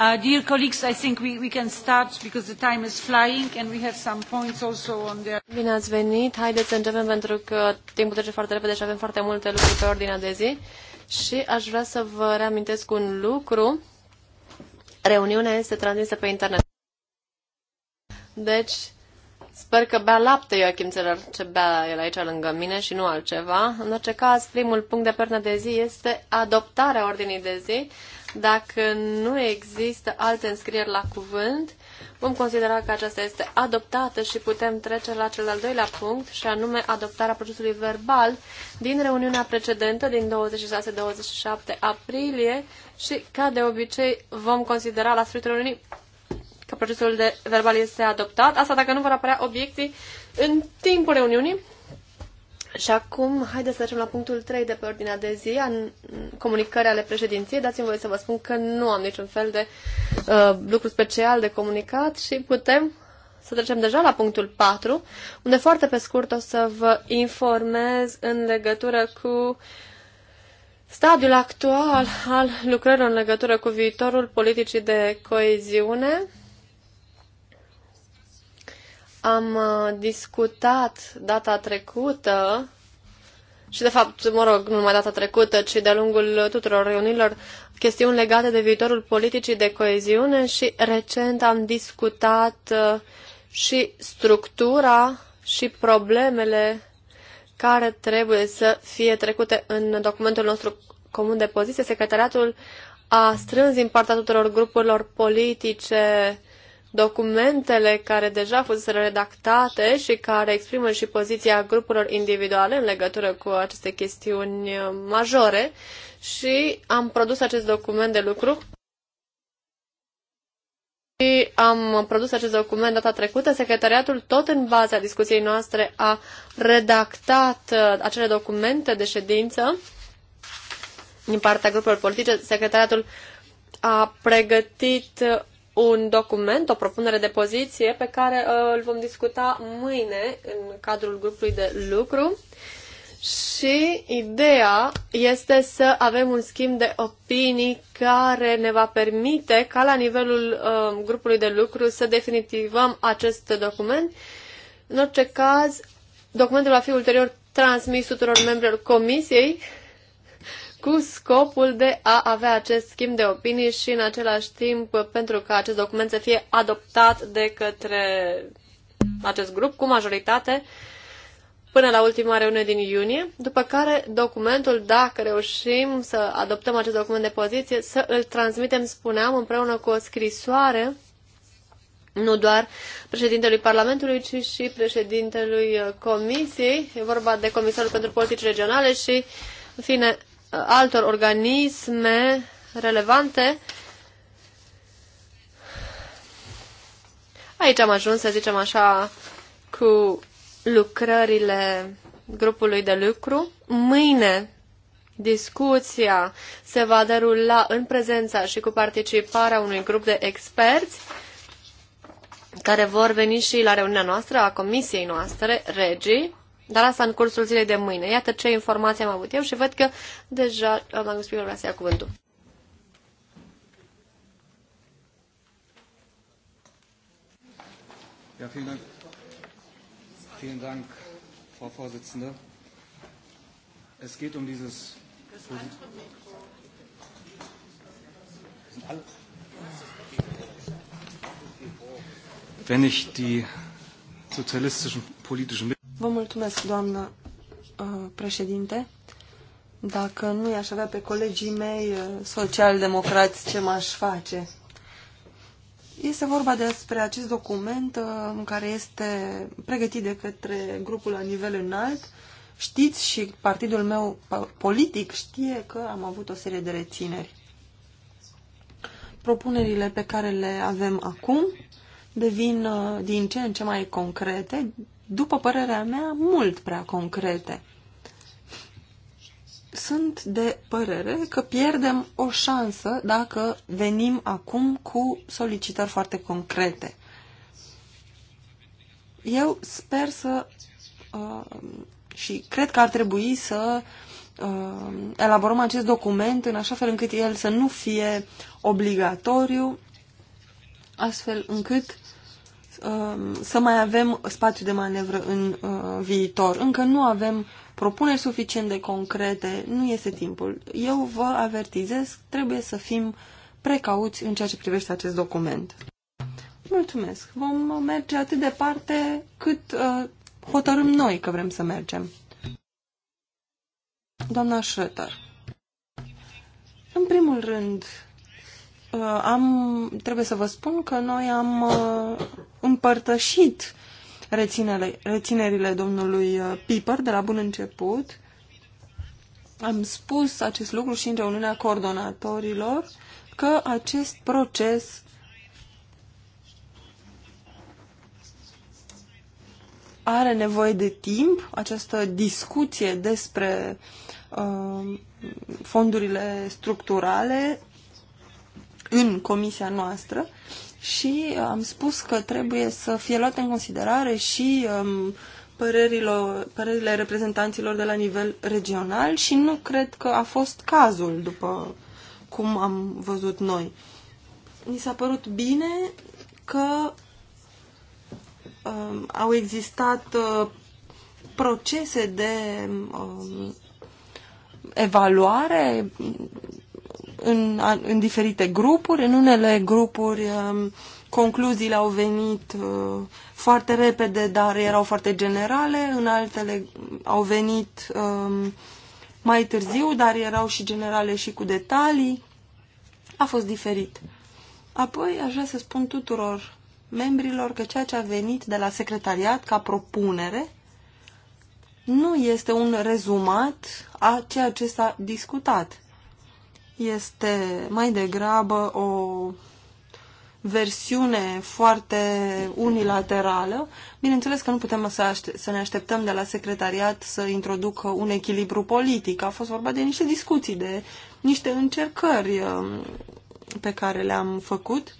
Uh, dear colleagues, I think we, we can start because the time is flying and we have some points also on the... Bine ați venit. Haideți să începem pentru că timpul trece foarte repede și avem foarte multe lucruri pe ordinea de zi. Și aș vrea să vă reamintesc un lucru. Reuniunea este transmisă pe internet. Deci, Sper că bea lapte Joachim Țelăr, ce bea el aici lângă mine și nu altceva. În orice caz, primul punct de pernă de zi este adoptarea ordinii de zi. Dacă nu există alte înscrieri la cuvânt, vom considera că aceasta este adoptată și putem trece la cel al doilea punct, și anume adoptarea procesului verbal din reuniunea precedentă din 26-27 aprilie și, ca de obicei, vom considera la sfârșitul reuniunii că procesul de verbal este adoptat. Asta dacă nu vor apărea obiecții în timpul reuniunii. Și acum, haideți să trecem la punctul 3 de pe ordinea de zi, în comunicări ale președinției. Dați-mi voie să vă spun că nu am niciun fel de uh, lucru special de comunicat și putem să trecem deja la punctul 4, unde foarte pe scurt o să vă informez în legătură cu stadiul actual al lucrărilor în legătură cu viitorul politicii de coeziune am uh, discutat data trecută și, de fapt, mă rog, nu numai data trecută, ci de-a lungul tuturor reunilor, chestiuni legate de viitorul politicii de coeziune și recent am discutat uh, și structura și problemele care trebuie să fie trecute în documentul nostru comun de poziție. Secretariatul a strâns din partea tuturor grupurilor politice documentele care deja fost redactate și care exprimă și poziția grupurilor individuale în legătură cu aceste chestiuni majore și am produs acest document de lucru și am produs acest document data trecută. Secretariatul, tot în baza discuției noastre, a redactat uh, acele documente de ședință din partea grupurilor politice. Secretariatul a pregătit un document, o propunere de poziție pe care uh, îl vom discuta mâine în cadrul grupului de lucru și ideea este să avem un schimb de opinii care ne va permite ca la nivelul uh, grupului de lucru să definitivăm acest document. În orice caz, documentul va fi ulterior transmis tuturor membrilor comisiei cu scopul de a avea acest schimb de opinii și în același timp pentru ca acest document să fie adoptat de către acest grup cu majoritate până la ultima reuniune din iunie, după care documentul, dacă reușim să adoptăm acest document de poziție, să îl transmitem, spuneam, împreună cu o scrisoare nu doar președintelui Parlamentului, ci și președintelui Comisiei. E vorba de Comisarul pentru Politici Regionale și, în fine, altor organisme relevante. Aici am ajuns, să zicem așa, cu lucrările grupului de lucru. Mâine discuția se va derula în prezența și cu participarea unui grup de experți care vor veni și la reuniunea noastră, a comisiei noastre, regii, dar asta în cursul zilei de mâine. Iată ce informații am avut eu și văd că deja am Guspiu vrea să ia cuvântul. Ja, vielen Dank. Vielen Dank, Frau Vorsitzende. Es geht um dieses. Wenn ich die sozialistischen politischen Vă mulțumesc, doamnă uh, președinte. Dacă nu i-aș avea pe colegii mei uh, socialdemocrați, ce m-aș face? Este vorba despre acest document uh, care este pregătit de către grupul la nivel înalt. Știți și partidul meu politic știe că am avut o serie de rețineri. Propunerile pe care le avem acum devin din ce în ce mai concrete, după părerea mea, mult prea concrete. Sunt de părere că pierdem o șansă dacă venim acum cu solicitări foarte concrete. Eu sper să uh, și cred că ar trebui să uh, elaborăm acest document în așa fel încât el să nu fie obligatoriu, astfel încât Um, să mai avem spațiu de manevră în uh, viitor. Încă nu avem propuneri suficient de concrete, nu este timpul. Eu vă avertizez, trebuie să fim precauți în ceea ce privește acest document. Mulțumesc. Vom merge atât de departe cât uh, hotărâm noi că vrem să mergem. Doamna Schröter. În primul rând, uh, am, trebuie să vă spun că noi am uh, împărtășit reținerile domnului uh, Piper de la bun început. Am spus acest lucru și în reuniunea coordonatorilor că acest proces are nevoie de timp, această discuție despre uh, fondurile structurale în comisia noastră și uh, am spus că trebuie să fie luate în considerare și um, părerile reprezentanților de la nivel regional și nu cred că a fost cazul după cum am văzut noi. Mi s-a părut bine că um, au existat uh, procese de um, evaluare în, în diferite grupuri. În unele grupuri um, concluziile au venit uh, foarte repede, dar erau foarte generale. În altele au venit um, mai târziu, dar erau și generale și cu detalii. A fost diferit. Apoi aș vrea să spun tuturor membrilor că ceea ce a venit de la secretariat ca propunere nu este un rezumat a ceea ce s-a discutat este mai degrabă o versiune foarte unilaterală. Bineînțeles că nu putem să, să ne așteptăm de la secretariat să introducă un echilibru politic. A fost vorba de niște discuții, de niște încercări um, pe care le-am făcut.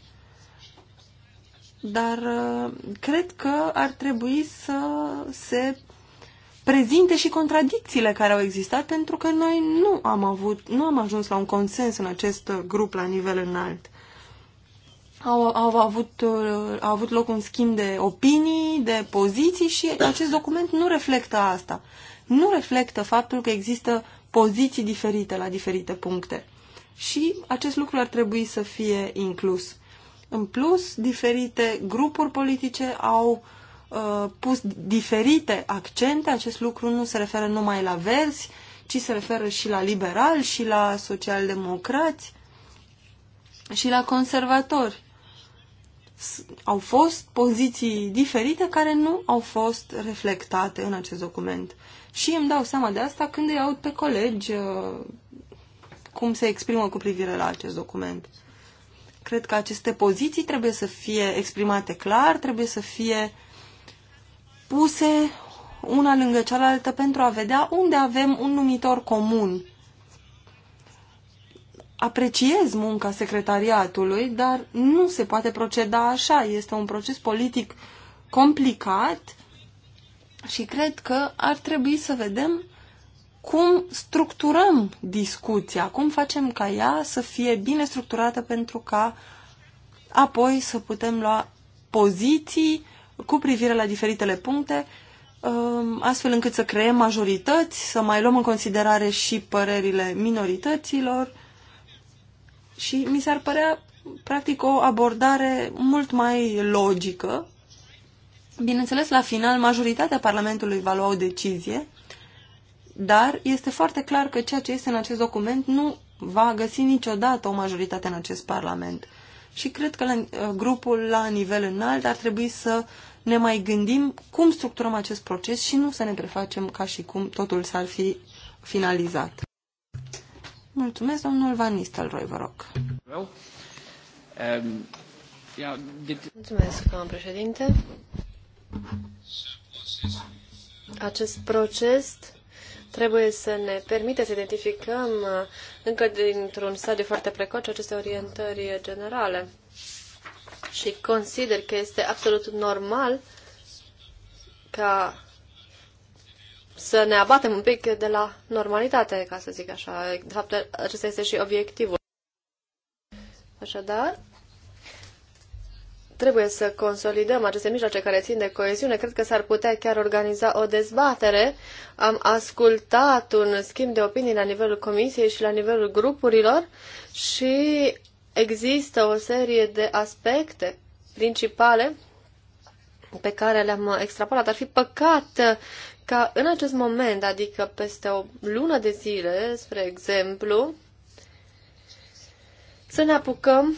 Dar uh, cred că ar trebui să se prezinte și contradicțiile care au existat, pentru că noi nu am, avut, nu am ajuns la un consens în acest grup la nivel înalt. Au, au, avut, uh, au avut loc un schimb de opinii, de poziții și acest document nu reflectă asta. Nu reflectă faptul că există poziții diferite la diferite puncte. Și acest lucru ar trebui să fie inclus. În plus, diferite grupuri politice au uh, Uh, pus diferite accente. Acest lucru nu se referă numai la verzi, ci se referă și la liberali, și la socialdemocrați, și la conservatori. Au fost poziții diferite care nu au fost reflectate în acest document. Și îmi dau seama de asta când îi aud pe colegi uh, cum se exprimă cu privire la acest document. Cred că aceste poziții trebuie să fie exprimate clar, trebuie să fie uh, puse una lângă cealaltă pentru a vedea unde avem un numitor comun. Apreciez munca secretariatului, dar nu se poate proceda așa. Este un proces politic complicat și cred că ar trebui să vedem cum structurăm discuția, cum facem ca ea să fie bine structurată pentru ca apoi să putem lua poziții cu privire la diferitele puncte, um, astfel încât să creăm majorități, să mai luăm în considerare și părerile minorităților și mi s-ar părea practic o abordare mult mai logică. Bineînțeles, la final, majoritatea Parlamentului va lua o decizie, dar este foarte clar că ceea ce este în acest document nu va găsi niciodată o majoritate în acest Parlament. Și cred că la, uh, grupul la nivel înalt ar trebui să uh, ne mai gândim cum structurăm acest proces și nu să ne prefacem ca și cum totul s-ar fi finalizat. Mulțumesc, domnul Van Nistelrooy, vă rog. Um, Mulțumesc, domnul președinte. Acest proces trebuie să ne permite să identificăm uh, încă dintr-un stadiu foarte precoce aceste orientări generale și consider că este absolut normal ca să ne abatem un pic de la normalitate, ca să zic așa. De fapt, acesta este și obiectivul. Așadar, trebuie să consolidăm aceste mijloace care țin de coeziune. Cred că s-ar putea chiar organiza o dezbatere. Am ascultat un schimb de opinii la nivelul comisiei și la nivelul grupurilor și există o serie de aspecte principale pe care le-am extrapolat. Ar fi păcat ca în acest moment, adică peste o lună de zile, spre exemplu, să ne apucăm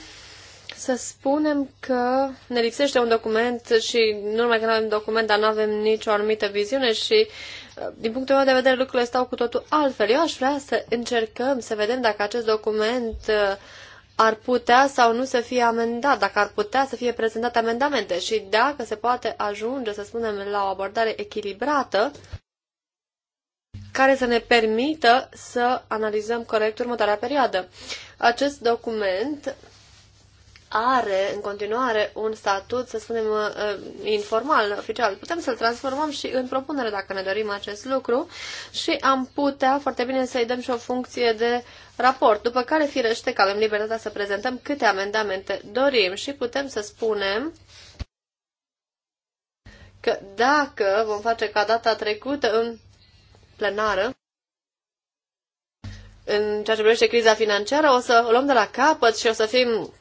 să spunem că ne lipsește un document și nu numai că nu avem document, dar nu avem nicio anumită viziune și din punctul meu de vedere lucrurile stau cu totul altfel. Eu aș vrea să încercăm să vedem dacă acest document uh, ar putea sau nu să fie amendat, dacă ar putea să fie prezentate amendamente și dacă se poate ajunge, să spunem, la o abordare echilibrată care să ne permită să analizăm corect următoarea perioadă. Acest document are în continuare un statut, să spunem, uh, uh, informal, oficial. Putem să-l transformăm și în propunere dacă ne dorim acest lucru și am putea foarte bine să-i dăm și o funcție de raport, după care firește că avem libertatea să prezentăm câte amendamente dorim și putem să spunem că dacă vom face ca data trecută în plenară, în ceea ce privește criza financiară, o să o luăm de la capăt și o să fim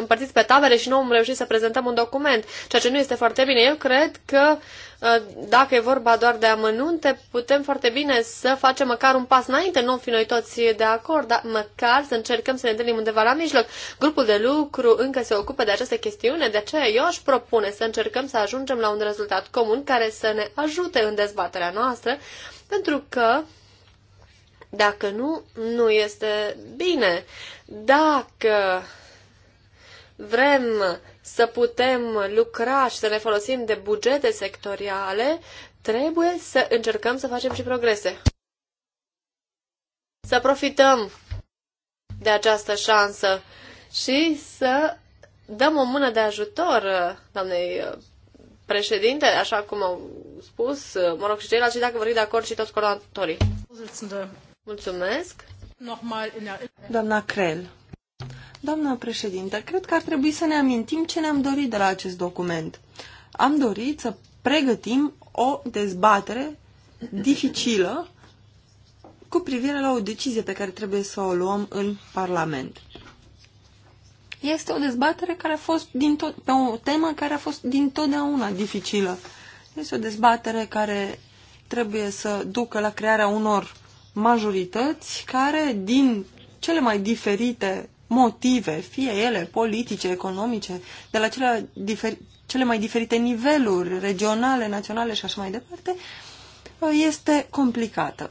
împărțiți pe tabere și nu am reușit să prezentăm un document, ceea ce nu este foarte bine. Eu cred că uh, dacă e vorba doar de amănunte, putem foarte bine să facem măcar un pas înainte, nu fi noi toți de acord, dar măcar să încercăm să ne întâlnim undeva la mijloc. Grupul de lucru încă se ocupă de această chestiune, de aceea eu aș propune să încercăm să ajungem la un rezultat comun care să ne ajute în dezbaterea noastră, pentru că dacă nu, nu este bine. Dacă vrem să putem lucra și să ne folosim de bugete sectoriale, trebuie să încercăm să facem și progrese. Să profităm de această șansă și să dăm o mână de ajutor doamnei uh, președinte, așa cum au spus, uh, mă rog, și ceilalți, și dacă vor fi de acord și toți coordonatorii. Mulțumesc. Doamna Crel. Doamna președinte, cred că ar trebui să ne amintim ce ne-am dorit de la acest document. Am dorit să pregătim o dezbatere dificilă cu privire la o decizie pe care trebuie să o luăm în Parlament. Este o dezbatere care a fost din tot, pe o temă care a fost din totdeauna dificilă. Este o dezbatere care trebuie să ducă la crearea unor majorități care, din cele mai diferite motive, fie ele politice, economice, de la cele, diferi, cele mai diferite niveluri, regionale, naționale și așa mai departe, este complicată.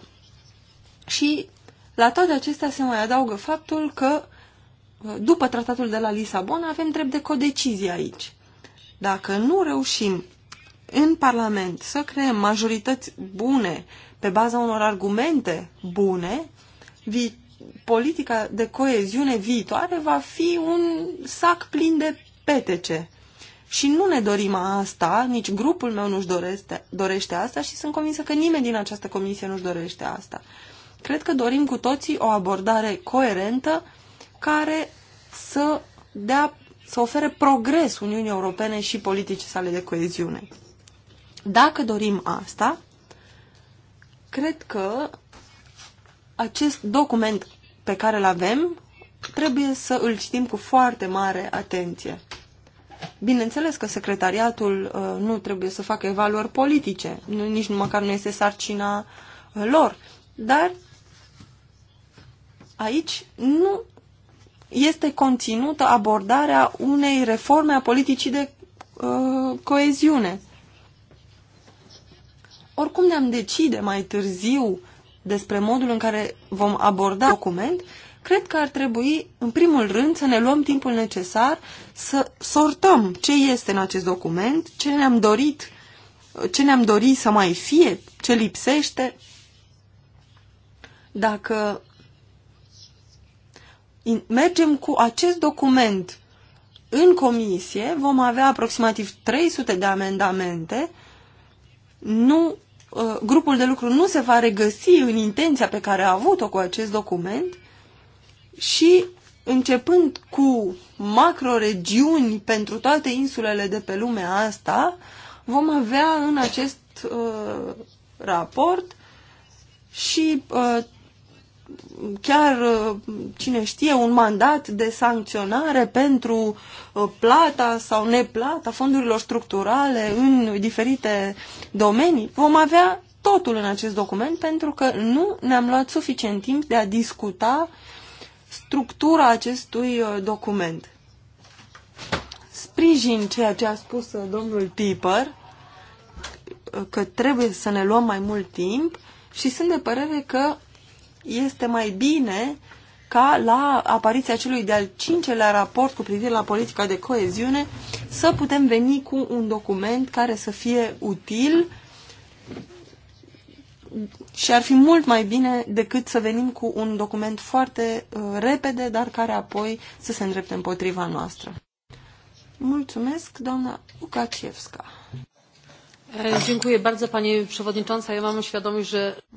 Și la toate acestea se mai adaugă faptul că după tratatul de la Lisabona avem drept de codecizie aici. Dacă nu reușim în Parlament să creăm majorități bune pe baza unor argumente bune, vi politica de coeziune viitoare va fi un sac plin de petece. Și nu ne dorim asta, nici grupul meu nu-și dorește, dorește asta și sunt convinsă că nimeni din această comisie nu-și dorește asta. Cred că dorim cu toții o abordare coerentă care să, dea, să ofere progres Uniunii Europene și politicii sale de coeziune. Dacă dorim asta, cred că acest document pe care îl avem trebuie să îl citim cu foarte mare atenție. Bineînțeles că secretariatul uh, nu trebuie să facă evaluări politice, nu, nici măcar nu este sarcina uh, lor, dar aici nu este conținută abordarea unei reforme a politicii de uh, coeziune. Oricum ne-am decide mai târziu despre modul în care vom aborda document, cred că ar trebui, în primul rând, să ne luăm timpul necesar să sortăm ce este în acest document, ce ne-am dorit, ce ne-am dorit să mai fie, ce lipsește. Dacă mergem cu acest document în comisie, vom avea aproximativ 300 de amendamente, nu Uh, grupul de lucru nu se va regăsi în intenția pe care a avut-o cu acest document și începând cu macroregiuni pentru toate insulele de pe lumea asta, vom avea în acest uh, raport și uh, chiar, uh, cine știe, un mandat de sancționare pentru uh, plata sau neplata fondurilor structurale în diferite domenii. Vom avea totul în acest document pentru că nu ne-am luat suficient timp de a discuta structura acestui uh, document. Sprijin ceea ce a spus domnul Piper, că trebuie să ne luăm mai mult timp și sunt de părere că este mai bine ca la apariția celui de-al cincelea raport cu privire la politica de coeziune să putem veni cu un document care să fie util și ar fi mult mai bine decât să venim cu un document foarte uh, repede, dar care apoi să se îndrepte împotriva noastră. Mulțumesc, doamna Ukacievska.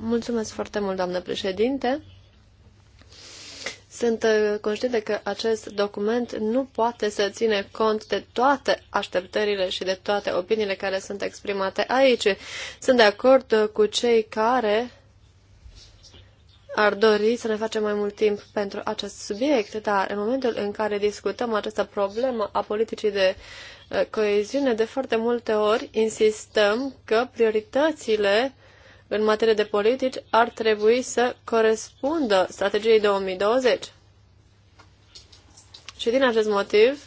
Mulțumesc foarte mult, doamnă președinte. Sunt conștientă că acest document nu poate să ține cont de toate așteptările și de toate opiniile care sunt exprimate aici. Sunt de acord cu cei care ar dori să ne facem mai mult timp pentru acest subiect, dar în momentul în care discutăm această problemă a politicii de Uh, coeziune, de foarte multe ori insistăm că prioritățile în materie de politici ar trebui să corespundă strategiei 2020. Și din acest motiv,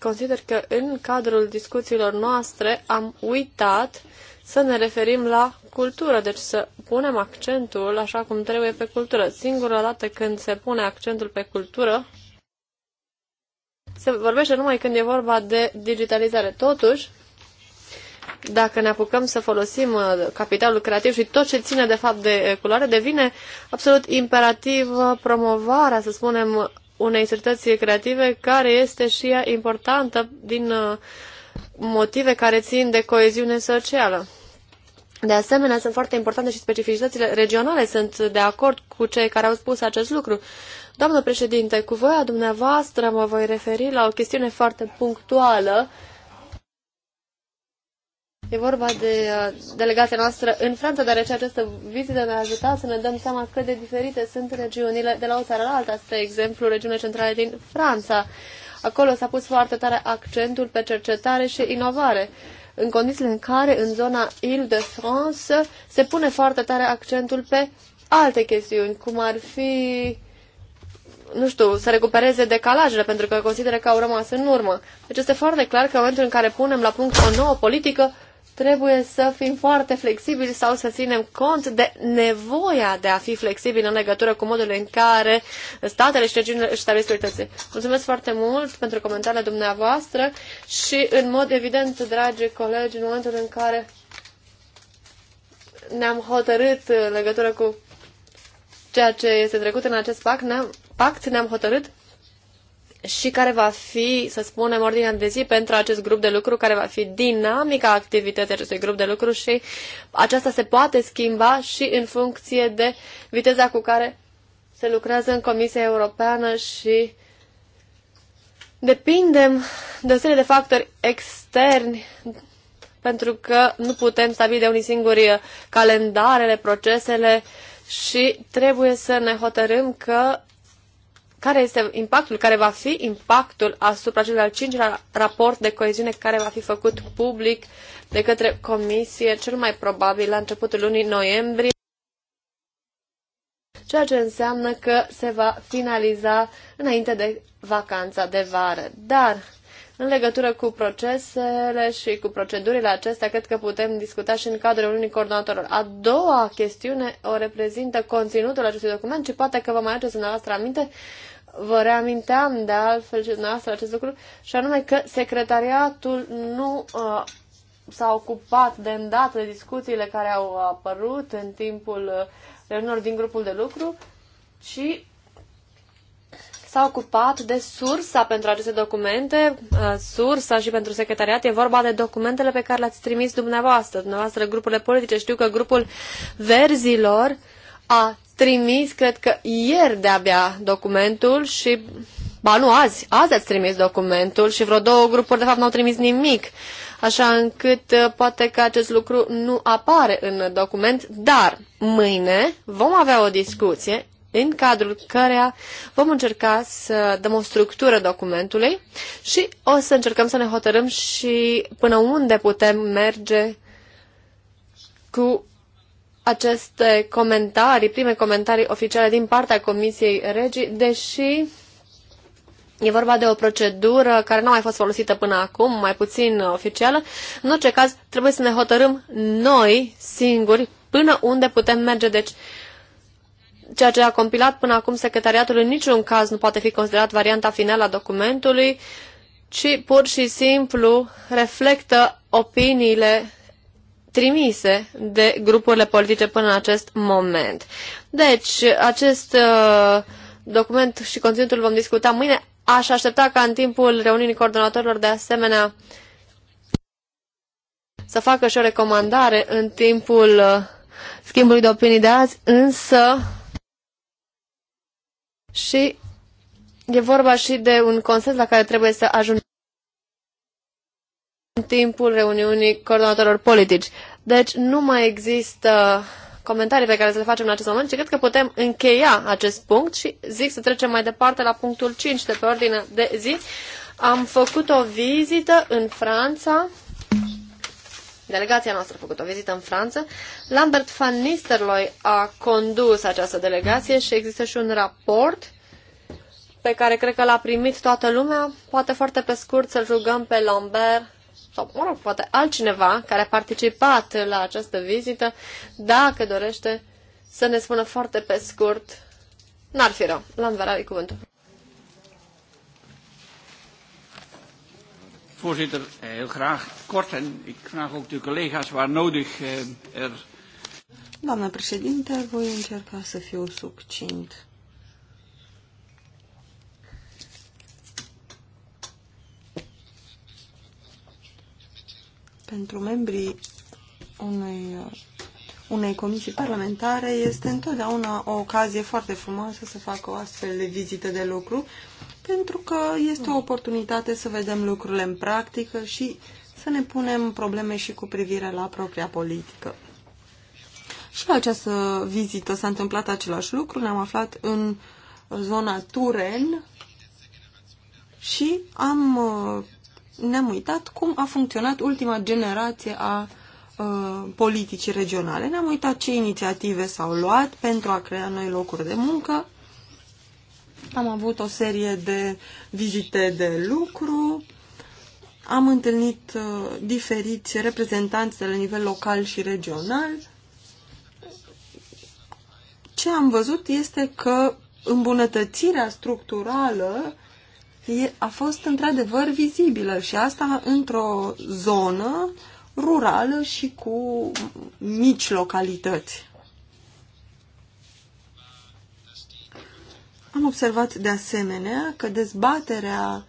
consider că în cadrul discuțiilor noastre am uitat să ne referim la cultură, deci să punem accentul așa cum trebuie pe cultură. Singura dată când se pune accentul pe cultură se vorbește numai când e vorba de digitalizare. Totuși, dacă ne apucăm să folosim uh, capitalul creativ și tot ce ține de fapt de uh, culoare, devine absolut imperativ uh, promovarea, să spunem, unei societăți creative care este și ea importantă din motive care țin de coeziune socială. De asemenea, sunt foarte importante și specificitățile regionale. Sunt de acord cu cei care au spus acest lucru. Doamnă președinte, cu voia dumneavoastră mă voi referi la o chestiune foarte punctuală. E vorba de uh, delegația noastră în Franța, deoarece această vizită ne-a ajutat să ne dăm seama cât de diferite sunt regiunile de la o țară la alta, spre exemplu, regiunile centrale din Franța. Acolo s-a pus foarte tare accentul pe cercetare și inovare în condițiile în care în zona Île-de-France se pune foarte tare accentul pe alte chestiuni, cum ar fi nu știu, să recupereze decalajele, pentru că consideră că au rămas în urmă. Deci este foarte clar că în momentul în care punem la punct o nouă politică, trebuie să fim foarte flexibili sau să ținem cont de nevoia de a fi flexibili în legătură cu modul în care statele și regiunile își stabilesc prioritățile. Mulțumesc foarte mult pentru comentariile dumneavoastră și, în mod evident, dragi colegi, în momentul în care ne-am hotărât în legătură cu ceea ce este trecut în acest pact, ne-am pact ne-am hotărât și care va fi, să spunem, ordinea de zi pentru acest grup de lucru, care va fi dinamica activității acestui grup de lucru și aceasta se poate schimba și în funcție de viteza cu care se lucrează în Comisia Europeană și depindem de o serie de factori externi pentru că nu putem stabili de unii singuri calendarele, procesele și trebuie să ne hotărâm că care este impactul, care va fi impactul asupra celui al cincilea raport de coeziune care va fi făcut public de către Comisie, cel mai probabil la începutul lunii noiembrie, ceea ce înseamnă că se va finaliza înainte de vacanța de vară. Dar, în legătură cu procesele și cu procedurile acestea, cred că putem discuta și în cadrul unui coordonator. A doua chestiune o reprezintă conținutul acestui document și poate că vă mai aduceți în aminte vă reaminteam de altfel și dumneavoastră acest lucru, și anume că secretariatul nu uh, s-a ocupat de îndată de discuțiile care au apărut în timpul uh, reuniunilor din grupul de lucru, ci s-a ocupat de sursa pentru aceste documente, uh, sursa și pentru secretariat. E vorba de documentele pe care le-ați trimis dumneavoastră, dumneavoastră grupurile politice. Știu că grupul verzilor uh, a trimis, cred că ieri de-abia, documentul și... Ba nu, azi. Azi ați trimis documentul și vreo două grupuri, de fapt, n-au trimis nimic. Așa încât uh, poate că acest lucru nu apare în document, dar mâine vom avea o discuție în cadrul căreia vom încerca să dăm o structură documentului și o să încercăm să ne hotărâm și până unde putem merge cu aceste comentarii, prime comentarii oficiale din partea Comisiei Regii, deși E vorba de o procedură care nu a mai fost folosită până acum, mai puțin oficială. În orice caz, trebuie să ne hotărâm noi singuri până unde putem merge. Deci, ceea ce a compilat până acum secretariatul în niciun caz nu poate fi considerat varianta finală a documentului, ci pur și simplu reflectă opiniile trimise de grupurile politice până în acest moment. Deci, acest uh, document și conținutul vom discuta mâine. Aș aștepta ca în timpul reuniunii coordonatorilor de asemenea să facă și o recomandare în timpul uh, schimbului de opinii de azi, însă și e vorba și de un consens la care trebuie să ajungem în timpul reuniunii coordonatorilor politici. Deci nu mai există comentarii pe care să le facem în acest moment, ci cred că putem încheia acest punct și zic să trecem mai departe la punctul 5 de pe ordine de zi. Am făcut o vizită în Franța, delegația noastră a făcut o vizită în Franța. Lambert van Nistelrooy a condus această delegație și există și un raport pe care cred că l-a primit toată lumea. Poate foarte pe scurt să-l rugăm pe Lambert sau, mă rog, poate altcineva care a participat la această vizită, dacă dorește să ne spună foarte pe scurt, n-ar fi rău. L-am verat cuvântul. Voorzitter, eh, heel graag kort en ik vraag ook de collega's waar nodig eh, er. Doamna președinte, voi încerca să fiu succint. pentru membrii unei, unei comisii parlamentare este întotdeauna o ocazie foarte frumoasă să facă o astfel de vizită de lucru, pentru că este o oportunitate să vedem lucrurile în practică și să ne punem probleme și cu privire la propria politică. Și la această vizită s-a întâmplat același lucru, ne-am aflat în zona Turen și am uh, ne-am uitat cum a funcționat ultima generație a uh, politicii regionale. Ne-am uitat ce inițiative s-au luat pentru a crea noi locuri de muncă. Am avut o serie de vizite de lucru. Am întâlnit uh, diferiți reprezentanți de la nivel local și regional. Ce am văzut este că îmbunătățirea structurală a fost într-adevăr vizibilă și asta într-o zonă rurală și cu mici localități. Am observat de asemenea că dezbaterea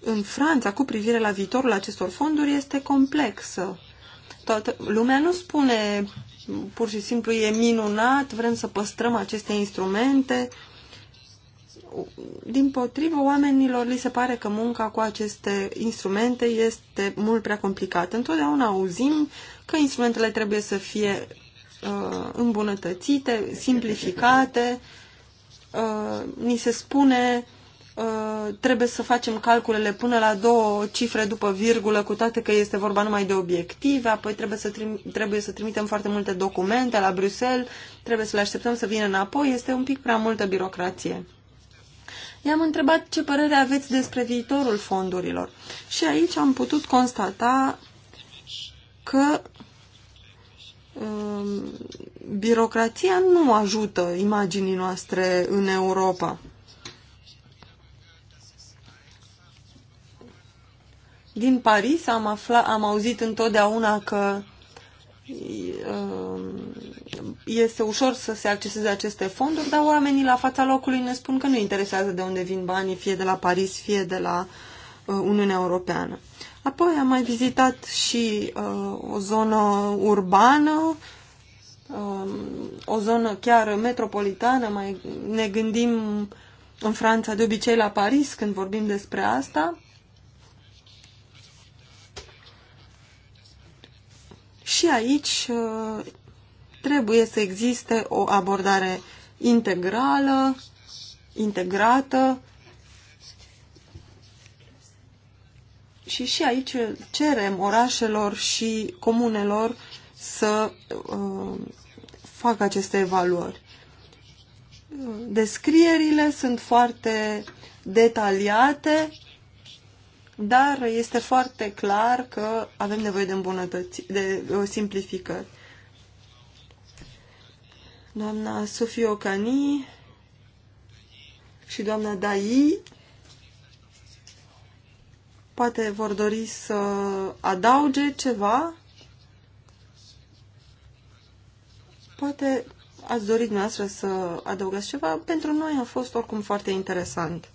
în Franța cu privire la viitorul acestor fonduri este complexă. Toată lumea nu spune pur și simplu e minunat, vrem să păstrăm aceste instrumente, uh, din potrivă, oamenilor li se pare că munca cu aceste instrumente este mult prea complicată. Întotdeauna auzim că instrumentele trebuie să fie uh, îmbunătățite, simplificate, uh, ni se spune uh, trebuie să facem calculele până la două cifre după virgulă, cu toate că este vorba numai de obiective, apoi trebuie să, trim- trebuie să trimitem foarte multe documente la Bruxelles, trebuie să le așteptăm să vină înapoi, este un pic prea multă birocrație. I-am întrebat ce părere aveți despre viitorul fondurilor. Și aici am putut constata că um, birocrația nu ajută imaginii noastre în Europa. Din Paris am, afla, am auzit întotdeauna că Um, este ușor să se acceseze aceste fonduri, dar oamenii la fața locului ne spun că nu interesează de unde vin banii, fie de la Paris, fie de la uh, Uniunea Europeană. Apoi am mai vizitat și uh, o zonă urbană, um, o zonă chiar metropolitană, mai ne gândim în Franța de obicei la Paris când vorbim despre asta. Și aici uh, trebuie să existe o abordare integrală, integrată și și aici cerem orașelor și comunelor să uh, facă aceste evaluări. Descrierile sunt foarte detaliate dar este foarte clar că avem nevoie de îmbunătăți, de o simplificări. Doamna Sofie Ocani și doamna Dai poate vor dori să adauge ceva. Poate ați dorit dumneavoastră să adăugați ceva. Pentru noi a fost oricum foarte interesant.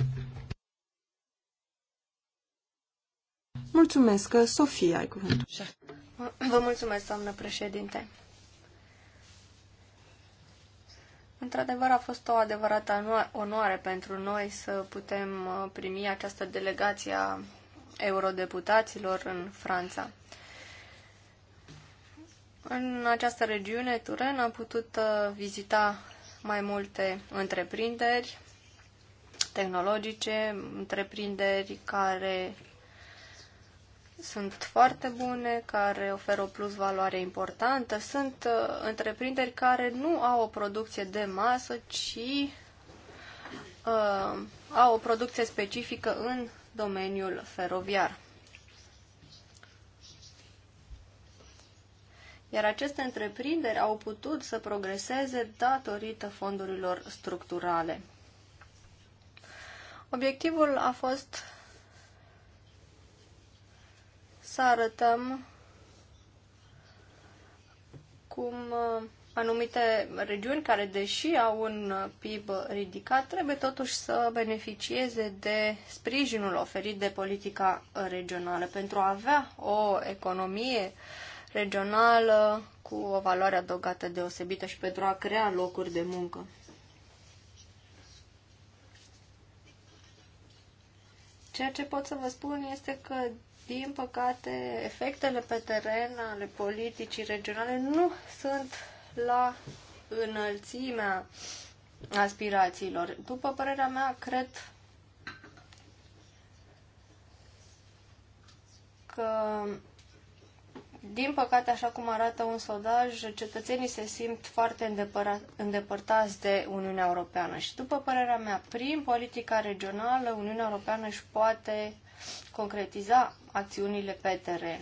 Mulțumesc, Sofia, ai cuvântul. Vă mulțumesc, doamnă președinte. Într-adevăr, a fost o adevărată onoare pentru noi să putem uh, primi această delegație a eurodeputaților în Franța. În această regiune, Turen, am putut uh, vizita mai multe întreprinderi tehnologice, întreprinderi care sunt foarte bune, care oferă o plus valoare importantă. Sunt uh, întreprinderi care nu au o producție de masă, ci uh, au o producție specifică în domeniul feroviar. Iar aceste întreprinderi au putut să progreseze datorită fondurilor structurale. Obiectivul a fost să arătăm cum uh, anumite regiuni care, deși au un uh, PIB ridicat, trebuie totuși să beneficieze de sprijinul oferit de politica regională pentru a avea o economie regională cu o valoare adăugată deosebită și pentru a crea locuri de muncă. Ceea ce pot să vă spun este că din păcate, efectele pe teren ale politicii regionale nu sunt la înălțimea aspirațiilor. După părerea mea, cred că, din păcate, așa cum arată un sondaj, cetățenii se simt foarte îndepărtați de Uniunea Europeană. Și, după părerea mea, prin politica regională, Uniunea Europeană își poate concretiza acțiunile pe teren.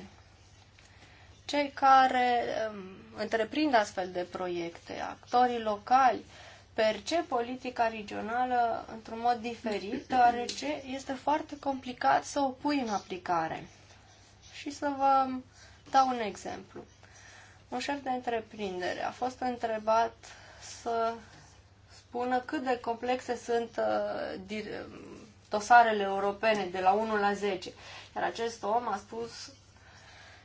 Cei care um, întreprind astfel de proiecte, actorii locali, percep politica regională într-un mod diferit, deoarece este foarte complicat să o pui în aplicare. Și să vă dau un exemplu. Un șef de întreprindere a fost întrebat să spună cât de complexe sunt uh, dosarele europene de la 1 la 10. Iar acest om a spus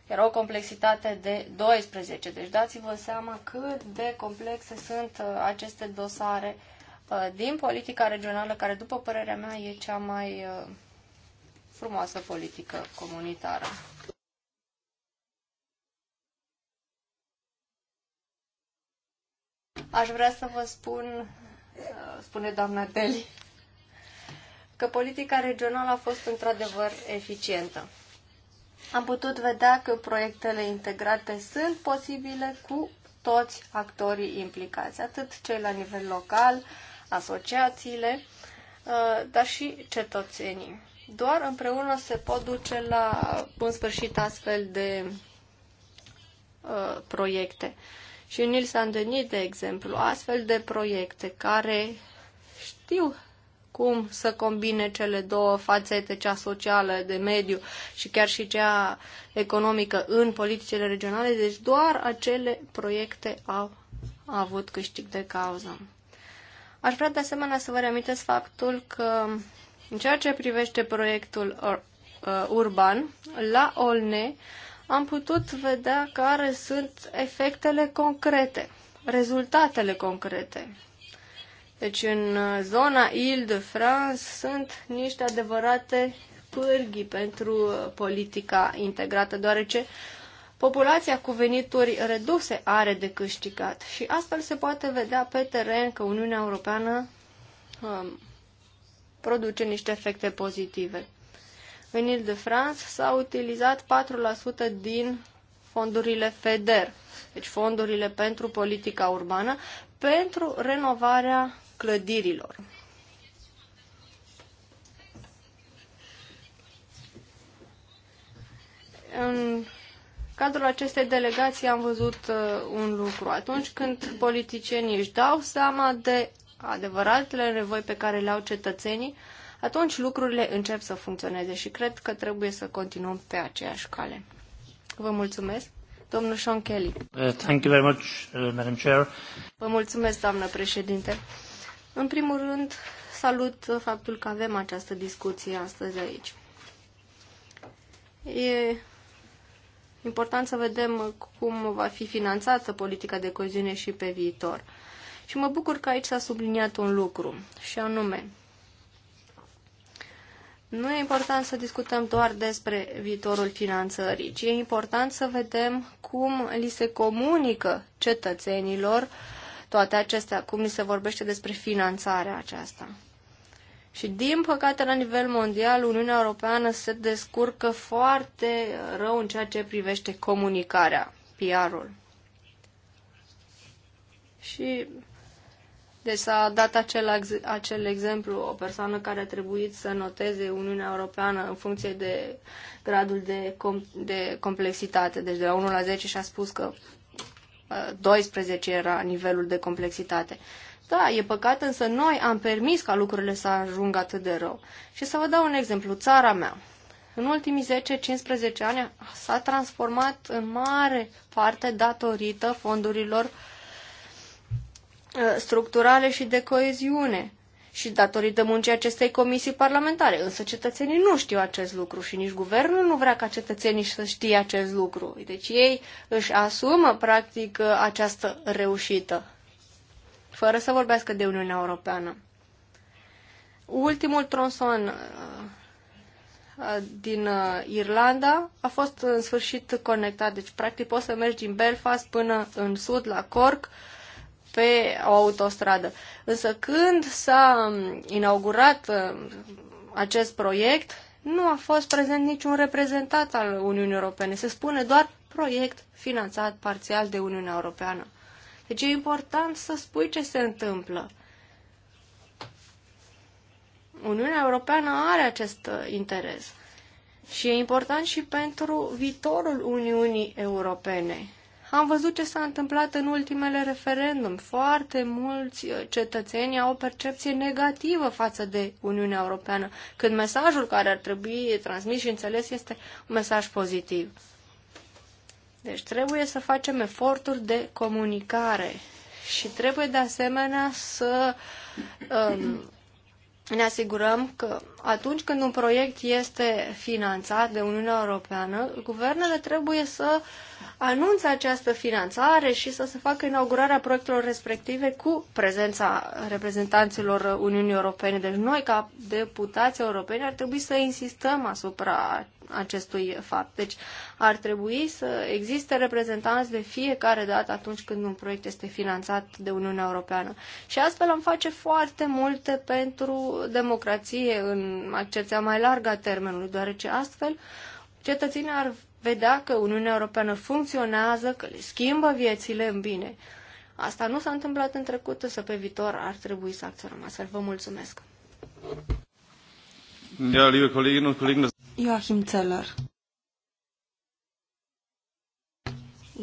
era o complexitate de 12. Deci dați-vă seama cât de complexe sunt uh, aceste dosare uh, din politica regională, care, după părerea mea, e cea mai uh, frumoasă politică comunitară. Aș vrea să vă spun, spune doamna Deli, că politica regională a fost într-adevăr eficientă. Am putut vedea că proiectele integrate sunt posibile cu toți actorii implicați, atât cei la nivel local, asociațiile, uh, dar și cetățenii. Doar împreună se pot duce la bun sfârșit astfel de uh, proiecte. Și în Nils Andenit, de exemplu, astfel de proiecte care știu cum să combine cele două fațete, cea socială de mediu și chiar și cea economică în politicile regionale, deci doar acele proiecte au avut câștig de cauză. Aș vrea de asemenea să vă reamintesc faptul că în ceea ce privește proiectul uh, urban, la Olne am putut vedea care sunt efectele concrete, rezultatele concrete deci în uh, zona Île-de-France sunt niște adevărate pârghii pentru uh, politica integrată, deoarece populația cu venituri reduse are de câștigat și astfel se poate vedea pe teren că Uniunea Europeană um, produce niște efecte pozitive. În Ile-de-France s-a utilizat 4% din fondurile FEDER, deci fondurile pentru politica urbană, pentru renovarea clădirilor. În cadrul acestei delegații am văzut uh, un lucru. Atunci când politicienii își dau seama de adevăratele nevoi pe care le au cetățenii, atunci lucrurile încep să funcționeze și cred că trebuie să continuăm pe aceeași cale. Vă mulțumesc. Domnul Sean Kelly. Uh, thank you very much, uh, Madam Chair. Vă mulțumesc, doamnă președinte. În primul rând, salut faptul că avem această discuție astăzi aici. E important să vedem cum va fi finanțată politica de coziune și pe viitor. Și mă bucur că aici s-a subliniat un lucru, și anume, nu e important să discutăm doar despre viitorul finanțării, ci e important să vedem cum li se comunică cetățenilor uh, toate acestea. cum ni se vorbește despre finanțarea aceasta. Și din păcate, la nivel mondial, Uniunea Europeană se descurcă foarte rău în ceea ce privește comunicarea, PR-ul. Și deci s-a dat acel, acel exemplu, o persoană care a trebuit să noteze Uniunea Europeană în funcție de gradul de, com, de complexitate, deci de la 1 la 10 și a spus că 12 era nivelul de complexitate. Da, e păcat, însă noi am permis ca lucrurile să ajungă atât de rău. Și să vă dau un exemplu, țara mea. În ultimii 10-15 ani s-a transformat în mare parte datorită fondurilor ă, structurale și de coeziune și datorită muncii acestei comisii parlamentare. Însă cetățenii nu știu acest lucru și nici guvernul nu vrea ca cetățenii să știe acest lucru. Deci ei își asumă, practic, această reușită, fără să vorbească de Uniunea Europeană. Ultimul tronson uh, uh, din uh, Irlanda a fost în sfârșit conectat. Deci, practic, poți să mergi din Belfast până în sud, la Cork, pe o autostradă. Însă când s-a inaugurat uh, acest proiect, nu a fost prezent niciun reprezentant al Uniunii Europene. Se spune doar proiect finanțat parțial de Uniunea Europeană. Deci e important să spui ce se întâmplă. Uniunea Europeană are acest uh, interes. Și e important și pentru viitorul Uniunii Europene. Am văzut ce s-a întâmplat în ultimele referendum. Foarte mulți uh, cetățeni au o percepție negativă față de Uniunea Europeană, când mesajul care ar trebui transmis și înțeles este un mesaj pozitiv. Deci trebuie să facem eforturi de comunicare și trebuie de asemenea să um, ne asigurăm că atunci când un proiect este finanțat de Uniunea Europeană, guvernele trebuie să uh, anunță această finanțare și să se facă inaugurarea proiectelor respective cu prezența reprezentanților Uniunii Europene. Deci noi, ca deputați europeni, ar trebui să insistăm asupra acestui fapt. Deci ar trebui să existe reprezentanți de fiecare dată atunci când un proiect este finanțat de Uniunea Europeană. Și astfel am face foarte multe pentru democrație în accepția mai largă a termenului, deoarece astfel cetățenii ar vedea că Uniunea Europeană funcționează, că le schimbă viețile în bine. Asta nu s-a întâmplat în trecut, să pe viitor ar trebui să acționăm astfel. Vă mulțumesc! Ja, liebe Kolleginnen und Kollegen, das Joachim Zeller.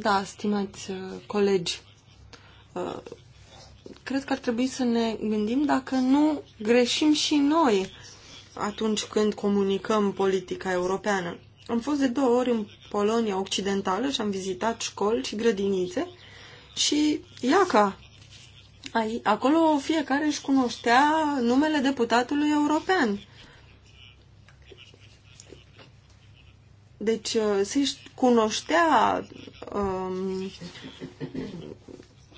Da, stimați uh, colegi, uh, cred că ar trebui să ne gândim dacă nu greșim și noi atunci când comunicăm politica europeană. Am fost de două ori în Polonia Occidentală și am vizitat școli și grădinițe și iaca, acolo fiecare își cunoștea numele deputatului european. Deci uh, se cunoștea um,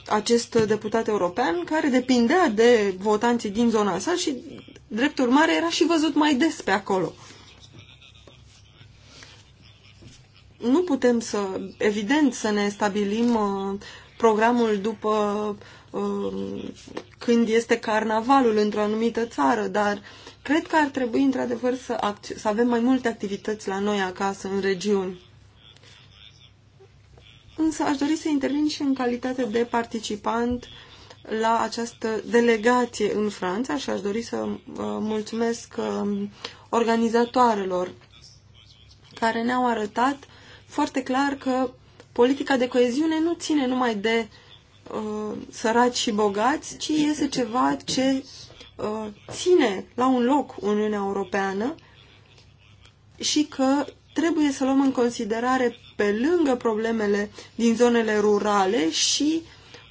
acest deputat european care depindea de votanții din zona sa și, drept urmare, era și văzut mai des pe acolo. nu putem să, evident, să ne stabilim uh, programul după uh, când este carnavalul într-o anumită țară, dar cred că ar trebui, într-adevăr, să, să avem mai multe activități la noi acasă, în regiuni. Însă aș dori să intervin și în calitate de participant la această delegație în Franța și aș dori să uh, mulțumesc organizatoarelor care ne-au arătat foarte clar că politica de coeziune nu ține numai de uh, săraci și bogați, ci este ceva ce uh, ține la un loc Uniunea Europeană și că trebuie să luăm în considerare pe lângă problemele din zonele rurale și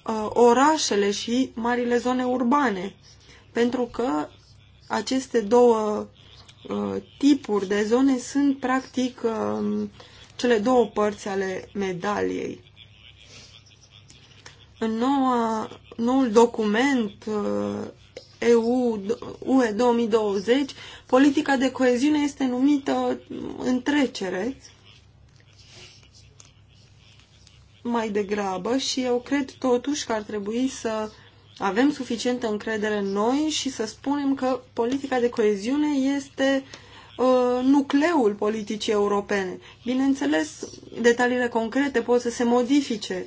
uh, orașele și marile zone urbane. Pentru că aceste două uh, tipuri de zone sunt practic uh, cele două părți ale medaliei. În noua, noul document EU, UE 2020, politica de coeziune este numită întrecere mai degrabă și eu cred totuși că ar trebui să avem suficientă încredere în noi și să spunem că politica de coeziune este uh, Uh, nucleul politicii europene. Bineînțeles, detaliile concrete pot să se modifice,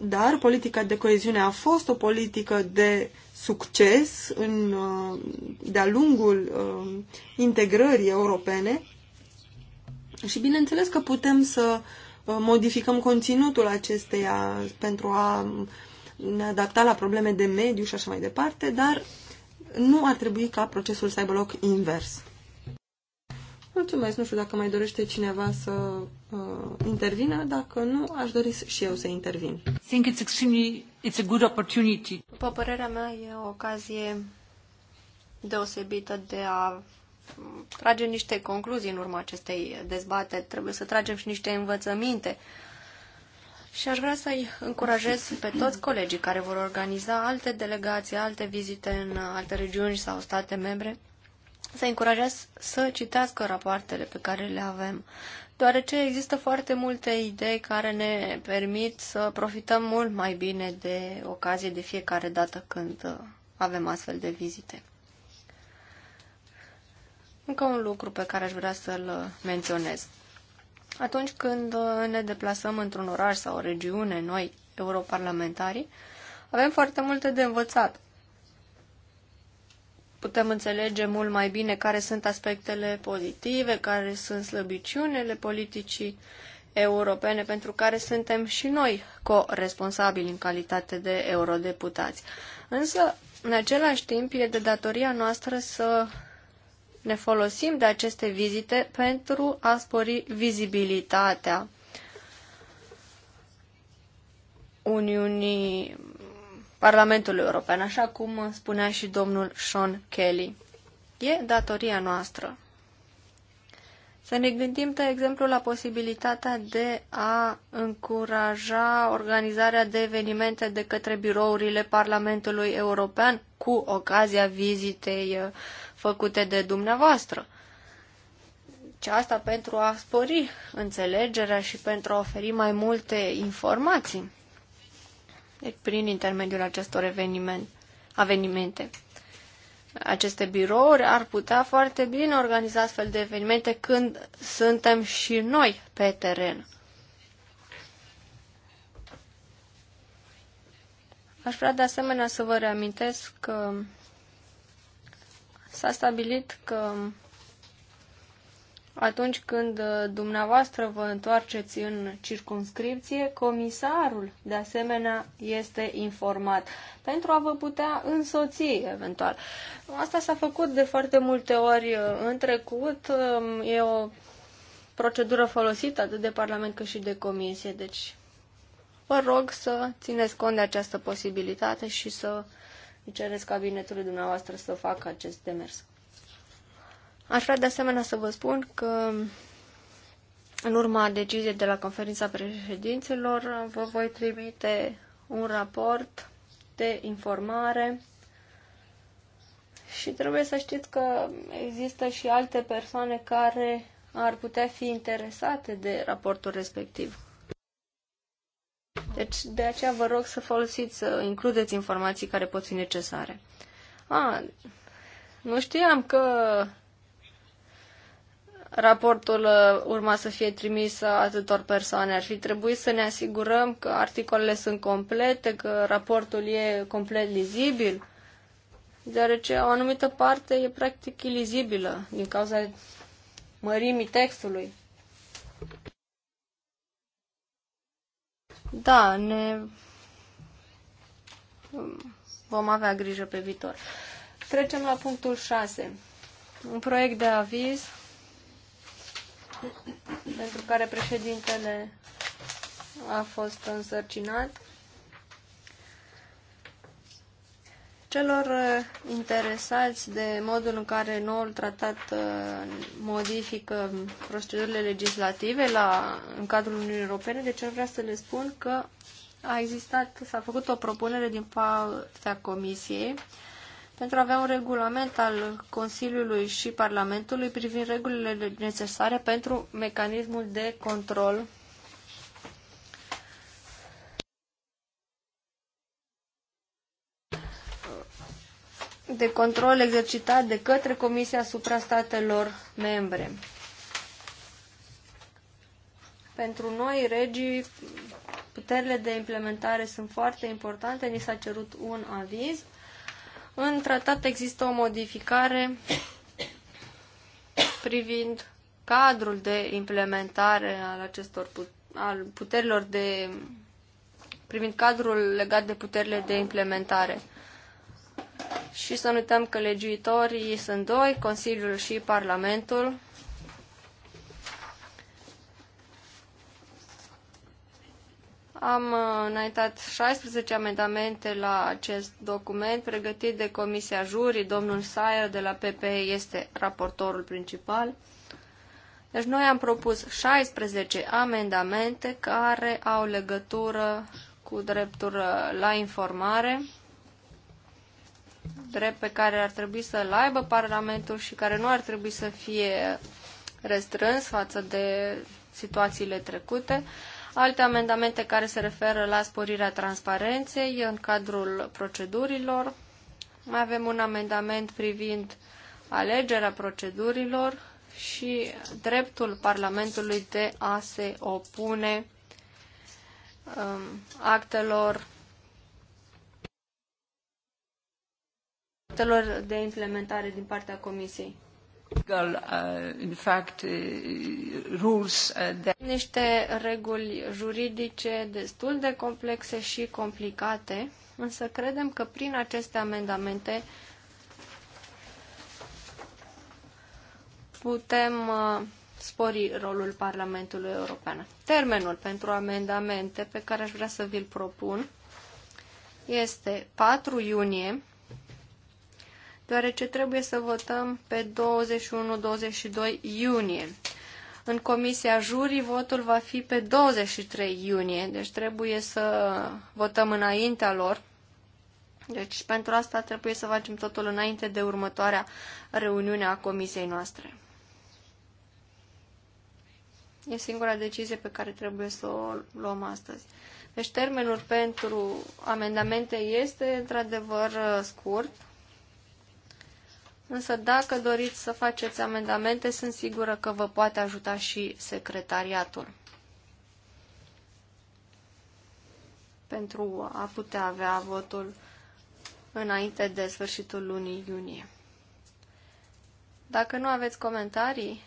dar politica de coeziune a fost o politică de succes uh, de-a lungul uh, integrării europene și bineînțeles că putem să modificăm conținutul acesteia pentru a ne adapta la probleme de mediu și așa mai departe, dar nu ar trebui ca procesul să aibă loc invers. Mulțumesc. Nu știu dacă mai dorește cineva să uh, intervină. Dacă nu, aș dori și eu să intervin. Think it's extremely, it's a good opportunity. După părerea mea, e o ocazie deosebită de a trage niște concluzii în urma acestei dezbate. Trebuie să tragem și niște învățăminte. Și aș vrea să-i încurajez pe toți colegii care vor organiza alte delegații, alte vizite în alte regiuni sau state membre, să încurajez să citească rapoartele pe care le avem, deoarece există foarte multe idei care ne permit să profităm mult mai bine de ocazie de fiecare dată când uh, avem astfel de vizite. Încă un lucru pe care aș vrea să-l uh, menționez. Atunci când uh, ne deplasăm într-un oraș sau o regiune, noi, europarlamentarii, avem foarte multe de învățat putem înțelege mult mai bine care sunt aspectele pozitive, care sunt slăbiciunile politicii europene pentru care suntem și noi co-responsabili în calitate de eurodeputați. Însă, în același timp, e de datoria noastră să ne folosim de aceste vizite pentru a spori vizibilitatea Uniunii Parlamentului European, așa cum spunea și domnul Sean Kelly. E datoria noastră să ne gândim, de exemplu, la posibilitatea de a încuraja organizarea de evenimente de către birourile Parlamentului European cu ocazia vizitei uh, făcute de dumneavoastră. Și asta pentru a spori înțelegerea și pentru a oferi mai multe informații deci prin intermediul acestor eveniment, evenimente. Aceste birouri ar putea foarte bine organiza astfel de evenimente când suntem și noi pe teren. Aș vrea de asemenea să vă reamintesc că s-a stabilit că atunci când uh, dumneavoastră vă întoarceți în circunscripție, comisarul, de asemenea, este informat pentru a vă putea însoți, eventual. Asta s-a făcut de foarte multe ori uh, în trecut. Um, e o procedură folosită atât de Parlament cât și de Comisie, deci vă rog să țineți cont de această posibilitate și să cereți cabinetului dumneavoastră să facă acest demers. Aș vrea de asemenea să vă spun că în urma deciziei de la conferința președinților vă voi trimite un raport de informare și trebuie să știți că există și alte persoane care ar putea fi interesate de raportul respectiv. Deci, de aceea vă rog să folosiți, să includeți informații care pot fi necesare. A, nu știam că raportul uh, urma să fie trimis atâtor persoane. Ar fi trebuit să ne asigurăm că articolele sunt complete, că raportul e complet lizibil, deoarece o anumită parte e practic ilizibilă din cauza mărimii textului. Da, ne vom avea grijă pe viitor. Trecem la punctul 6. Un proiect de aviz pentru care președintele a fost însărcinat. Celor uh, interesați de modul în care noul tratat uh, modifică procedurile legislative la, în cadrul Uniunii Europene, deci eu vreau să le spun că a existat, s-a făcut o propunere din partea Comisiei pentru a avea un regulament al Consiliului și Parlamentului privind regulile necesare pentru mecanismul de control de control exercitat de către Comisia asupra statelor membre. Pentru noi, regii, puterile de implementare sunt foarte importante. Ni s-a cerut un aviz. În tratat există o modificare privind cadrul de implementare al acestor put al puterilor de privind cadrul legat de puterile de implementare. Și să nu uităm că legiuitorii sunt doi, Consiliul și Parlamentul, Am uh, înaintat 16 amendamente la acest document pregătit de Comisia Jurii. Domnul Sayer de la PPE este raportorul principal. Deci noi am propus 16 amendamente care au legătură cu dreptul uh, la informare, drept pe care ar trebui să-l aibă Parlamentul și care nu ar trebui să fie restrâns față de situațiile trecute alte amendamente care se referă la sporirea transparenței în cadrul procedurilor. Mai avem un amendament privind alegerea procedurilor și dreptul Parlamentului de a se opune um, actelor actelor de implementare din partea Comisiei. Uh, uh, uh, Niște reguli juridice destul de complexe și complicate, însă credem că prin aceste amendamente putem spori rolul Parlamentului European. Termenul pentru amendamente pe care aș vrea să vi-l propun este 4 iunie deoarece trebuie să votăm pe 21-22 iunie. În comisia jurii votul va fi pe 23 iunie, deci trebuie să votăm înaintea lor. Deci pentru asta trebuie să facem totul înainte de următoarea reuniune a comisiei noastre. E singura decizie pe care trebuie să o luăm astăzi. Deci termenul pentru amendamente este într-adevăr scurt, Însă dacă doriți să faceți amendamente, sunt sigură că vă poate ajuta și secretariatul pentru a putea avea votul înainte de sfârșitul lunii iunie. Dacă nu aveți comentarii,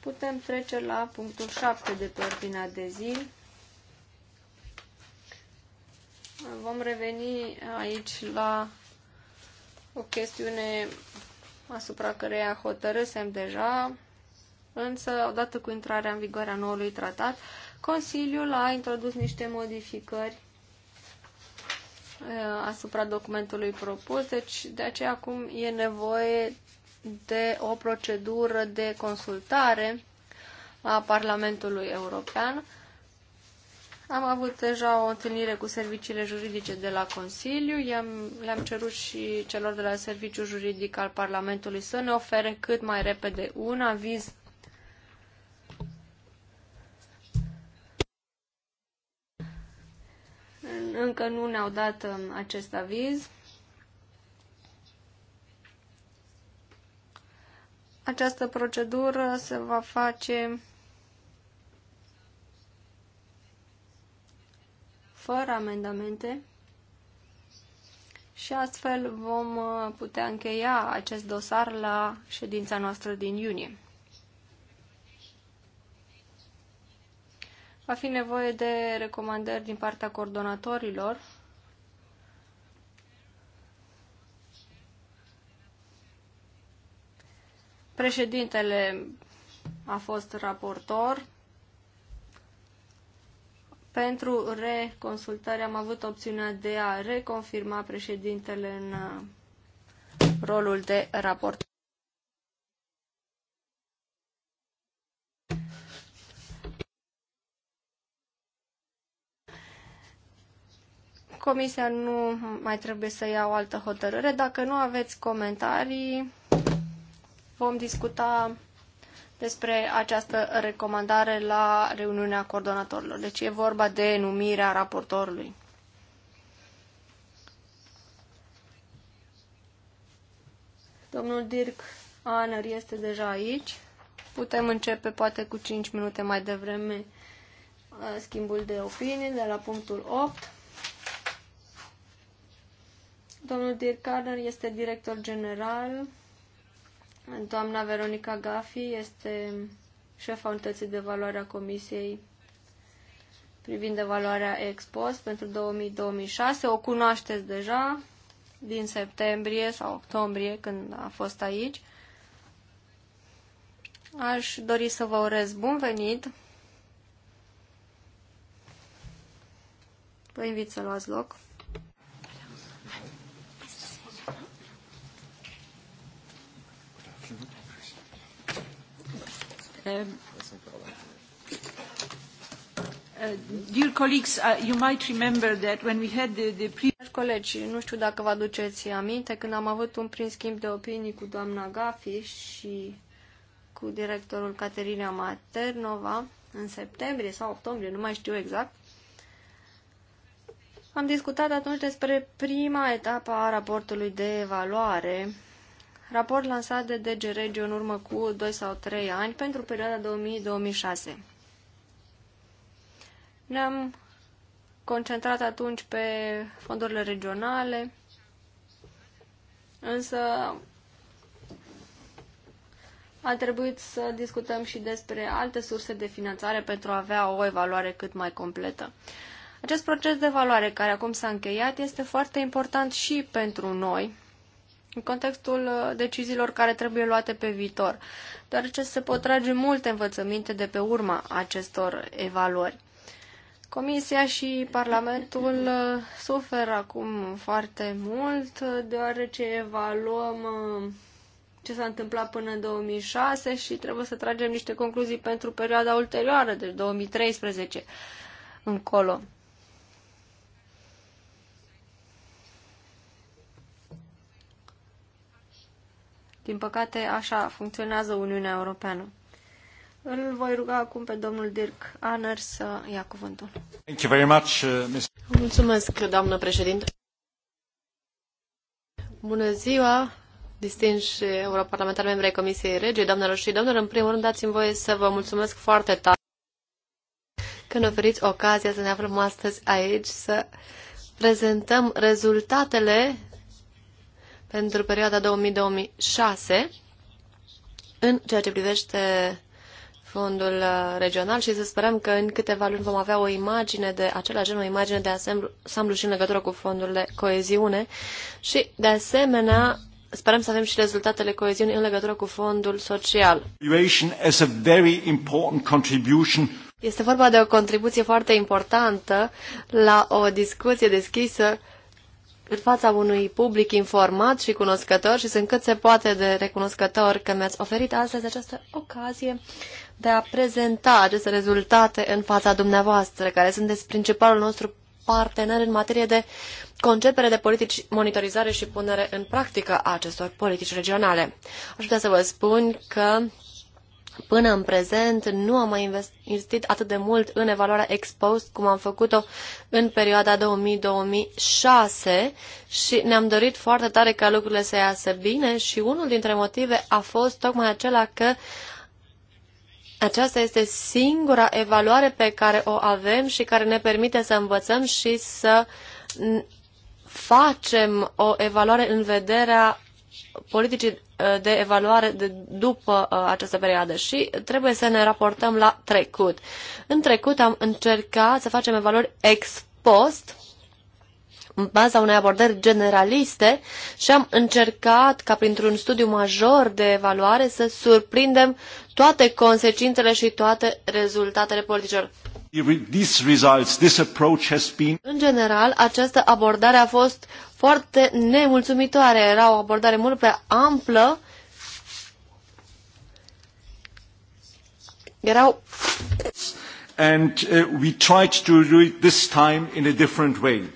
putem trece la punctul 7 de pe ordinea de zi. Vom reveni aici la o chestiune asupra căreia hotărâsem deja, însă, odată cu intrarea în vigoare a noului tratat, Consiliul a introdus niște modificări uh, asupra documentului propus, deci de aceea acum e nevoie de o procedură de consultare a Parlamentului European am avut deja o întâlnire cu serviciile juridice de la Consiliu. I-am, le-am cerut și celor de la Serviciul Juridic al Parlamentului să ne ofere cât mai repede un aviz Încă nu ne-au dat um, acest aviz. Această procedură se va face fără amendamente și astfel vom uh, putea încheia acest dosar la ședința noastră din iunie. Va fi nevoie de recomandări din partea coordonatorilor Președintele a fost raportor, pentru reconsultare am avut opțiunea de a reconfirma președintele în uh, rolul de raport. Comisia nu mai trebuie să ia o altă hotărâre. Dacă nu aveți comentarii, vom discuta despre această recomandare la reuniunea coordonatorilor. Deci e vorba de numirea raportorului. Domnul Dirk Aner este deja aici. Putem începe poate cu 5 minute mai devreme uh, schimbul de opinii de la punctul 8. Domnul Dirk Aner este director general Doamna Veronica Gafi este șefa unității de valoare a Comisiei privind evaluarea expos pentru 2006. O cunoașteți deja din septembrie sau octombrie când a fost aici. Aș dori să vă urez bun venit. Vă invit să luați loc. Um, uh, dear colleagues, uh, you might remember that when we had the, the pre colegi, nu știu dacă vă aduceți aminte, când am avut un prim schimb de opinii cu doamna Gafi și cu directorul Caterina Maternova în septembrie sau octombrie, nu mai știu exact, am discutat atunci despre prima etapă a raportului de evaluare raport lansat de DG Regio în urmă cu 2 sau 3 ani pentru perioada 2000-2006. Ne-am concentrat atunci pe fondurile regionale, însă a trebuit să discutăm și despre alte surse de finanțare pentru a avea o evaluare cât mai completă. Acest proces de evaluare care acum s-a încheiat este foarte important și pentru noi, în contextul uh, deciziilor care trebuie luate pe viitor, deoarece se pot trage multe învățăminte de pe urma acestor evaluări. Comisia și Parlamentul uh, suferă acum foarte mult, uh, deoarece evaluăm ce s-a întâmplat până în 2006 și trebuie să tragem niște concluzii pentru perioada ulterioară, deci 2013 încolo. Din păcate, așa funcționează Uniunea Europeană. Îl voi ruga acum pe domnul Dirk Aner să ia cuvântul. Thank you very much, uh, Mulțumesc, doamnă președinte. Bună ziua, distinși europarlamentari membri ai Comisiei Regiei, doamnelor și domnilor. În primul rând, dați-mi voie să vă mulțumesc foarte tare că ne oferiți ocazia să ne aflăm astăzi aici, să prezentăm rezultatele pentru perioada 2000-2006 în ceea ce privește fondul uh, regional și să sperăm că în câteva luni vom avea o imagine de același gen, o imagine de asamblu și în legătură cu fondul de coeziune și, de asemenea, sperăm să avem și rezultatele coeziunii în legătură cu fondul social. Este vorba de o contribuție foarte importantă la o discuție deschisă în fața unui public informat și cunoscător și sunt cât se poate de recunoscător că mi-ați oferit astăzi această ocazie de a prezenta aceste rezultate în fața dumneavoastră, care sunteți deci principalul nostru partener în materie de concepere de politici, monitorizare și punere în practică a acestor politici regionale. Aș putea să vă spun că Până în prezent nu am mai investit atât de mult în evaluarea expost cum am făcut-o în perioada 2000-2006 și ne-am dorit foarte tare ca lucrurile să iasă bine și unul dintre motive a fost tocmai acela că aceasta este singura evaluare pe care o avem și care ne permite să învățăm și să facem o evaluare în vederea politicii uh, de evaluare de după uh, această perioadă și trebuie să ne raportăm la trecut. În trecut am încercat să facem evaluări ex post în baza unei abordări generaliste și am încercat ca printr-un studiu major de evaluare să surprindem toate consecințele și toate rezultatele politicilor. În general, această abordare a fost foarte nemulțumitoare. Era o abordare mult prea amplă. Erau and uh, we tried to do it this time in a different way.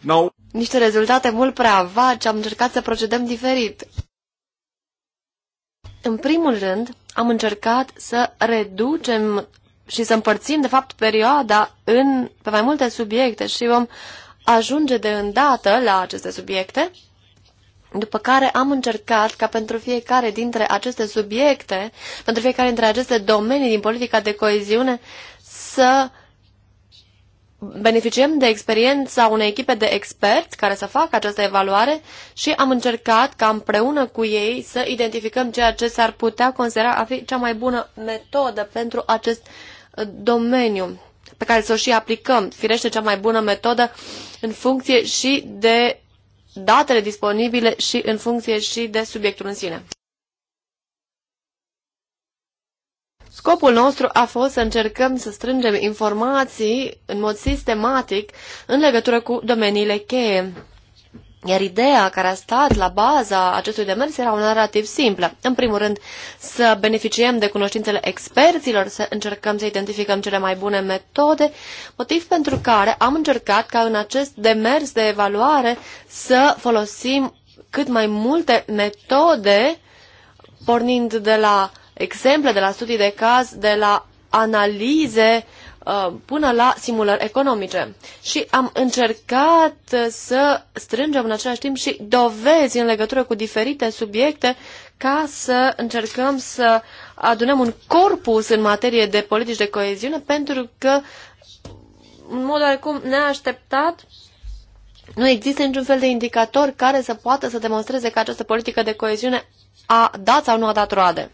Now niște rezultate mult prea vagi, am încercat să procedăm diferit. În primul rând, am încercat să reducem și să împărțim, de fapt, perioada în, pe mai multe subiecte și vom ajunge de îndată la aceste subiecte, după care am încercat ca pentru fiecare dintre aceste subiecte, pentru fiecare dintre aceste domenii din politica de coeziune, să beneficiem de experiența unei echipe de experți care să facă această evaluare și am încercat ca împreună cu ei să identificăm ceea ce s-ar putea considera a fi cea mai bună metodă pentru acest domeniu pe care să o și aplicăm. Firește cea mai bună metodă în funcție și de datele disponibile și în funcție și de subiectul în sine. Scopul nostru a fost să încercăm să strângem informații în mod sistematic în legătură cu domeniile cheie. Iar ideea care a stat la baza acestui demers era una relativ simplă. În primul rând, să beneficiem de cunoștințele experților, să încercăm să identificăm cele mai bune metode, motiv pentru care am încercat ca în acest demers de evaluare să folosim cât mai multe metode, pornind de la exemple, de la studii de caz, de la analize Uh, până la simulări economice. Și am încercat uh, să strângem în același timp și dovezi în legătură cu diferite subiecte ca să încercăm să adunăm un corpus în materie de politici de coeziune pentru că în mod oarecum neașteptat nu există niciun fel de indicator care să poată să demonstreze că această politică de coeziune a dat sau nu a dat roade.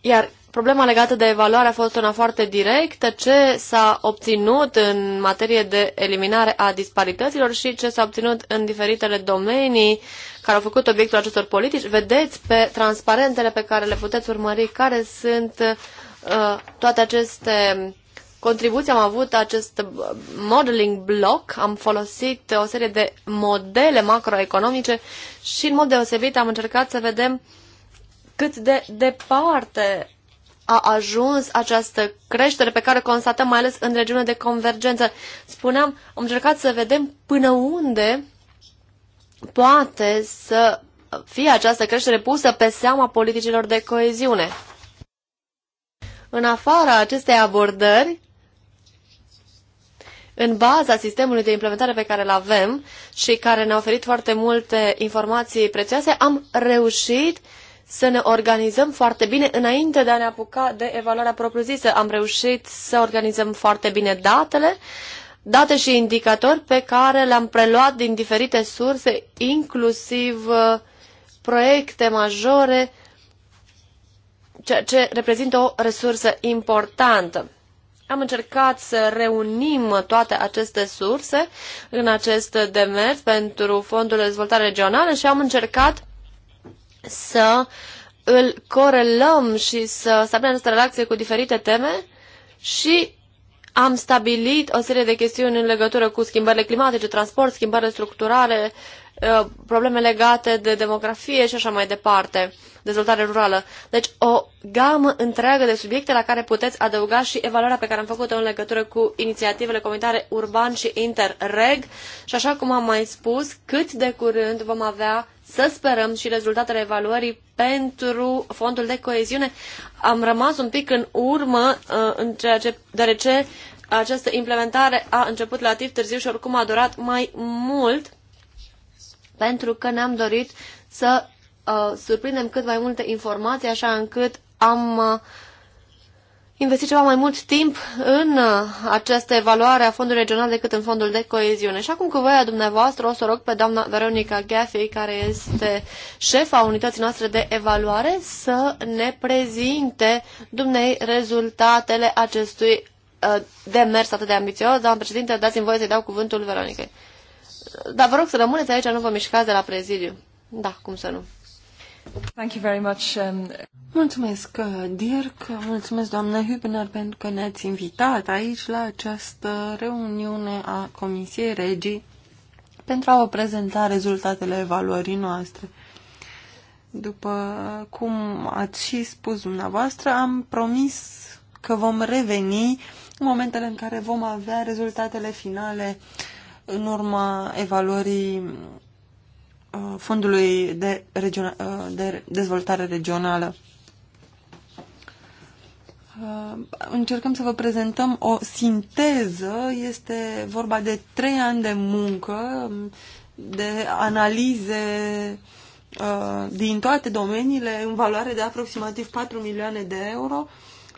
Iar problema legată de evaluare a fost una foarte directă, ce s-a obținut în materie de eliminare a disparităților și ce s-a obținut în diferitele domenii care au făcut obiectul acestor politici. Vedeți pe transparentele pe care le puteți urmări care sunt uh, toate aceste contribuții. Am avut acest uh, modeling block, am folosit o serie de modele macroeconomice și în mod deosebit am încercat să vedem uh, cât de departe a ajuns această creștere pe care o constatăm mai ales în regiune de convergență. Spuneam, am încercat să vedem până unde poate să fie această creștere pusă pe seama politicilor de coeziune. În afara acestei abordări, în baza sistemului de implementare pe care îl avem și care ne-a oferit foarte multe informații prețioase, am reușit să ne organizăm foarte bine înainte de a ne apuca de evaluarea propriu-zisă. Am reușit să organizăm foarte bine datele, date și indicatori pe care le-am preluat din diferite surse, inclusiv uh, proiecte majore, ceea ce reprezintă o resursă importantă. Am încercat să reunim toate aceste surse în acest demers pentru Fondul de Dezvoltare Regională și am încercat să îl corelăm și să stabilim această relație cu diferite teme și am stabilit o serie de chestiuni în legătură cu schimbările climatice, transport, schimbările structurale, uh, probleme legate de demografie și așa mai departe, dezvoltare rurală. Deci o gamă întreagă de subiecte la care puteți adăuga și evaluarea pe care am făcut-o în legătură cu inițiativele comunitare urban și interreg și așa cum am mai spus, cât de curând vom avea să sperăm și rezultatele evaluării pentru fondul de coeziune. Am rămas un pic în urmă uh, în ceea ce, deoarece această implementare a început relativ târziu și oricum a durat mai mult pentru că ne-am dorit să uh, surprindem cât mai multe informații așa încât am uh, investi ceva mai mult timp în uh, această evaluare a fondului regional decât în fondul de coeziune. Și acum cu voia dumneavoastră o să rog pe doamna Veronica Gaffey, care este șefa unității noastre de evaluare, să ne prezinte dumnei rezultatele acestui uh, demers atât de ambițios. Doamna președinte, dați-mi voie să-i dau cuvântul Veronica. Dar vă rog să rămâneți aici, nu vă mișcați de la prezidiu. Da, cum să nu. Thank you very much. Um... Mulțumesc, uh, Dirk, mulțumesc, doamnă Hübner, pentru că ne-ați invitat aici la această reuniune a Comisiei Regii pentru a vă prezenta rezultatele evaluării noastre. După cum ați și spus dumneavoastră, am promis că vom reveni în momentele în care vom avea rezultatele finale în urma evaluării Uh, Fondului de, region, uh, de Dezvoltare Regională. Uh, încercăm să vă prezentăm o sinteză. Este vorba de trei ani de muncă, um, de analize din toate domeniile, în valoare de aproximativ 4 milioane de euro.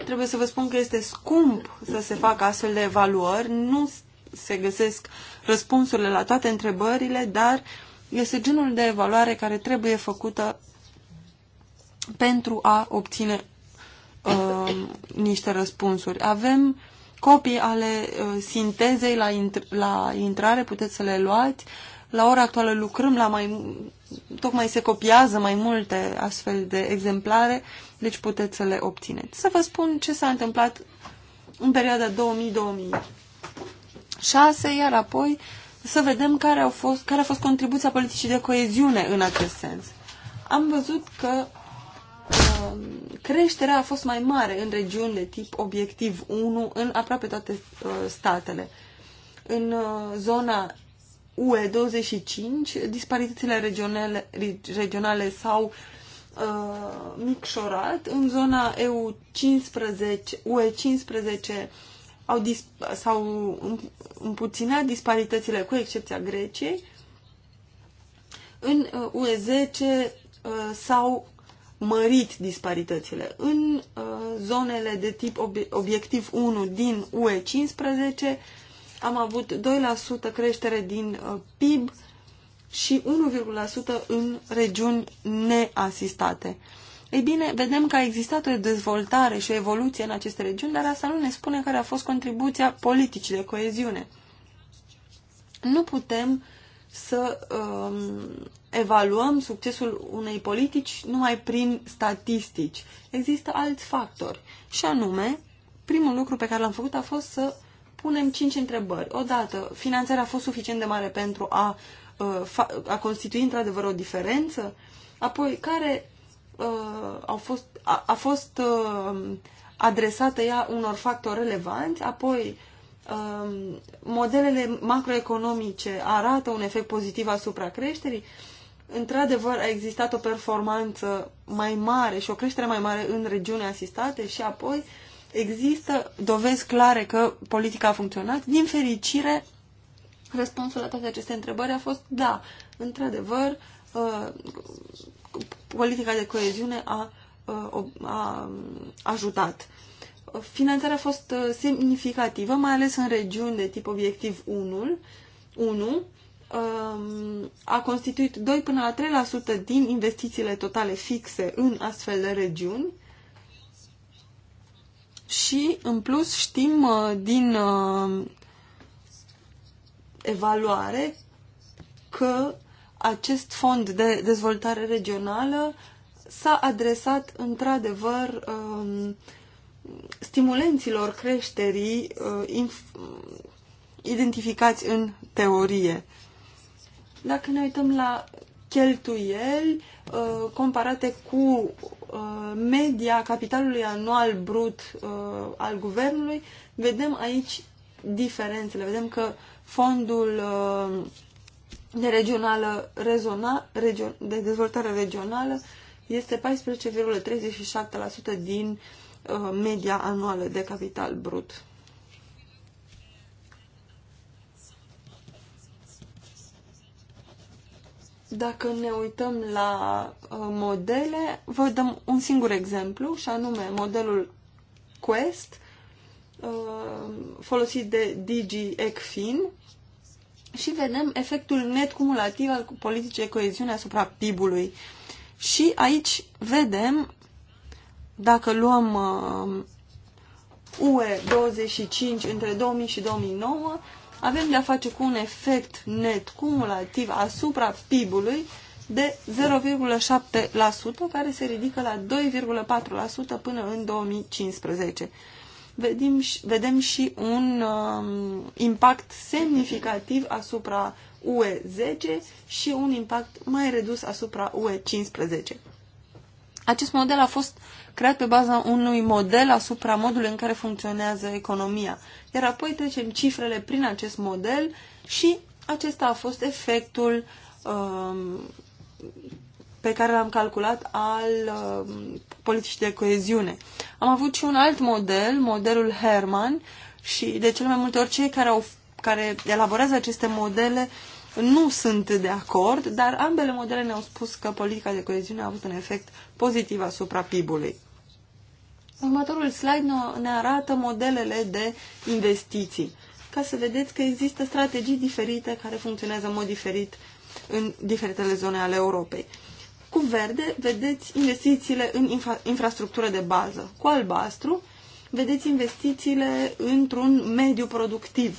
Trebuie să vă spun că este scump să se facă astfel de evaluări, nu se găsesc răspunsurile la toate întrebările, dar uh, este genul de evaluare care trebuie făcută pentru a obține uh, niște răspunsuri. Avem copii ale uh, sintezei la, intr la intrare, puteți să le luați. La ora actuală lucrăm la mai... Tocmai se copiază mai multe astfel de exemplare, deci puteți să le obțineți. Să vă spun ce s-a întâmplat în perioada 2000-2006, iar apoi să vedem care, au fost, care a fost contribuția politicii de coeziune în acest sens. Am văzut că um, creșterea a fost mai mare în regiuni de tip obiectiv 1 în aproape toate uh, statele. În uh, zona UE25, disparitățile regionale, regionale s-au uh, micșorat. În zona EU15, UE15 au dis- sau au um- împuținat disparitățile, cu excepția Greciei. În UE10 uh, uh, s-au mărit disparitățile. În uh, zonele de tip obiectiv 1 din UE15 am avut 2% creștere din PIB și 1,1% în regiuni neasistate. Ei bine, vedem că a existat o dezvoltare și o evoluție în aceste regiuni, dar asta nu ne spune care a fost contribuția politicii de coeziune. Nu putem să um, evaluăm succesul unei politici numai prin statistici. Există alți factori. Și anume, primul lucru pe care l-am făcut a fost să punem cinci întrebări. Odată, finanțarea a fost suficient de mare pentru a, uh, a constitui într-adevăr o diferență? Apoi, care Uh, au fost, a, a fost uh, adresată ea unor factori relevanți, apoi um, modelele macroeconomice arată un efect pozitiv asupra creșterii, într-adevăr a existat o performanță mai mare și o creștere mai mare în regiune asistate și apoi există dovezi clare că politica a funcționat. Din fericire, răspunsul la toate aceste întrebări a fost da, într-adevăr, uh, politica de coeziune a, uh, a um, ajutat. Finanțarea a fost uh, semnificativă, mai ales în regiuni de tip obiectiv 1, 1 um, a constituit 2 până la 3% din investițiile totale fixe în astfel de regiuni și, în plus, știm uh, din evaluare că acest fond de dezvoltare regională s-a adresat într-adevăr um, stimulenților creșterii uh, identificați în teorie. Dacă ne uităm la cheltuieli uh, comparate cu uh, media capitalului anual brut uh, al guvernului, vedem aici diferențele. Vedem că fondul uh, de, regională, rezona, region, de dezvoltare regională este 14,37% din uh, media anuală de capital brut. Dacă ne uităm la uh, modele, vă dăm un singur exemplu, și anume modelul Quest, uh, folosit de DG și vedem efectul net cumulativ al politicii de coeziune asupra PIB-ului. Și aici vedem, dacă luăm uh, UE 25 între 2000 și 2009, avem de-a face cu un efect net cumulativ asupra PIB-ului de 0,7% care se ridică la 2,4% până în 2015 vedem, vedem și un um, impact semnificativ asupra UE10 și un impact mai redus asupra UE15. Acest model a fost creat pe baza unui model asupra modului în care funcționează economia. Iar apoi trecem cifrele prin acest model și acesta a fost efectul um, pe care l-am calculat al uh, politicii de coeziune. Am avut și un alt model, modelul Herman, și de cele mai multe ori cei care, au, care elaborează aceste modele nu sunt de acord, dar ambele modele ne-au spus că politica de coeziune a avut un efect pozitiv asupra PIB-ului. Următorul slide ne arată modelele de investiții, ca să vedeți că există strategii diferite care funcționează în mod diferit în diferitele zone ale Europei. Cu verde vedeți investițiile în infra infrastructură de bază. Cu albastru vedeți investițiile într-un mediu productiv.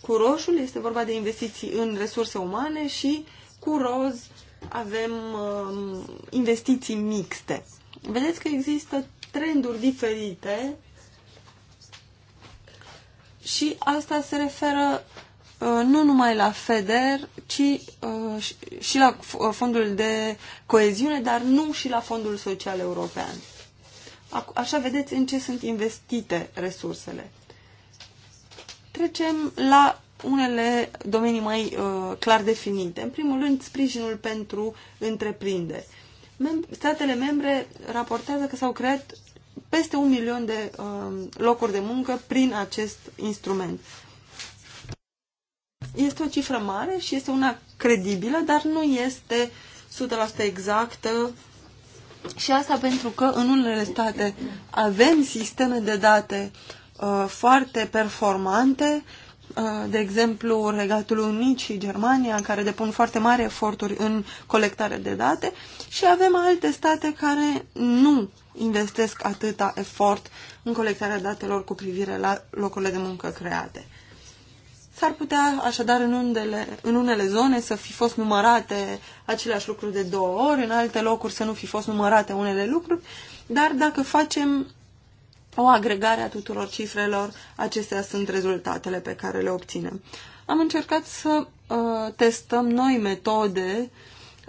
Cu roșul este vorba de investiții în resurse umane și cu roz avem um, investiții mixte. Vedeți că există trenduri diferite și asta se referă Uh, nu numai la FEDER, ci uh, și la uh, fondul de coeziune, dar nu și la fondul social european. Așa vedeți în ce sunt investite resursele. Trecem la unele domenii mai clar definite. În primul rând, sprijinul pentru întreprinde. statele membre raportează că s-au creat peste un milion de locuri de muncă prin acest instrument. Este o cifră mare și este una credibilă, dar nu este 100% exactă și asta pentru că în unele state avem sisteme de date uh, foarte performante, uh, de exemplu Regatul Unit și Germania, care depun foarte mari eforturi în colectarea de date și avem alte state care nu investesc atâta efort în colectarea datelor cu privire la locurile de muncă create. S-ar putea așadar în, undele, în unele zone să fi fost numărate aceleași lucruri de două ori, în alte locuri să nu fi fost numărate unele lucruri, dar dacă facem o agregare a tuturor cifrelor, acestea sunt rezultatele pe care le obținem. Am încercat să uh, testăm noi metode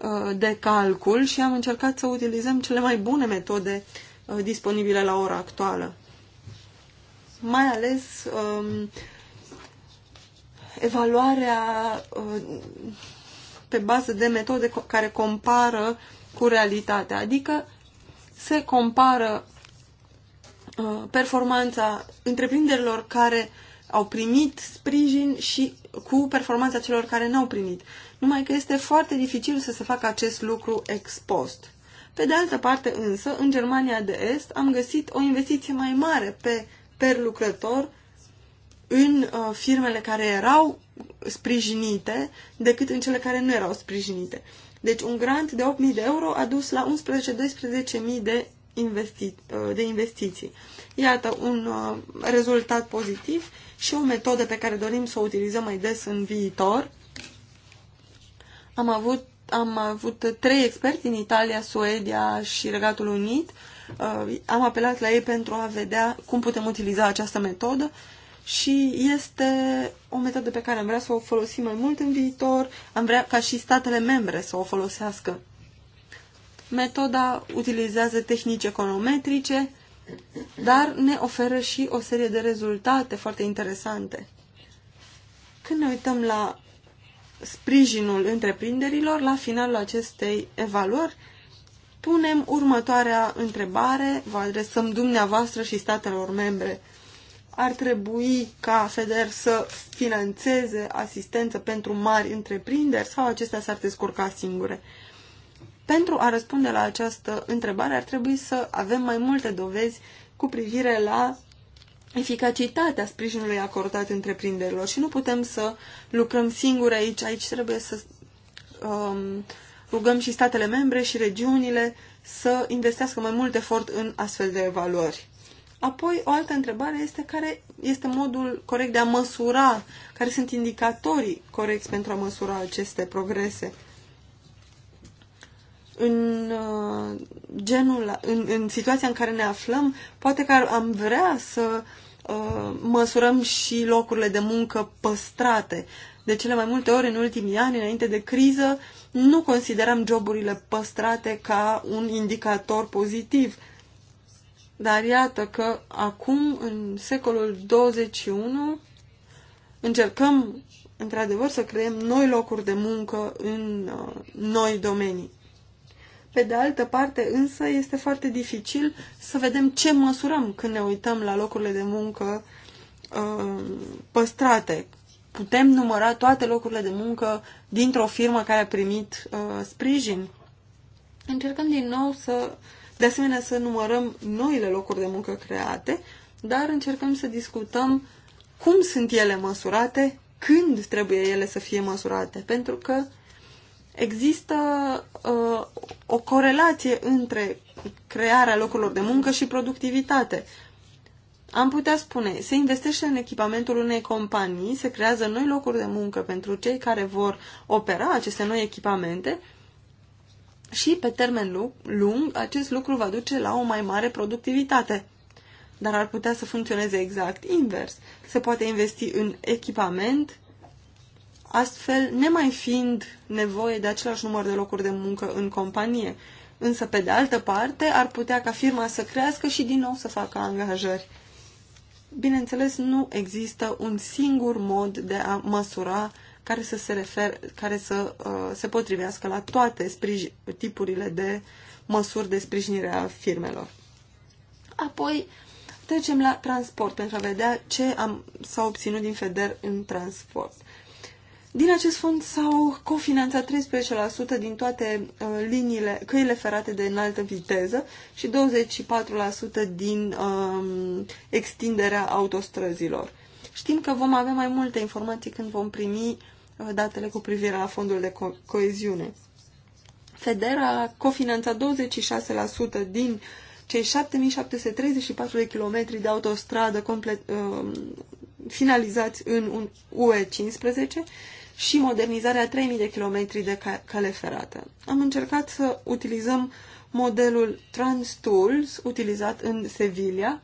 uh, de calcul și am încercat să utilizăm cele mai bune metode uh, disponibile la ora actuală. Mai ales uh, evaluarea uh, pe bază de metode care compară cu realitatea, adică se compară uh, performanța întreprinderilor care au primit sprijin și cu performanța celor care n-au primit. Numai că este foarte dificil să se facă acest lucru ex post. Pe de altă parte însă, în Germania de Est am găsit o investiție mai mare pe per lucrător în uh, firmele care erau sprijinite decât în cele care nu erau sprijinite. Deci un grant de 8.000 de euro a dus la 11-12.000 de, investi uh, de investiții. Iată un uh, rezultat pozitiv și o metodă pe care dorim să o utilizăm mai des în viitor. Am avut, am avut trei experți din Italia, Suedia și Regatul Unit. am apelat la ei pentru a vedea cum putem utiliza această metodă și este o metodă pe care am vrea să o folosim mai mult în viitor, am vrea ca și statele membre să o folosească. Metoda utilizează tehnici econometrice, dar ne oferă și o serie de rezultate foarte interesante. Când ne uităm la sprijinul întreprinderilor, la finalul acestei evaluări, punem următoarea întrebare, vă adresăm dumneavoastră și statelor membre – ar trebui ca FEDER să financeze asistență pentru mari întreprinderi sau acestea s-ar descurca singure? Pentru a răspunde la această întrebare ar trebui să avem mai multe dovezi cu privire la eficacitatea sprijinului acordat întreprinderilor și nu putem să lucrăm singuri aici. Aici trebuie să um, rugăm și statele membre și regiunile să investească mai mult efort în astfel de evaluări. Apoi, o altă întrebare este care este modul corect de a măsura, care sunt indicatorii corecți pentru a măsura aceste progrese. În, uh, genul, în, în situația în care ne aflăm, poate că am vrea să uh, măsurăm și locurile de muncă păstrate. De cele mai multe ori, în ultimii ani, înainte de criză, nu consideram joburile păstrate ca un indicator pozitiv. Uh, dar iată că acum, în secolul 21, încercăm, într-adevăr, să creăm noi locuri de muncă în uh, noi domenii. Pe de altă parte, însă, este foarte dificil să vedem ce măsurăm când ne uităm la locurile de muncă uh, păstrate. Putem număra toate locurile de muncă dintr-o firmă care a primit uh, sprijin. Încercăm din nou să uh, de asemenea să numărăm noile locuri de muncă create, dar încercăm să discutăm cum sunt ele măsurate, când trebuie ele să fie măsurate, pentru că există uh, o corelație între crearea locurilor de muncă și productivitate. Am putea spune, se investește în echipamentul unei companii, se creează noi locuri de muncă pentru cei care vor opera aceste noi echipamente și pe termen lung, acest lucru va duce la o mai mare productivitate. Dar ar putea să funcționeze exact invers. Se poate investi în echipament, astfel nemai fiind nevoie de același număr de locuri de muncă în companie. Însă, pe de altă parte, ar putea ca firma să crească și din nou să facă angajări. Bineînțeles, nu există un singur mod de a măsura uh, care să se, refer, care să uh, se potrivească la toate sprij, tipurile de măsuri de sprijinire a firmelor. Apoi trecem la transport pentru a vedea ce am, s-a obținut din FEDER în transport. Din acest fond s-au cofinanțat 13% din toate uh, liniile, căile ferate de înaltă viteză și 24% din um, extinderea autostrăzilor. Știm că vom avea mai multe informații când vom primi datele cu privire la fondul de co coeziune. FEDER a cofinanțat 26% din cei 7734 de kilometri de autostradă complet, uh, finalizați în UE 15 și modernizarea 3000 de kilometri de cale ferată. Am încercat să utilizăm modelul TransTools utilizat în Sevilla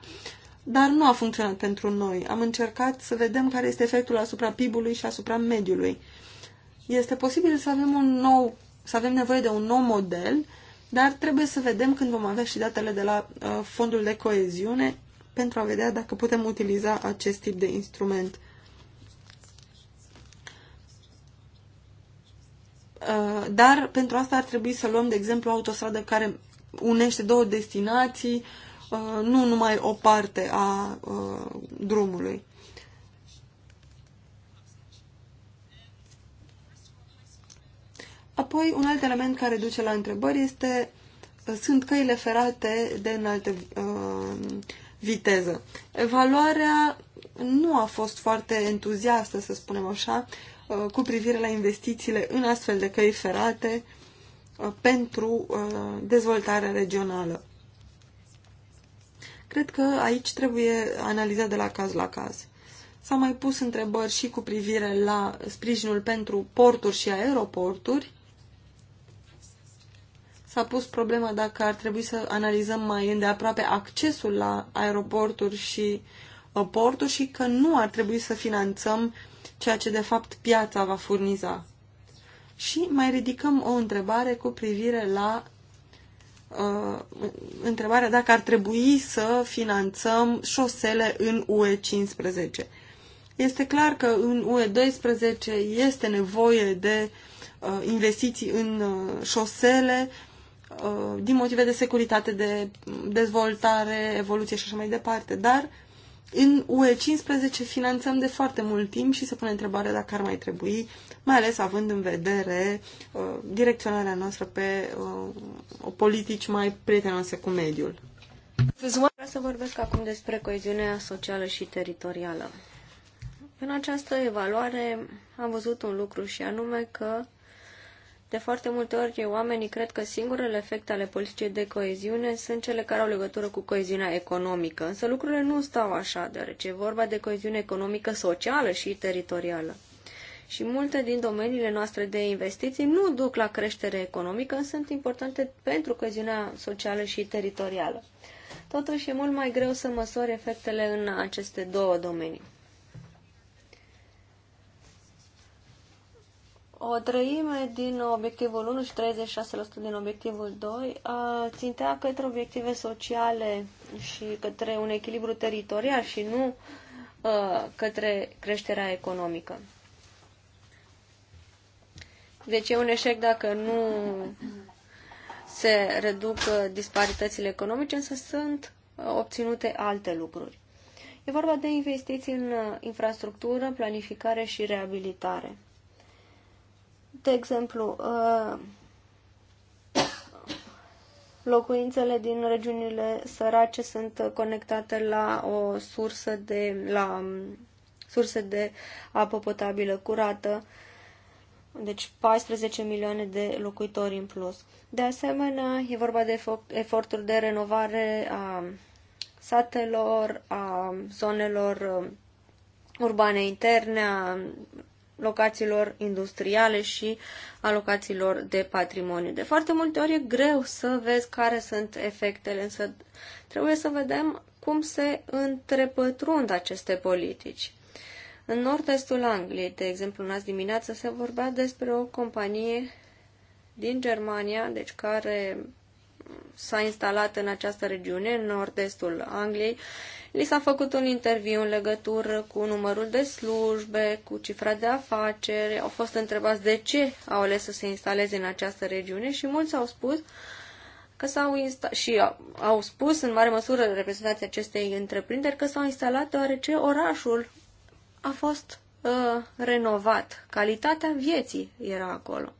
dar nu a funcționat pentru noi. Am încercat să vedem care este efectul asupra PIB-ului și asupra mediului. Este posibil să avem un nou, să avem nevoie de un nou model, dar trebuie să vedem când vom avea și datele de la uh, fondul de coeziune pentru a vedea dacă putem utiliza acest tip de instrument. Uh, dar pentru asta ar trebui să luăm, de exemplu, o autostradă care unește două destinații, uh, Uh, nu numai o parte a uh, drumului. Apoi, un alt element care duce la întrebări este uh, sunt căile ferate de înaltă viteză. Evaluarea nu a fost foarte entuziastă, să spunem așa, cu privire la investițiile în astfel de căi ferate pentru dezvoltarea regională. Cred că aici trebuie analizat de la caz la caz. s a mai pus întrebări și cu privire la sprijinul pentru porturi și aeroporturi. S-a pus problema dacă ar trebui să analizăm mai îndeaproape accesul la aeroporturi și uh, porturi și că nu ar trebui să finanțăm ceea ce de fapt piața va furniza. Și mai ridicăm o întrebare cu privire la uh, întrebarea dacă ar trebui să finanțăm șosele în UE 15. Este clar că în UE 12 este nevoie de uh, investiții în uh, șosele uh, din motive de securitate, de dezvoltare, evoluție și așa mai departe, dar uh, în UE15 finanțăm de foarte mult timp și se pune întrebarea dacă ar mai trebui, mai ales având în vedere uh, direcționarea noastră pe uh, politici mai prietenoase cu mediul. Vreau să vorbesc acum despre coeziunea socială și teritorială. În această evaluare am văzut un lucru și anume că de foarte multe ori, oamenii cred că singurele efecte ale politicii de coeziune sunt cele care au legătură cu coeziunea economică, însă lucrurile nu stau așa, deoarece e vorba de coeziune economică, socială și teritorială. Și multe din domeniile noastre de investiții nu duc la creștere economică, însă sunt importante pentru coeziunea socială și teritorială. Totuși, e mult mai greu să măsori efectele în aceste două domenii. O treime din obiectivul 1 și 36% din obiectivul 2 țintea către obiective sociale și către un echilibru teritorial și nu către creșterea economică. Deci e un eșec dacă nu se reduc disparitățile economice, însă sunt obținute alte lucruri. E vorba de investiții în infrastructură, planificare și reabilitare. De exemplu, uh, locuințele din regiunile sărace sunt conectate la o sursă de, la um, surse de apă potabilă curată, deci 14 milioane de locuitori în plus. De asemenea, e vorba de eforturi de renovare a satelor, a zonelor um, urbane interne, a locațiilor industriale și a locațiilor de patrimoniu. De foarte multe ori e greu să vezi care sunt efectele, însă trebuie să vedem cum se întrepătrund aceste politici. În nord-estul Angliei, de exemplu, în azi dimineață se vorbea despre o companie din Germania, deci care s-a instalat în această regiune, în nord-estul Angliei, li s-a făcut un interviu în legătură cu numărul de slujbe, cu cifra de afaceri, au fost întrebați de ce au ales să se instaleze în această regiune și mulți au spus că s-au insta- și au spus în mare măsură reprezentanții acestei întreprinderi că s-au instalat deoarece orașul a fost uh, renovat. Calitatea vieții era acolo.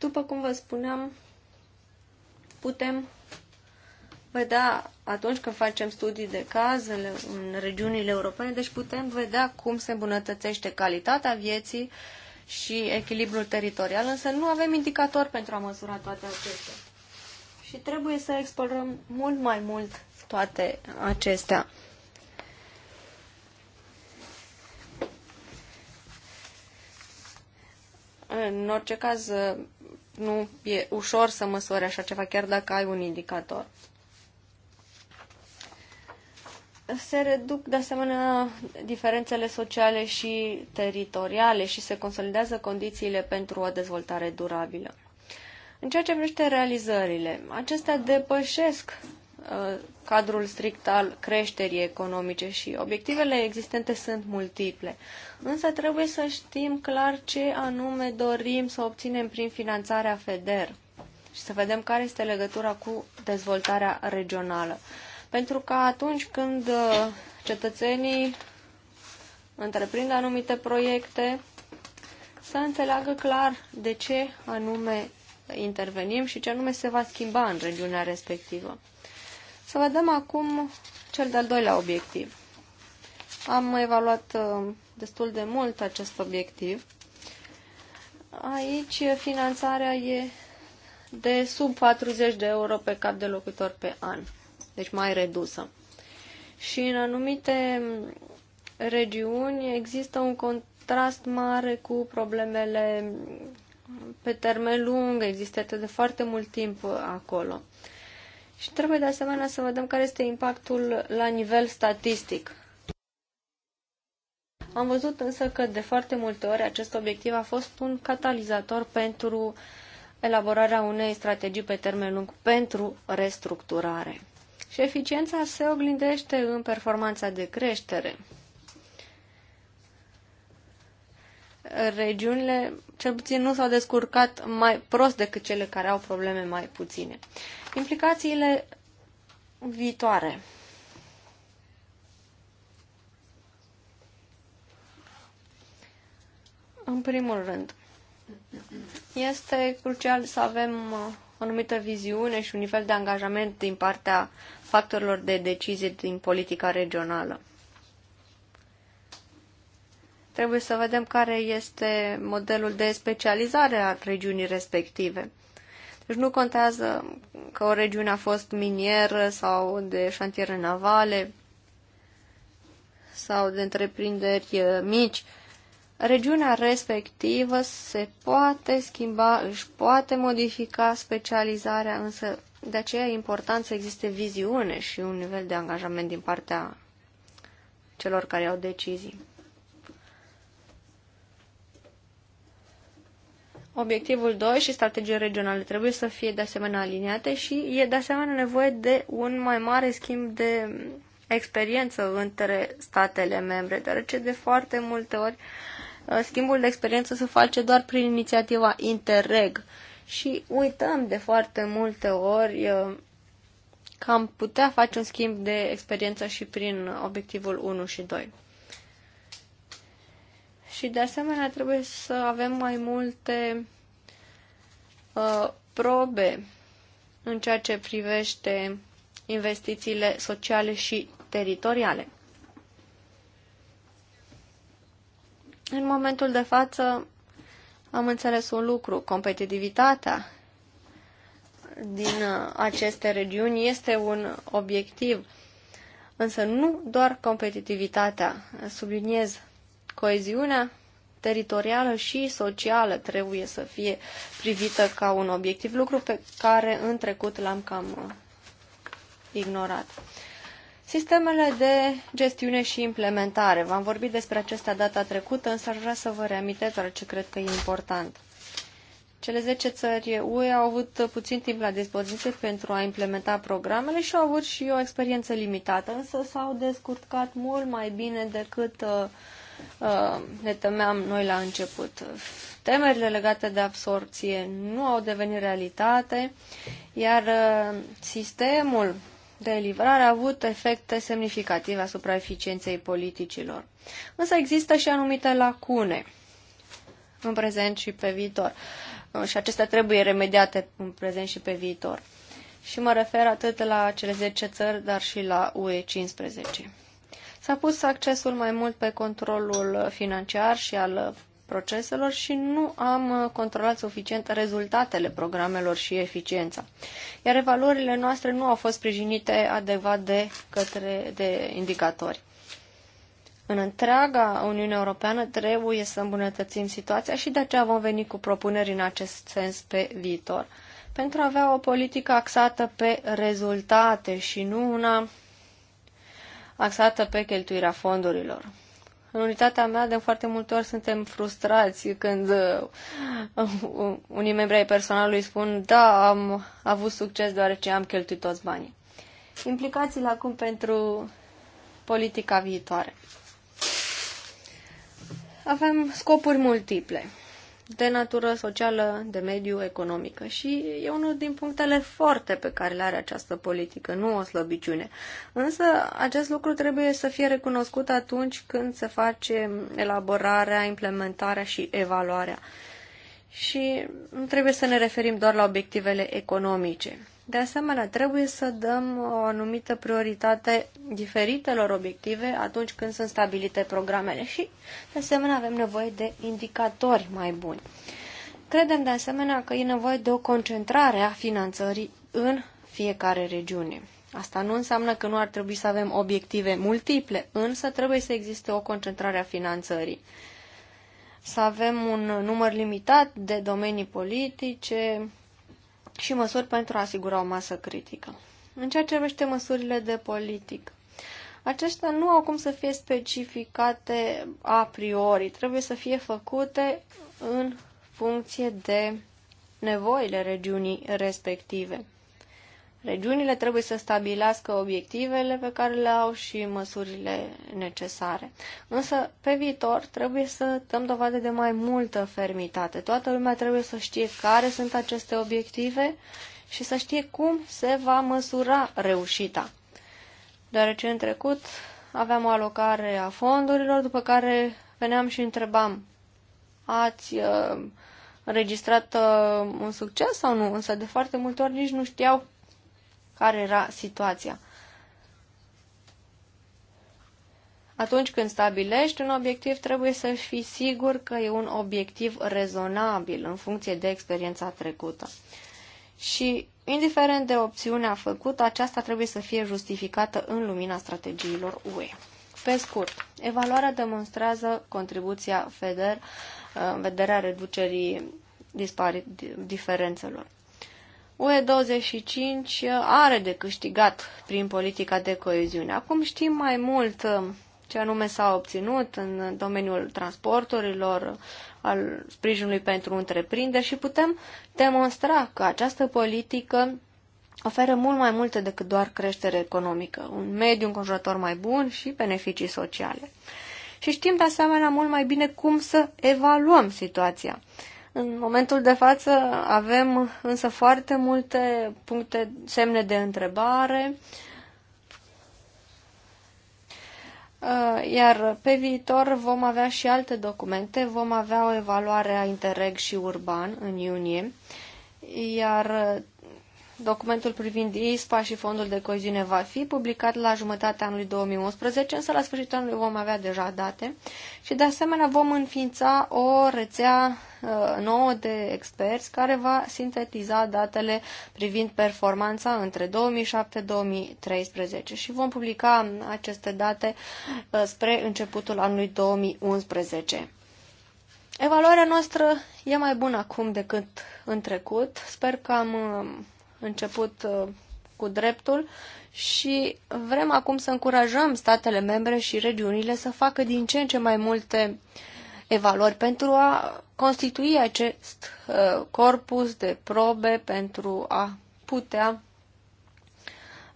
După cum vă spuneam, putem vedea atunci când facem studii de caz în, regiunile europene, deci putem vedea cum se îmbunătățește calitatea vieții și echilibrul teritorial, însă nu avem indicator pentru a măsura toate acestea. Și trebuie să explorăm mult mai mult toate acestea. În orice caz, nu e ușor să măsori așa ceva, chiar dacă ai un indicator. Se reduc, de asemenea, diferențele sociale și teritoriale și se consolidează condițiile pentru o dezvoltare durabilă. În ceea ce privește realizările, acestea depășesc uh, cadrul strict al creșterii economice și obiectivele existente sunt multiple. Însă trebuie să știm clar ce anume dorim să obținem prin finanțarea FEDER și să vedem care este legătura cu dezvoltarea regională. Pentru că atunci când uh, cetățenii întreprind anumite proiecte, să înțeleagă clar de ce anume intervenim și ce anume se va schimba în regiunea respectivă. Să vedem acum cel de-al doilea obiectiv. Am evaluat uh, destul de mult acest obiectiv. Aici finanțarea e de sub 40 de euro pe cap de locuitor pe an, deci mai redusă. Și în anumite regiuni există un contrast mare cu problemele pe termen lung, existate de foarte mult timp acolo. Și trebuie de asemenea să vedem care este impactul la nivel statistic. Am văzut însă că de foarte multe ori acest obiectiv a fost un catalizator pentru elaborarea unei strategii pe termen lung pentru restructurare. Și eficiența se oglindește în performanța de creștere. regiunile cel puțin nu s-au descurcat mai prost decât cele care au probleme mai puține. Implicațiile viitoare. În primul rând, este crucial să avem o uh, anumită viziune și un nivel de angajament din partea factorilor de decizie din politica regională. Trebuie să vedem care este modelul de specializare a regiunii respective. Deci nu contează că o regiune a fost minieră sau de șantiere navale sau de întreprinderi uh, mici. Regiunea respectivă se poate schimba, își poate modifica specializarea, însă de aceea e important să existe viziune și un nivel de angajament din partea celor care au decizii. Obiectivul 2 și strategia regionale trebuie să fie de asemenea aliniate și e de asemenea nevoie de un mai mare schimb de experiență între statele membre, deoarece de foarte multe ori uh, schimbul de experiență se face doar prin inițiativa Interreg și uităm de foarte multe ori uh, că am putea face un schimb de experiență și prin obiectivul 1 și 2. Și de asemenea trebuie să avem mai multe uh, probe în ceea ce privește investițiile sociale și teritoriale. În momentul de față am înțeles un lucru, competitivitatea din uh, aceste regiuni este un obiectiv, însă nu doar competitivitatea, subliniez Coeziunea teritorială și socială trebuie să fie privită ca un obiectiv, lucru pe care în trecut l-am cam uh, ignorat. Sistemele de gestiune și implementare. V-am vorbit despre acestea data trecută, însă aș vrea să vă reamintesc doar ce cred că e important. Cele 10 țări UE au avut puțin timp la dispoziție pentru a implementa programele și au avut și o experiență limitată, însă s-au descurcat mult mai bine decât uh, Uh, ne temeam noi la început. Temerile legate de absorție nu au devenit realitate, iar uh, sistemul de livrare a avut efecte semnificative asupra eficienței politicilor. Însă există și anumite lacune în prezent și pe viitor. Uh, și acestea trebuie remediate în prezent și pe viitor. Și mă refer atât la cele 10 țări, dar și la UE 15. S-a pus accesul mai mult pe controlul financiar și al proceselor și nu am controlat suficient rezultatele programelor și eficiența. Iar evaluările noastre nu au fost sprijinite adecvat de, către, de indicatori. În întreaga Uniune Europeană trebuie să îmbunătățim situația și de aceea vom veni cu propuneri în acest sens pe viitor. Pentru a avea o politică axată pe rezultate și nu una axată pe cheltuirea fondurilor. În unitatea mea, de foarte multe ori, suntem frustrați când uh, unii membri ai personalului spun da, am avut succes deoarece am cheltuit toți banii. Implicațiile acum pentru politica viitoare. Avem scopuri multiple de natură socială, de mediu, economică. Și e unul din punctele forte pe care le are această politică, nu o slăbiciune. Însă acest lucru trebuie să fie recunoscut atunci când se face elaborarea, implementarea și evaluarea. Și nu trebuie să ne referim doar la obiectivele economice. De asemenea, trebuie să dăm o anumită prioritate diferitelor obiective atunci când sunt stabilite programele și, de asemenea, avem nevoie de indicatori mai buni. Credem, de asemenea, că e nevoie de o concentrare a finanțării în fiecare regiune. Asta nu înseamnă că nu ar trebui să avem obiective multiple, însă trebuie să existe o concentrare a finanțării. Să avem un număr limitat de domenii politice, și măsuri pentru a asigura o masă critică. În ceea ce privește măsurile de politică, acestea nu au cum să fie specificate a priori, trebuie să fie făcute în funcție de nevoile regiunii respective. Regiunile trebuie să stabilească obiectivele pe care le au și măsurile necesare. Însă, pe viitor, trebuie să dăm dovadă de mai multă fermitate. Toată lumea trebuie să știe care sunt aceste obiective și să știe cum se va măsura reușita. Deoarece în trecut aveam o alocare a fondurilor, după care veneam și întrebam, ați uh, înregistrat uh, un succes sau nu? Însă de foarte multe ori nici nu știau care era situația. Atunci când stabilești un obiectiv, trebuie să fii sigur că e un obiectiv rezonabil în funcție de experiența trecută. Și, indiferent de opțiunea făcută, aceasta trebuie să fie justificată în lumina strategiilor UE. Pe scurt, evaluarea demonstrează contribuția FEDER în vederea reducerii dispari- diferențelor. UE25 are de câștigat prin politica de coeziune. Acum știm mai mult uh, ce anume s-a obținut în domeniul transporturilor, al sprijinului pentru întreprinderi și putem demonstra că această politică oferă mult mai multe decât doar creștere economică, un mediu înconjurător mai bun și beneficii sociale. Și știm de asemenea mult mai bine cum să evaluăm situația. În momentul de față avem însă foarte multe puncte, semne de întrebare, uh, iar pe viitor vom avea și alte documente, vom avea o evaluare a Interreg și Urban în iunie, iar Documentul privind ISPA și fondul de coeziune va fi publicat la jumătatea anului 2011, însă la sfârșitul anului vom avea deja date și de asemenea vom înființa o rețea uh, nouă de experți care va sintetiza datele privind performanța între 2007-2013 și vom publica aceste date uh, spre începutul anului 2011. Evaluarea noastră e mai bună acum decât în trecut. Sper că am uh, început uh, cu dreptul și vrem acum să încurajăm statele membre și regiunile să facă din ce în ce mai multe evaluări pentru a constitui acest uh, corpus de probe pentru a putea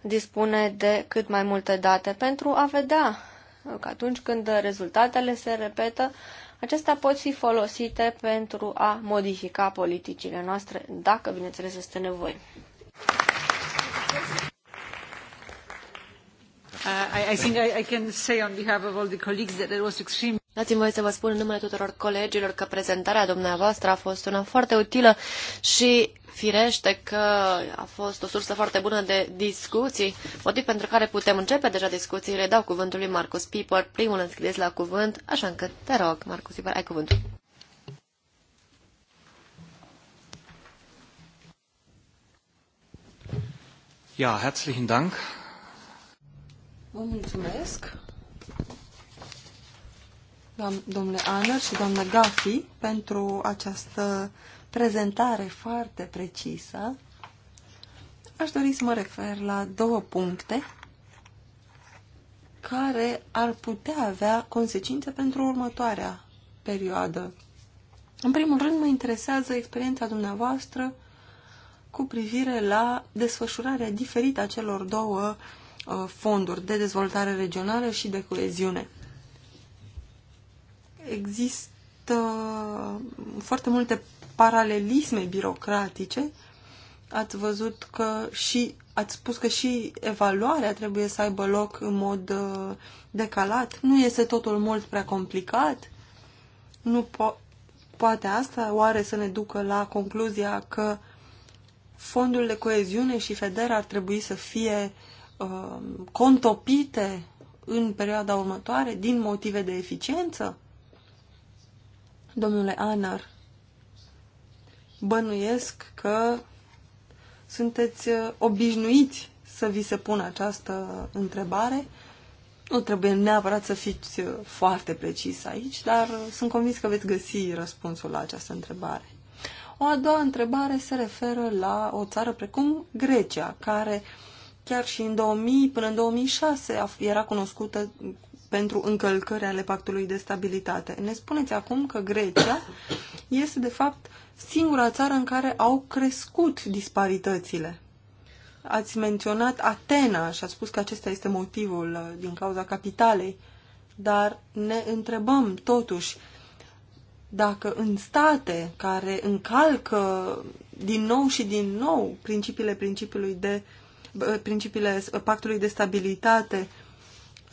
dispune de cât mai multe date pentru a vedea că atunci când rezultatele se repetă, acestea pot fi folosite pentru a modifica politicile noastre, dacă, bineînțeles, este nevoie. Dați-mi voie să vă spun în numele tuturor colegilor că prezentarea dumneavoastră a fost una foarte utilă și firește că a fost o sursă foarte bună de discuții, motiv pentru care putem începe deja discuțiile. Dau cuvântul lui Marcus Piper, primul înscris la cuvânt, așa încât te rog, Marcus Piper, ai cuvântul. Ja, herzlichen Dank. Vă mulțumesc, domnule Aner și doamnă Gafi, pentru această prezentare foarte precisă. Aș dori să mă refer la două puncte care ar putea avea consecințe pentru următoarea perioadă. În primul rând, mă interesează experiența dumneavoastră cu privire la desfășurarea diferită a celor două uh, fonduri de dezvoltare regională și de coeziune. Există foarte multe paralelisme birocratice. Ați văzut că și ați spus că și evaluarea trebuie să aibă loc în mod uh, decalat. Nu este totul mult prea complicat. Nu po- poate asta oare să ne ducă la concluzia că uh, fondul de coeziune și FEDER ar trebui să fie uh, contopite în perioada următoare din motive de eficiență? Domnule Anar, bănuiesc că sunteți uh, obișnuiți să vi se pună această întrebare. Nu trebuie neapărat să fiți uh, foarte precis aici, dar sunt convins că veți găsi răspunsul la această întrebare. O a doua întrebare se referă la o țară precum Grecia, care chiar și în 2000 până în 2006 era cunoscută pentru încălcări ale pactului de stabilitate. Ne spuneți acum că Grecia este de fapt singura țară în care au crescut disparitățile. Ați menționat Atena și ați spus că acesta este motivul uh, din cauza capitalei, dar ne întrebăm totuși dacă în state care încalcă din nou și din nou principiile principiului de principiile pactului de stabilitate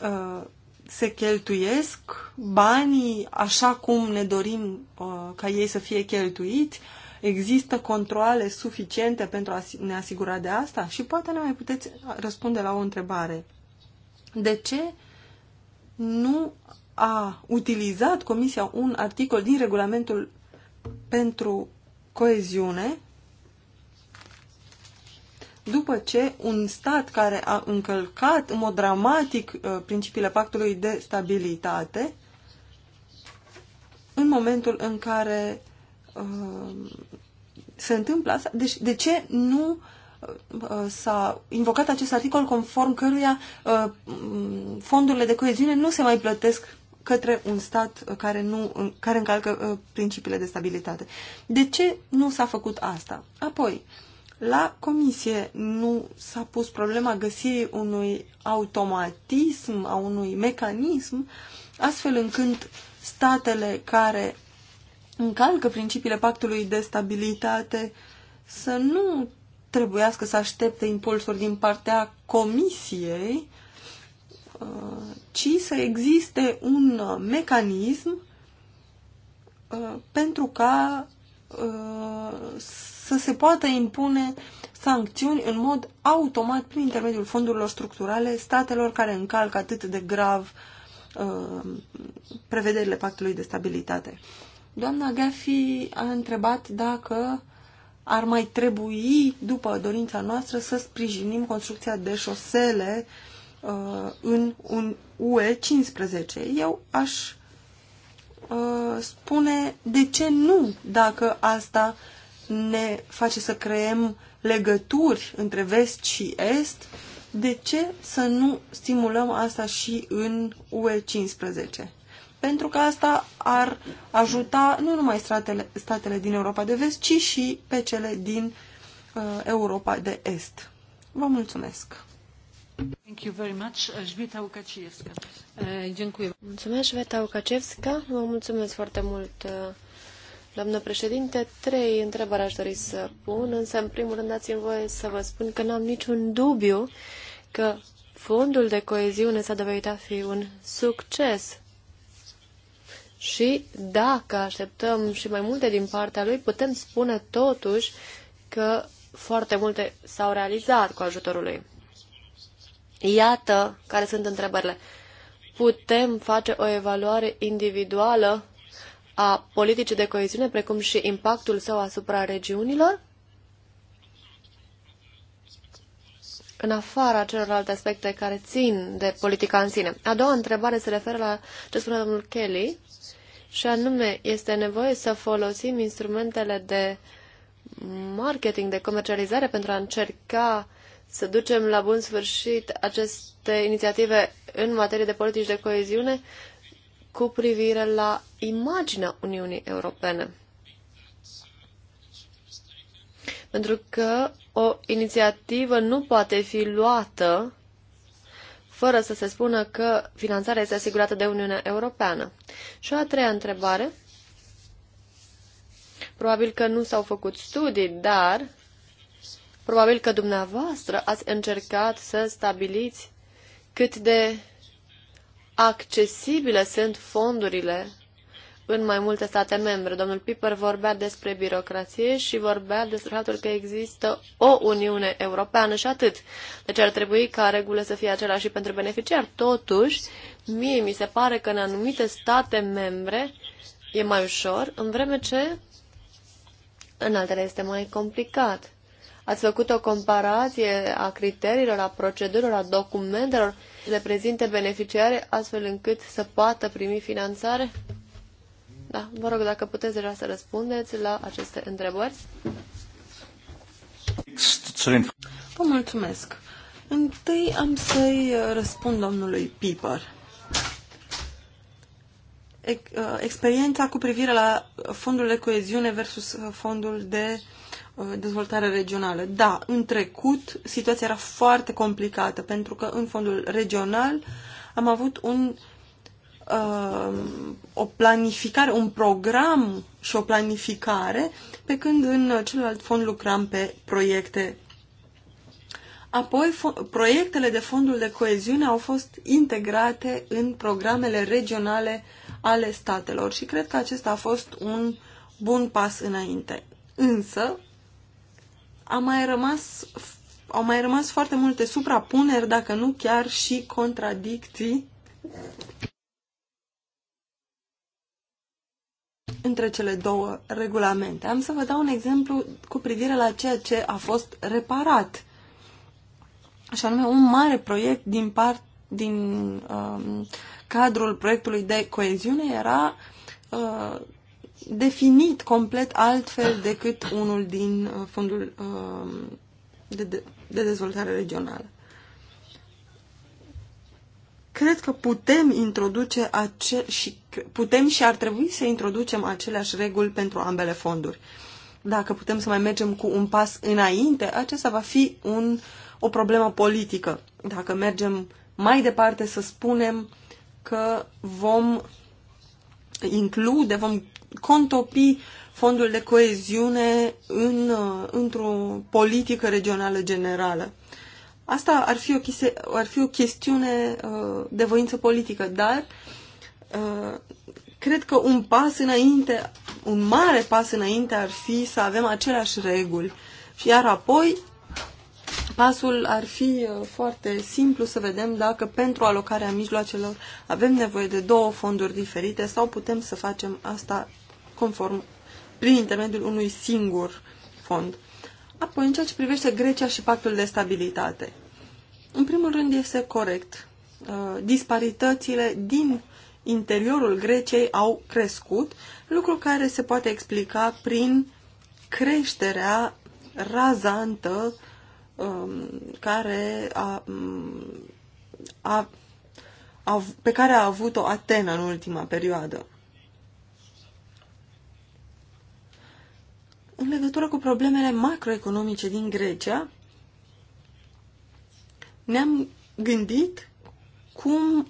ă, se cheltuiesc banii așa cum ne dorim ă, ca ei să fie cheltuiți, există controle suficiente pentru a ne asigura de asta? Și poate ne mai puteți răspunde la o întrebare. De ce nu a utilizat Comisia un articol din regulamentul pentru coeziune după ce un stat care a încălcat în mod dramatic uh, principiile pactului de stabilitate, în momentul în care uh, se întâmplă asta, deci de ce nu uh, uh, s-a invocat acest articol conform căruia uh, fondurile de coeziune nu se mai plătesc către un stat care, nu, care încalcă uh, principiile de stabilitate. De ce nu s-a făcut asta? Apoi, la comisie nu s-a pus problema găsirii unui automatism, a unui mecanism, astfel încât statele care încalcă principiile pactului de stabilitate să nu trebuiască să aștepte impulsuri din partea comisiei ci să existe un uh, mecanism uh, pentru ca uh, să se poată impune sancțiuni în mod automat prin intermediul fondurilor structurale statelor care încalcă atât de grav prevederile pactului de stabilitate. Doamna Gaffi a întrebat dacă ar mai trebui, după dorința noastră, să sprijinim construcția de șosele uh, Uh, în un UE 15. Eu aș uh, spune de ce nu, dacă asta ne face să creăm legături între vest și est, de ce să nu stimulăm asta și în UE 15? Pentru că asta ar ajuta nu numai statele, statele din Europa de vest, ci și pe cele din uh, Europa de est. Vă mulțumesc! Mulțumesc, Veta Łukaciewska. Vă mulțumesc foarte mult, doamnă președinte. Trei întrebări aș dori să pun, însă, în primul rând, dați-mi voie să vă spun că n-am niciun dubiu că fondul de coeziune s-a dovedit a fi un succes și dacă așteptăm și mai multe din partea lui, putem spune totuși că foarte multe s-au realizat cu ajutorul lui. Iată care sunt întrebările. Putem face o evaluare individuală a politicii de coeziune, precum și impactul său asupra regiunilor? în afara celorlalte aspecte care țin de politica în sine. A doua întrebare se referă la ce spune domnul Kelly și anume este nevoie să folosim instrumentele de marketing, de comercializare pentru a încerca să ducem la bun sfârșit aceste inițiative în materie de politici de coeziune cu privire la imaginea Uniunii Europene. Pentru că o inițiativă nu poate fi luată fără să se spună că finanțarea este asigurată de Uniunea Europeană. Și o a treia întrebare. Probabil că nu s-au făcut studii, dar Probabil că dumneavoastră ați încercat să stabiliți cât de accesibile sunt fondurile în mai multe state membre. Domnul Piper vorbea despre birocrație și vorbea despre faptul că există o Uniune Europeană și atât. Deci ar trebui ca regulă să fie același și pentru beneficiari. Totuși, mie mi se pare că în anumite state membre e mai ușor, în vreme ce în altele este mai complicat. Ați făcut o comparație a criteriilor, a procedurilor, a documentelor le prezinte beneficiare astfel încât să poată primi finanțare? Da, vă rog dacă puteți deja să răspundeți la aceste întrebări. Vă mulțumesc. Întâi am să-i uh, răspund domnului Piper. Uh, experiența cu privire la fondul de coeziune versus uh, fondul de Uh, dezvoltare regională. Da, în trecut situația era foarte complicată pentru că în fondul regional am avut un, uh, o planificare, un program și o planificare, pe când în celălalt fond lucram pe proiecte. Apoi, proiectele de fondul de coeziune au fost integrate în programele regionale ale statelor și cred că acesta a fost un bun pas înainte. Însă, a mai rămas, au mai rămas foarte multe suprapuneri, dacă nu chiar și contradicții între cele două regulamente. Am să vă dau un exemplu cu privire la ceea ce a fost reparat. Așa anume un mare proiect din, part, din um, cadrul proiectului de coeziune era uh, definit complet altfel decât unul din uh, fondul uh, de, de, de dezvoltare regională. Cred că putem introduce ace- și putem și ar trebui să introducem aceleași reguli pentru ambele fonduri. Dacă putem să mai mergem cu un pas înainte, acesta va fi un, o problemă politică. Dacă mergem mai departe să spunem că vom include, vom contopi fondul de coeziune în, uh, într-o politică regională generală. Asta ar fi o, chise, ar fi o chestiune uh, de voință politică, dar uh, cred că un pas înainte, un mare pas înainte ar fi să avem aceleași reguli. Și iar apoi pasul ar fi foarte simplu să vedem dacă pentru alocarea mijloacelor avem nevoie de două fonduri diferite sau putem să facem asta conform, prin intermediul unui singur fond. Apoi, în ceea ce privește Grecia și pactul de stabilitate. În primul rând, este corect. Uh, disparitățile din interiorul Greciei au crescut, lucru care se poate explica prin creșterea razantă um, care a, um, a, a, pe care a avut-o Atena în ultima perioadă. În legătură cu problemele macroeconomice din Grecia, ne-am gândit cum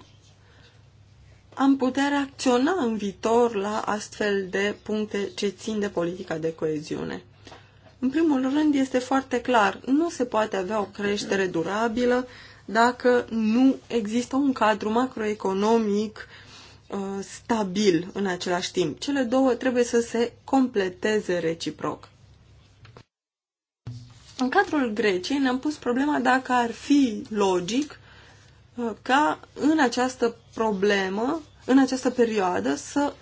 am putea reacționa în viitor la astfel de puncte ce țin de politica de coeziune. În primul rând, este foarte clar, nu se poate avea o creștere durabilă dacă nu există un cadru macroeconomic Uh, stabil în același timp. Cele două trebuie să se completeze reciproc. În cadrul Greciei ne-am pus problema dacă ar fi logic uh, ca în această problemă, în această perioadă, să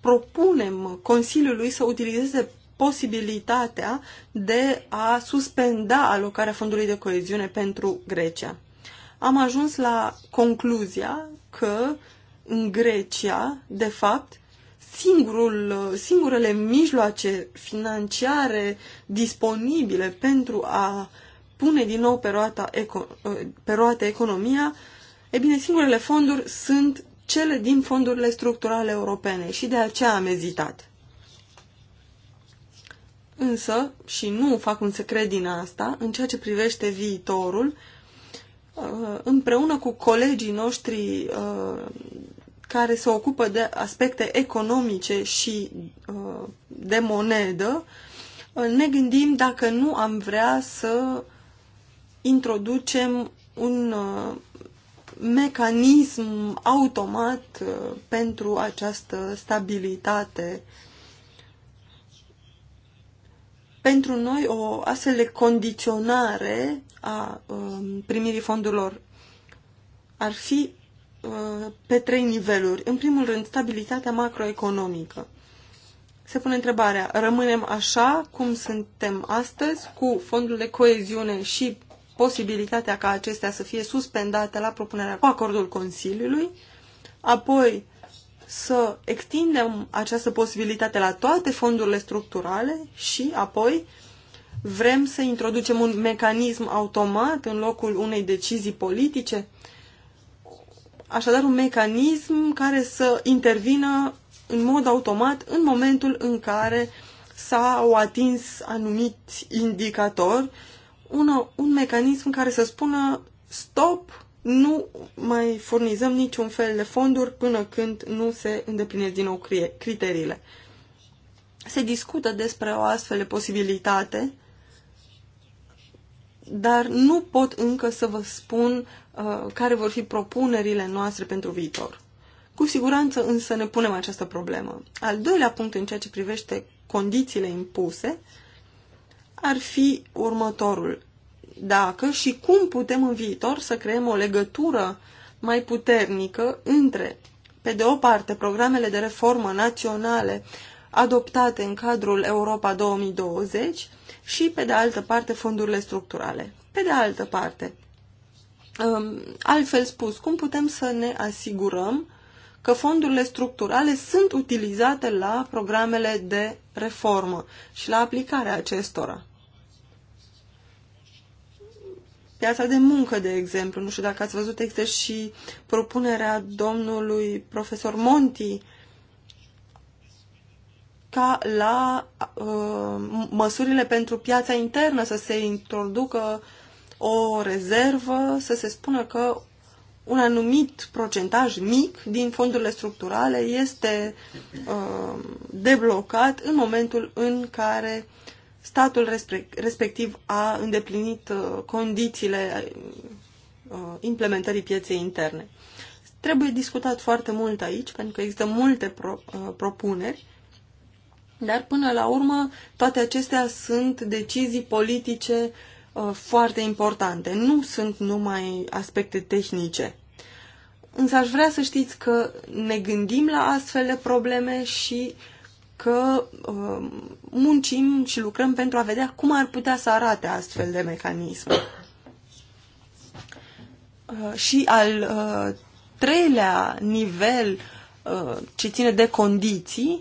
propunem Consiliului să utilizeze posibilitatea de a suspenda alocarea fondului de coeziune pentru Grecia. Am ajuns la concluzia că uh, în Grecia, de fapt, singurul, singurele mijloace financiare disponibile pentru a pune din nou pe, roata, eco, pe roate economia, e bine, singurele fonduri sunt cele din fondurile structurale europene și de aceea am ezitat. Însă, și nu fac un secret din asta, în ceea ce privește viitorul, uh, împreună cu colegii noștri uh, care se ocupă de aspecte economice și uh, de monedă, uh, ne gândim dacă nu am vrea să introducem un uh, mecanism automat pentru această stabilitate. Pentru noi, o astfel de condiționare a primirii fondurilor ar fi Uh, pe trei niveluri. În primul rând, stabilitatea macroeconomică. Se pune întrebarea, rămânem așa cum suntem astăzi, cu fondul de coeziune și posibilitatea ca acestea să fie suspendate la propunerea cu acordul Consiliului, apoi să extindem această posibilitate la toate fondurile structurale și apoi vrem să introducem un mecanism automat în locul unei decizii politice așadar un mecanism care să intervină în mod automat în momentul în care s-au atins anumit indicator, un, un mecanism care să spună stop, nu mai furnizăm niciun fel de fonduri până când nu se îndeplinesc din nou criteriile. Se discută despre o astfel de posibilitate dar nu pot încă să vă spun uh, care vor fi propunerile noastre pentru viitor. Cu siguranță însă ne punem această problemă. Al doilea punct în ceea ce privește condițiile impuse ar fi următorul. Dacă și cum putem în viitor să creăm o legătură mai puternică între, pe de o parte, programele de reformă naționale adoptate în cadrul Europa 2020 și, pe de altă parte, fondurile structurale. Pe de altă parte, um, altfel spus, cum putem să ne asigurăm că fondurile structurale sunt utilizate la programele de reformă și la aplicarea acestora? piața de muncă, de exemplu. Nu știu dacă ați văzut, există și propunerea domnului profesor Monti ca la uh, măsurile pentru piața internă să se introducă o rezervă, să se spună că un anumit procentaj mic din fondurile structurale este uh, deblocat în momentul în care statul respectiv a îndeplinit uh, condițiile uh, implementării pieței interne. Trebuie discutat foarte mult aici, pentru că există multe pro, uh, propuneri dar până la urmă, toate acestea sunt decizii politice uh, foarte importante. Nu sunt numai aspecte tehnice. Însă aș vrea să știți că ne gândim la astfel de probleme și că uh, muncim și lucrăm pentru a vedea cum ar putea să arate astfel de mecanism. Uh, și al uh, treilea nivel uh, ce ține de condiții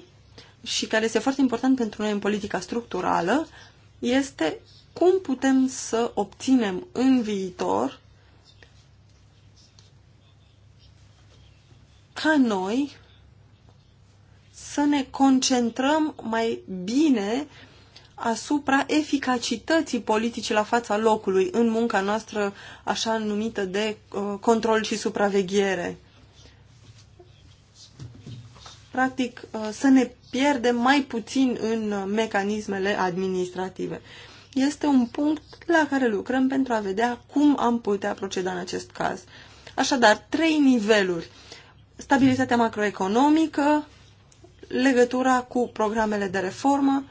și care este foarte important pentru noi în politica structurală este cum putem să obținem în viitor ca noi să ne concentrăm mai bine asupra eficacității politicii la fața locului în munca noastră așa numită de uh, control și supraveghere. Practic, uh, să ne pierde mai puțin în mecanismele administrative. Este un punct la care lucrăm pentru a vedea cum am putea proceda în acest caz. Așadar, trei niveluri. Stabilitatea macroeconomică, legătura cu programele de reformă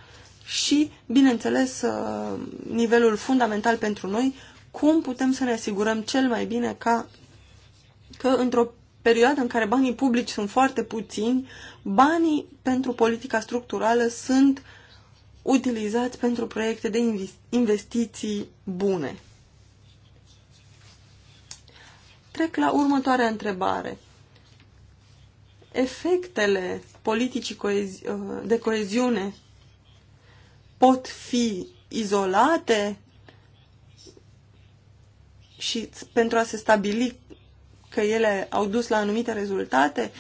și, bineînțeles, uh, nivelul fundamental pentru noi, cum putem să ne asigurăm cel mai bine ca, că într-o perioadă în care banii publici sunt foarte puțini, banii pentru politica structurală sunt utilizați pentru proiecte de investiții bune. Trec la următoarea întrebare. Efectele politicii uh, de coeziune pot fi izolate și pentru a se stabili că ele au dus la anumite rezultate?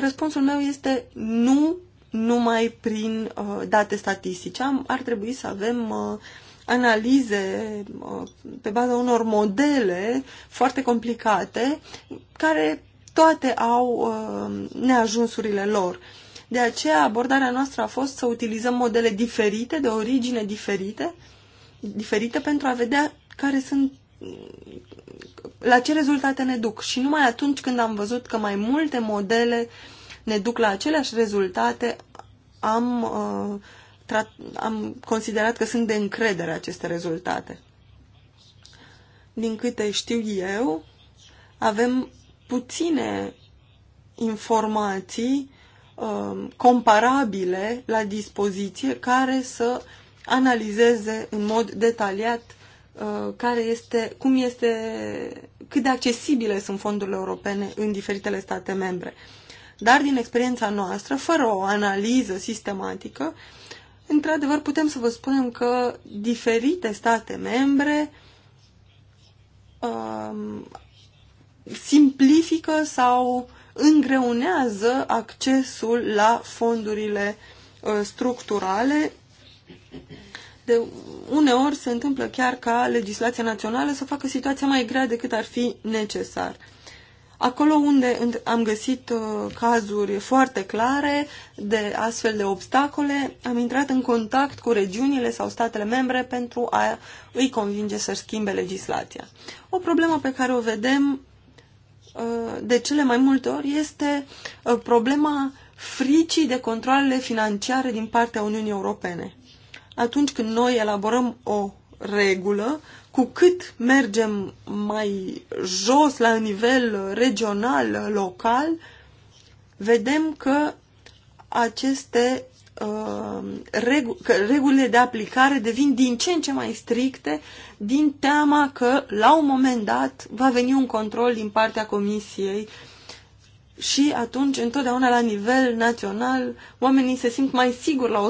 Răspunsul meu este nu numai prin uh, date statistice. Am, ar trebui să avem uh, analize uh, pe baza unor modele foarte complicate care toate au uh, neajunsurile lor. De aceea abordarea noastră a fost să utilizăm modele diferite, de origine diferite, diferite pentru a vedea care sunt la ce rezultate ne duc. Și numai atunci când am văzut că mai multe modele ne duc la aceleași rezultate, am, uh, am considerat că sunt de încredere aceste rezultate. Din câte știu eu, avem puține informații uh, comparabile la dispoziție care să analizeze în mod detaliat Uh, care este, cum este, cât de accesibile sunt fondurile europene în diferitele state membre. Dar din experiența noastră, fără o analiză sistematică, într-adevăr putem să vă spunem că diferite state membre um, simplifică sau îngreunează accesul la fondurile uh, structurale de uneori se întâmplă chiar ca legislația națională să facă situația mai grea decât ar fi necesar. Acolo unde am găsit uh, cazuri foarte clare de astfel de obstacole, am intrat în contact cu regiunile sau statele membre pentru a îi convinge să schimbe legislația. O problemă pe care o vedem uh, de cele mai multe ori este uh, problema fricii de controlele financiare din partea Uniunii Europene atunci când noi elaborăm o regulă, cu cât mergem mai jos la nivel regional, local, vedem că aceste uh, că regulile de aplicare devin din ce în ce mai stricte din teama că la un moment dat va veni un control din partea Comisiei uh, și atunci, întotdeauna, la nivel național, oamenii se simt mai siguri la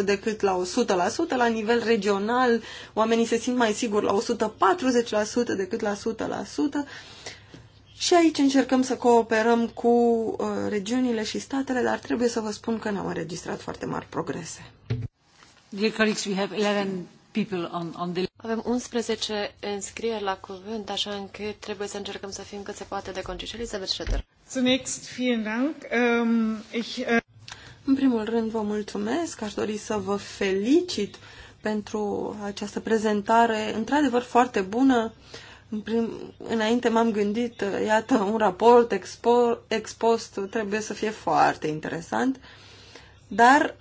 120% decât la 100%. La nivel regional, oamenii se simt mai siguri la 140% decât la 100%. Și aici încercăm să cooperăm cu uh, regiunile și statele, dar trebuie să vă spun că ne-am înregistrat foarte mari progrese. Dear colleagues, we have 11 avem 11 înscrieri la cuvânt, așa încât trebuie să încercăm să fim cât se poate de conciși. Elizabeth Schroeder. Ähm, äh, În primul rând, vă mulțumesc. Aș dori să vă felicit pentru această prezentare, într-adevăr foarte bună. În prim, înainte m-am gândit, iată, un raport expo, expost trebuie să fie foarte interesant, dar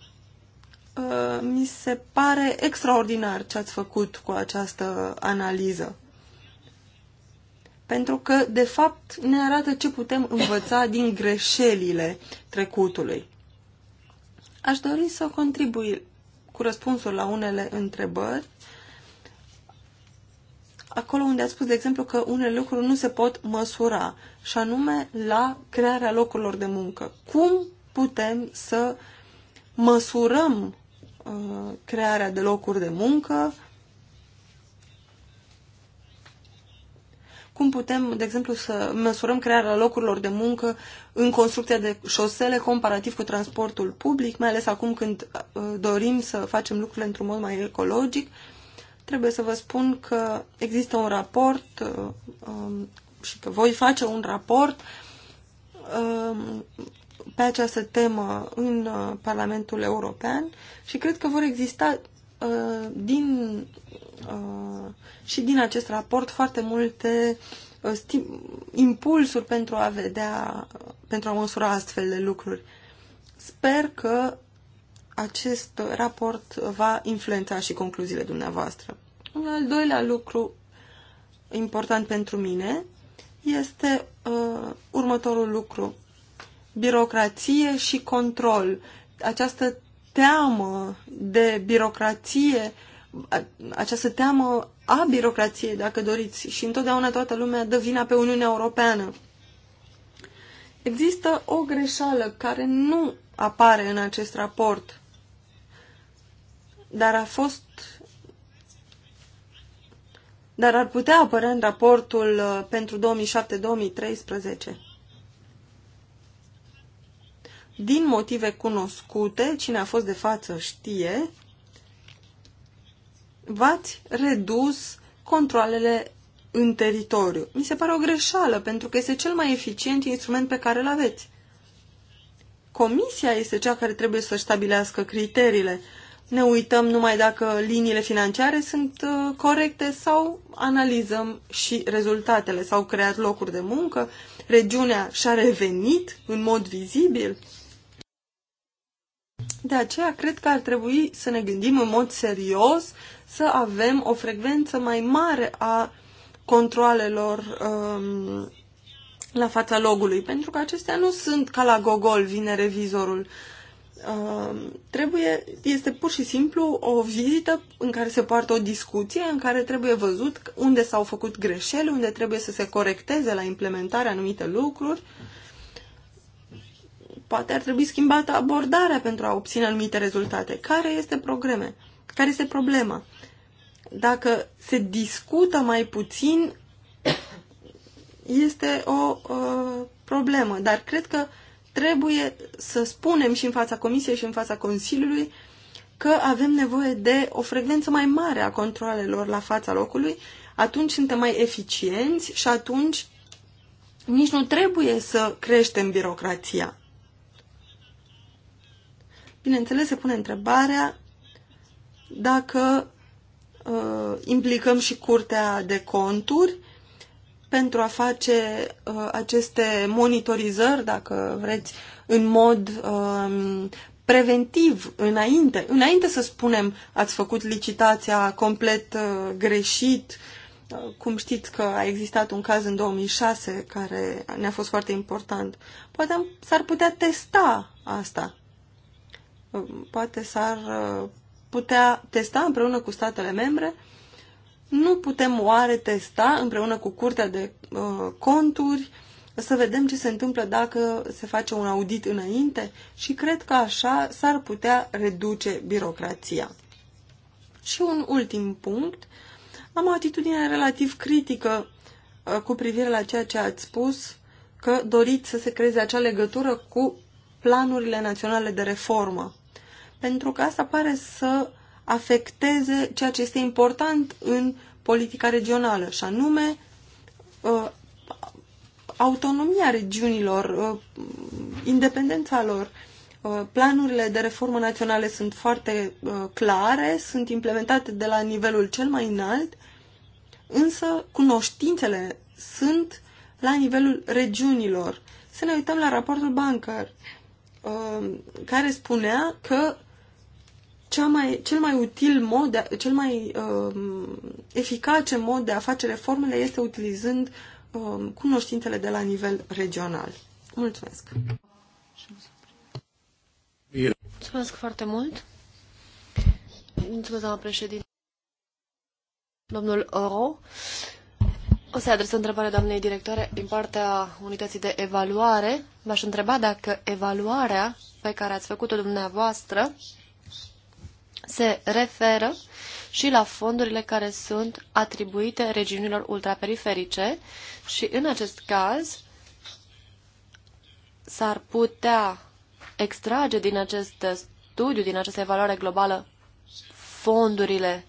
Uh, mi se pare extraordinar ce ați făcut cu această analiză. Pentru că, de fapt, ne arată ce putem învăța din greșelile trecutului. Aș dori să contribui cu răspunsul la unele întrebări. Acolo unde ați spus, de exemplu, că unele lucruri nu se pot măsura, și anume la crearea locurilor de muncă. Cum putem să măsurăm Uh, crearea de locuri de muncă, cum putem, de exemplu, să măsurăm crearea locurilor de muncă în construcția de șosele comparativ cu transportul public, mai ales acum când uh, dorim să facem lucrurile într-un mod mai ecologic. Trebuie să vă spun că există un raport uh, um, și că voi face un raport um, pe această temă în uh, Parlamentul European și cred că vor exista uh, din, uh, și din acest raport foarte multe impulsuri pentru a vedea, pentru a măsura astfel de lucruri. Sper că acest raport va influența și concluziile dumneavoastră. Un al doilea lucru important pentru mine este uh, următorul lucru birocrație și control. Această teamă de birocrație, această teamă a birocrației, dacă doriți, și întotdeauna toată lumea dă vina pe Uniunea Europeană. Există o greșeală care nu apare în acest raport, dar a fost dar ar putea apărea în raportul uh, pentru 2007-2013 din motive cunoscute, cine a fost de față știe, v-ați redus controlele în teritoriu. Mi se pare o greșeală, pentru că este cel mai eficient instrument pe care îl aveți. Comisia este cea care trebuie să stabilească criteriile. Ne uităm numai dacă liniile financiare sunt uh, corecte sau analizăm și rezultatele. S-au creat locuri de muncă, regiunea și-a revenit în mod vizibil. De aceea, cred că ar trebui să ne gândim în mod serios să avem o frecvență mai mare a controalelor um, la fața logului, pentru că acestea nu sunt ca la gogol, vine revizorul. Um, trebuie, este pur și simplu o vizită în care se poartă o discuție, în care trebuie văzut unde s-au făcut greșeli, unde trebuie să se corecteze la implementare anumite lucruri. Uh, poate ar trebui schimbată abordarea pentru a obține anumite rezultate. Care este, probleme? Care este problema? Dacă se discută mai puțin, este o uh, problemă. Dar cred că trebuie să spunem și în fața Comisiei și în fața Consiliului că avem nevoie de o frecvență mai mare a controlelor la fața locului, atunci suntem mai eficienți și atunci nici nu trebuie să creștem birocrația bineînțeles, se pune întrebarea dacă uh, implicăm și curtea de conturi pentru a face uh, aceste monitorizări, dacă vreți, în mod uh, preventiv, înainte, înainte să spunem ați făcut licitația complet uh, greșit, uh, cum știți că a existat un caz în 2006 care ne-a fost foarte important, poate s-ar putea testa asta poate s-ar uh, putea testa împreună cu statele membre. Nu putem oare testa împreună cu Curtea de uh, Conturi să vedem ce se întâmplă dacă se face un audit înainte și cred că așa s-ar putea reduce birocrația. Și un ultim punct, am o atitudine relativ critică uh, cu privire la ceea ce ați spus, că doriți să se creeze acea legătură cu planurile naționale de reformă pentru că asta pare să afecteze ceea ce este important în politica regională, și anume uh, autonomia regiunilor, uh, independența lor. Uh, planurile de reformă naționale sunt foarte clare, sunt implementate de la nivelul cel mai înalt, însă cunoștințele sunt la nivelul regiunilor. Să ne uităm la raportul bancar, care spunea că cea mai, cel mai util mod, de, cel mai uh, eficace mod de a face reformele este utilizând uh, um, cunoștințele de la nivel regional. Mulțumesc! Mulțumesc foarte mult! Mulțumesc, doamna președinte! Domnul Oro, o să adresez întrebarea doamnei directoare din partea unității de evaluare. V-aș întreba dacă evaluarea pe care ați făcut-o dumneavoastră se referă și la fondurile care sunt atribuite regiunilor ultraperiferice și în acest caz s-ar putea extrage din acest studiu, din această evaluare globală, fondurile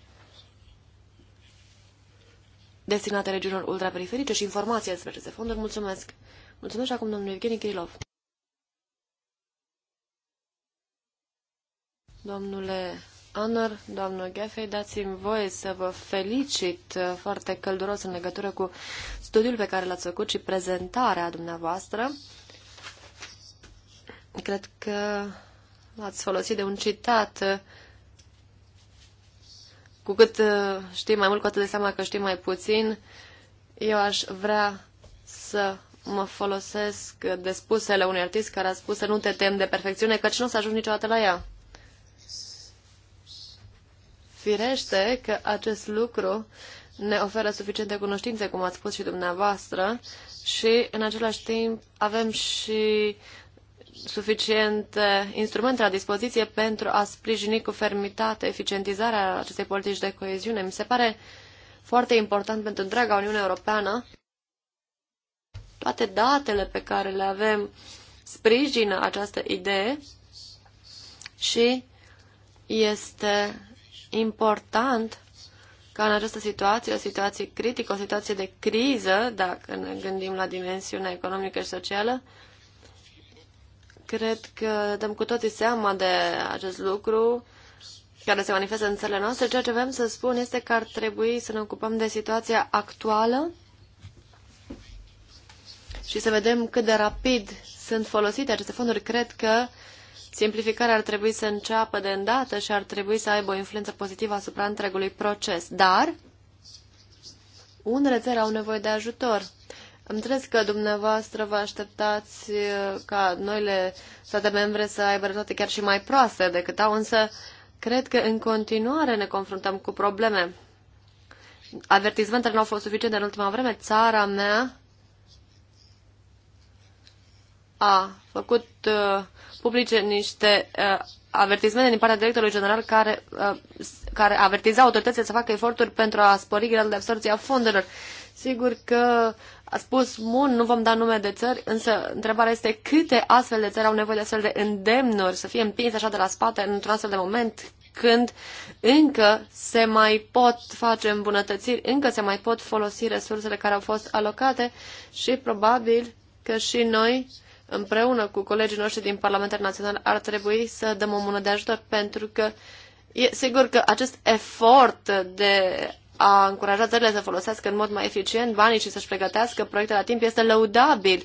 destinate regiunilor ultraperiferice și informații despre aceste fonduri. Mulțumesc! Mulțumesc acum domnului Evgeni Kirilov. Domnule Honor, doamnă Ghefei, dați-mi voie să vă felicit uh, foarte călduros în legătură cu studiul pe care l-ați făcut și prezentarea dumneavoastră. Cred că l-ați folosit de un citat uh, cu cât uh, știi mai mult, cu atât de seama că știi mai puțin, eu aș vrea să mă folosesc de spusele unui artist care a spus să nu te temi de perfecțiune, căci nu o să ajungi niciodată la ea. Firește că acest lucru ne oferă suficiente cunoștințe, cum ați spus și dumneavoastră, și în același timp avem și suficiente instrumente la dispoziție pentru a sprijini cu fermitate eficientizarea acestei politici de coeziune. Mi se pare foarte important pentru întreaga Uniune Europeană. Toate datele pe care le avem sprijină această idee și este important ca în această situație, o situație critică, o situație de criză, dacă ne gândim la dimensiunea economică și socială, cred că dăm cu toții seama de acest lucru care se manifestă în țările noastre. Ceea ce vrem să spun este că ar trebui să ne ocupăm de situația actuală și să vedem cât de rapid sunt folosite aceste fonduri. Cred că Simplificarea ar trebui să înceapă de îndată și ar trebui să aibă o influență pozitivă asupra întregului proces. Dar unele țări au nevoie de ajutor. Îmi trebuie că dumneavoastră vă așteptați uh, ca noile state membre să aibă toate chiar și mai proaste decât au, însă cred că în continuare ne confruntăm cu probleme. Avertizmentele nu au fost suficiente în ultima vreme. Țara mea a făcut uh, publice niște uh, avertismente din partea directorului general care, uh, care avertiza autoritățile să facă eforturi pentru a spori gradul de absorție a fondurilor. Sigur că a spus mun, nu vom da nume de țări, însă întrebarea este câte astfel de țări au nevoie de astfel de îndemnuri să fie împinse așa de la spate într-un astfel de moment când încă se mai pot face îmbunătățiri, încă se mai pot folosi resursele care au fost alocate și probabil că și noi împreună cu colegii noștri din Parlamentul Național ar trebui să dăm o mână de ajutor pentru că e sigur că acest efort de a încuraja țările să folosească în mod mai eficient banii și să-și pregătească proiecte la timp este lăudabil.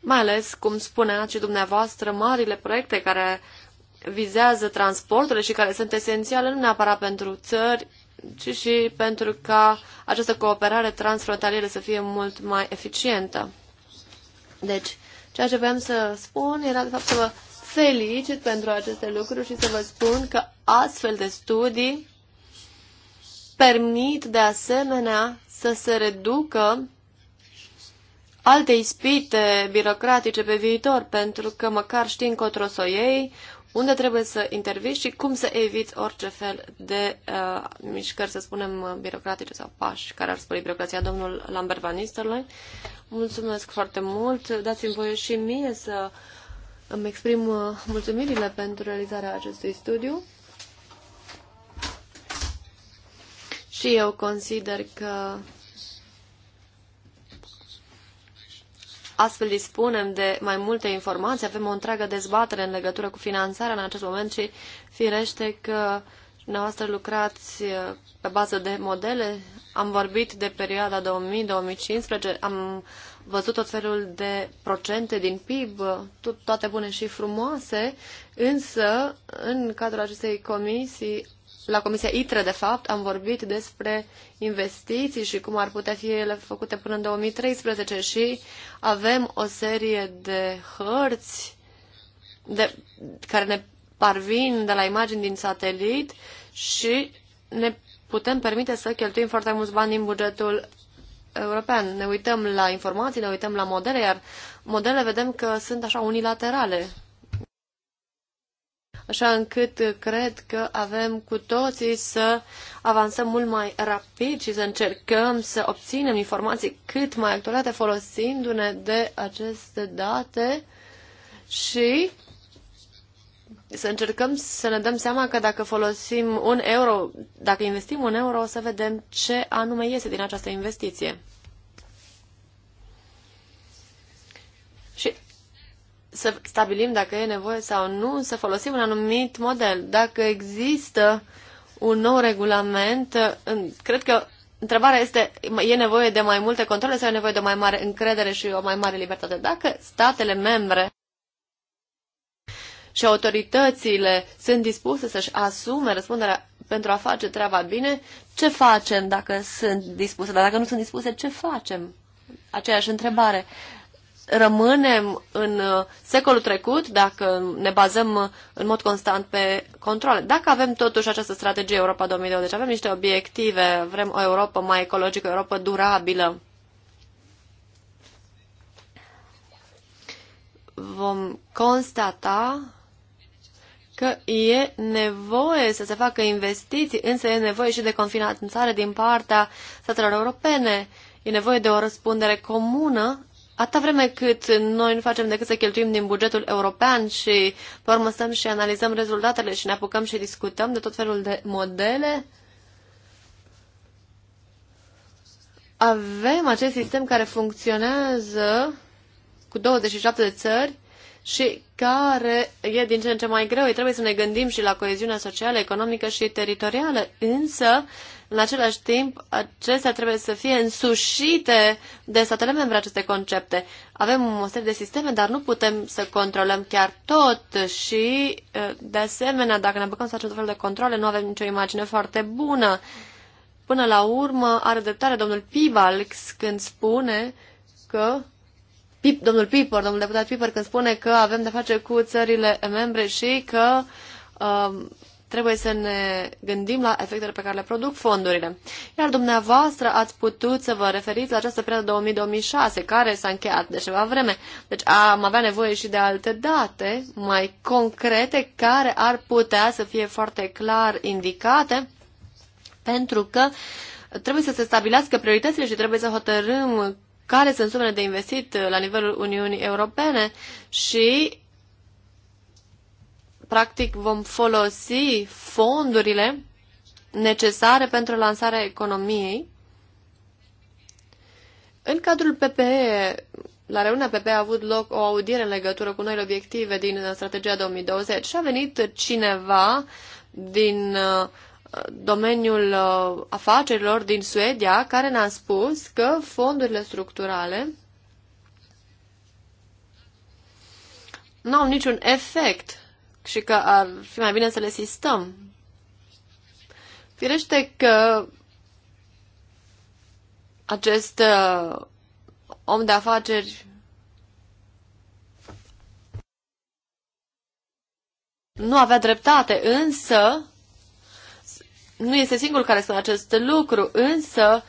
Mai ales, cum spuneați și dumneavoastră, marile proiecte care vizează transporturile și care sunt esențiale nu neapărat pentru țări, ci și pentru ca această cooperare transfrontalieră să fie mult mai eficientă. Deci, Ceea ce voiam să spun era de fapt să vă felicit pentru aceste lucruri și să vă spun că astfel de studii permit de asemenea să se reducă alte ispite birocratice pe viitor, pentru că măcar știi încotro să o iei, unde trebuie să intervii și cum să eviți orice fel de uh, mișcări, să spunem, uh, birocratice sau pași care ar spori birocrația. Domnul Lambert Van Nistelrooy, mulțumesc foarte mult. Dați-mi voie și mie să îmi exprim uh, mulțumirile pentru realizarea acestui studiu. Și eu consider că Astfel dispunem de mai multe informații, avem o întreagă dezbatere în legătură cu finanțarea în acest moment și firește că dumneavoastră lucrați uh, pe bază de modele. Am vorbit de perioada 2000-2015, am văzut tot felul de procente din PIB, uh, toate bune și frumoase, însă în cadrul acestei comisii la Comisia ITRE, de fapt, am vorbit despre investiții și cum ar putea fi ele făcute până în 2013 și avem o serie de hărți de, care ne parvin de la imagini din satelit și ne putem permite să cheltuim foarte mulți bani din bugetul european. Ne uităm la informații, ne uităm la modele, iar modele vedem că sunt așa unilaterale așa încât cred că avem cu toții să avansăm mult mai rapid și să încercăm să obținem informații cât mai actualate folosindu-ne de aceste date și să încercăm să ne dăm seama că dacă folosim un euro, dacă investim un euro, o să vedem ce anume iese din această investiție. să stabilim dacă e nevoie sau nu să folosim un anumit model. Dacă există un nou regulament, cred că întrebarea este, e nevoie de mai multe controle sau e nevoie de o mai mare încredere și o mai mare libertate? Dacă statele membre și autoritățile sunt dispuse să-și asume răspunderea pentru a face treaba bine, ce facem dacă sunt dispuse? Dar dacă nu sunt dispuse, ce facem? Aceeași întrebare rămânem în uh, secolul trecut dacă ne bazăm uh, în mod constant pe controle. Dacă avem totuși această strategie Europa 2020, avem niște obiective, vrem o Europa mai ecologică, o Europa durabilă, vom constata că e nevoie să se facă investiții, însă e nevoie și de confinanțare din partea statelor europene. E nevoie de o răspundere comună Atâta vreme cât noi nu facem decât să cheltuim din bugetul european și pe urmă stăm și analizăm rezultatele și ne apucăm și discutăm de tot felul de modele, avem acest sistem care funcționează cu 27 de țări și care e din ce în ce mai greu. Ei trebuie să ne gândim și la coeziunea socială, economică și teritorială, însă, în același timp, acestea trebuie să fie însușite de statele membre aceste concepte. Avem o serie de sisteme, dar nu putem să controlăm chiar tot și, eh, de asemenea, dacă ne apucăm să facem tot felul de controle, nu avem nicio imagine foarte bună. Până la urmă, are dreptare domnul Pibalx când spune că Pip, domnul Piper, domnul deputat Piper, când spune că avem de face cu țările membre și că uh, trebuie să ne gândim la efectele pe care le produc fondurile. Iar dumneavoastră ați putut să vă referiți la această perioadă 2000-2006, care s-a încheiat de ceva vreme. Deci am avea nevoie și de alte date mai concrete care ar putea să fie foarte clar indicate, pentru că trebuie să se stabilească prioritățile și trebuie să hotărâm care sunt sumele de investit uh, la nivelul Uniunii Europene și practic vom folosi fondurile necesare pentru lansarea economiei. În cadrul PPE, la reuniunea PPE a avut loc o audiere în legătură cu noile obiective din uh, strategia 2020 și a venit cineva din uh, domeniul uh, afacerilor din Suedia, care ne-a spus că fondurile structurale nu au niciun efect și că ar fi mai bine să le sistăm. Firește că acest uh, om de afaceri nu avea dreptate, însă nu este singurul care spune acest lucru, însă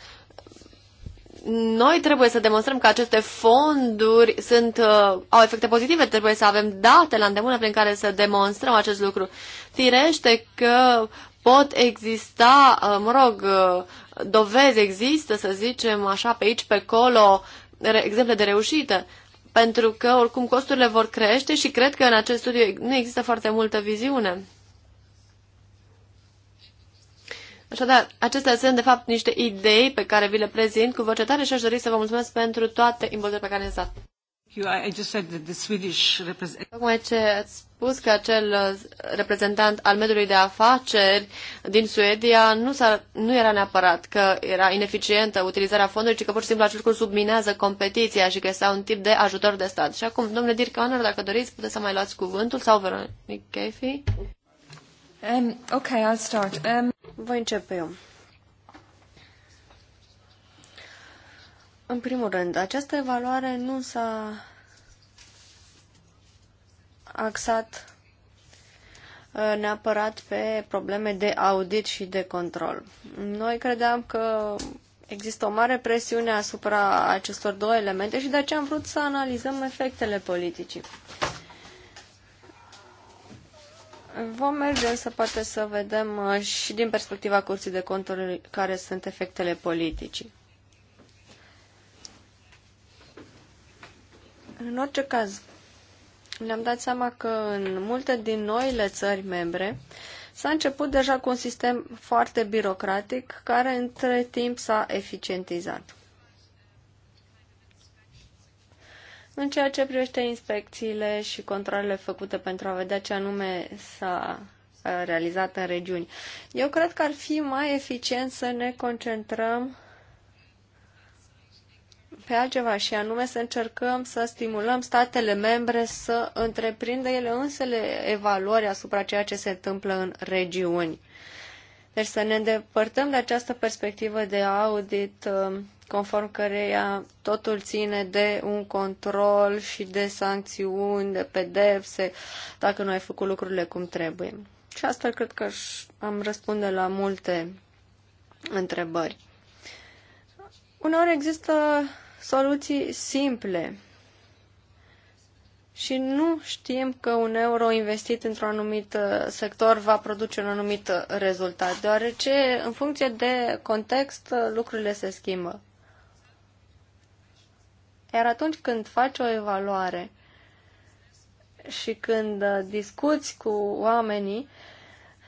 noi trebuie să demonstrăm că aceste fonduri sunt, uh, au efecte pozitive, trebuie să avem date la îndemână prin care să demonstrăm acest lucru. Firește că pot exista, uh, mă rog, uh, dovezi există, să zicem așa, pe aici, pe acolo, exemple de reușită, pentru că oricum costurile vor crește și cred că în acest studiu nu există foarte multă viziune. Așadar, acestea sunt, de fapt, niște idei pe care vi le prezint cu voce tare și aș dori să vă mulțumesc pentru toate impulsurile pe care le-ați dat. Tocmai ce ați spus că acel uh, reprezentant al mediului de afaceri din Suedia nu, nu era neapărat că era ineficientă utilizarea fondului, ci că pur și simplu acest lucru subminează competiția și că este un tip de ajutor de stat. Și acum, domnule Dirk Honor, dacă doriți, puteți să mai luați cuvântul sau Veronique Caffey. Um, ok, I'll start. Um... Voi începe eu. În primul rând, această evaluare nu s-a axat uh, neapărat pe probleme de audit și de control. Noi credeam că există o mare presiune asupra acestor două elemente și de aceea am vrut să analizăm efectele politicii. Vom merge însă poate să vedem uh, și din perspectiva Curții de Conturi care sunt efectele politicii. În orice caz, ne-am dat seama că în multe din noile țări membre s-a început deja cu un sistem foarte birocratic care între timp s-a eficientizat. În ceea ce privește inspecțiile și controlele făcute pentru a vedea ce anume s-a realizat în regiuni, eu cred că ar fi mai eficient să ne concentrăm pe altceva și anume să încercăm să stimulăm statele membre să întreprindă ele însele evaluări asupra ceea ce se întâmplă în regiuni. Deci să ne îndepărtăm de această perspectivă de audit um, conform căreia totul ține de un control și de sancțiuni, de pedepse, dacă nu ai făcut lucrurile cum trebuie. Și asta cred că am răspunde la multe întrebări. Uneori există soluții simple și nu știm că un euro investit într-un anumit uh, sector va produce un anumit uh, rezultat, deoarece în funcție de context uh, lucrurile se schimbă. Iar atunci când faci o evaluare și când discuți cu oamenii,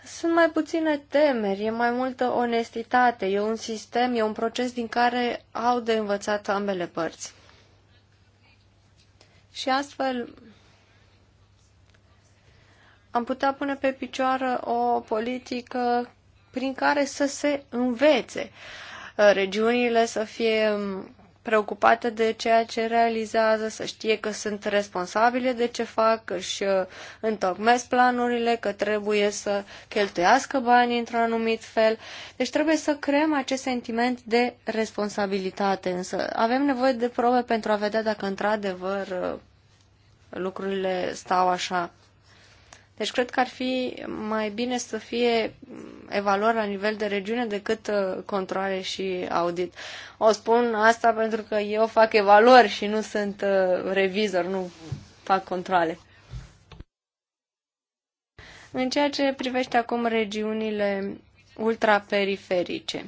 sunt mai puține temeri, e mai multă onestitate, e un sistem, e un proces din care au de învățat ambele părți. Și astfel am putea pune pe picioară o politică prin care să se învețe uh, regiunile să fie um, preocupate de ceea ce realizează, să știe că sunt responsabile de ce fac, că își uh, întocmesc planurile, că trebuie să cheltuiască banii într-un anumit fel. Deci trebuie să creăm acest sentiment de responsabilitate, însă avem nevoie de probe pentru a vedea dacă într-adevăr uh, lucrurile stau așa. Deci cred că ar fi mai bine să fie evaluare la nivel de regiune decât uh, controle și audit. O spun asta pentru că eu fac evaluări și nu sunt uh, revizor, nu fac controle. În ceea ce privește acum regiunile ultraperiferice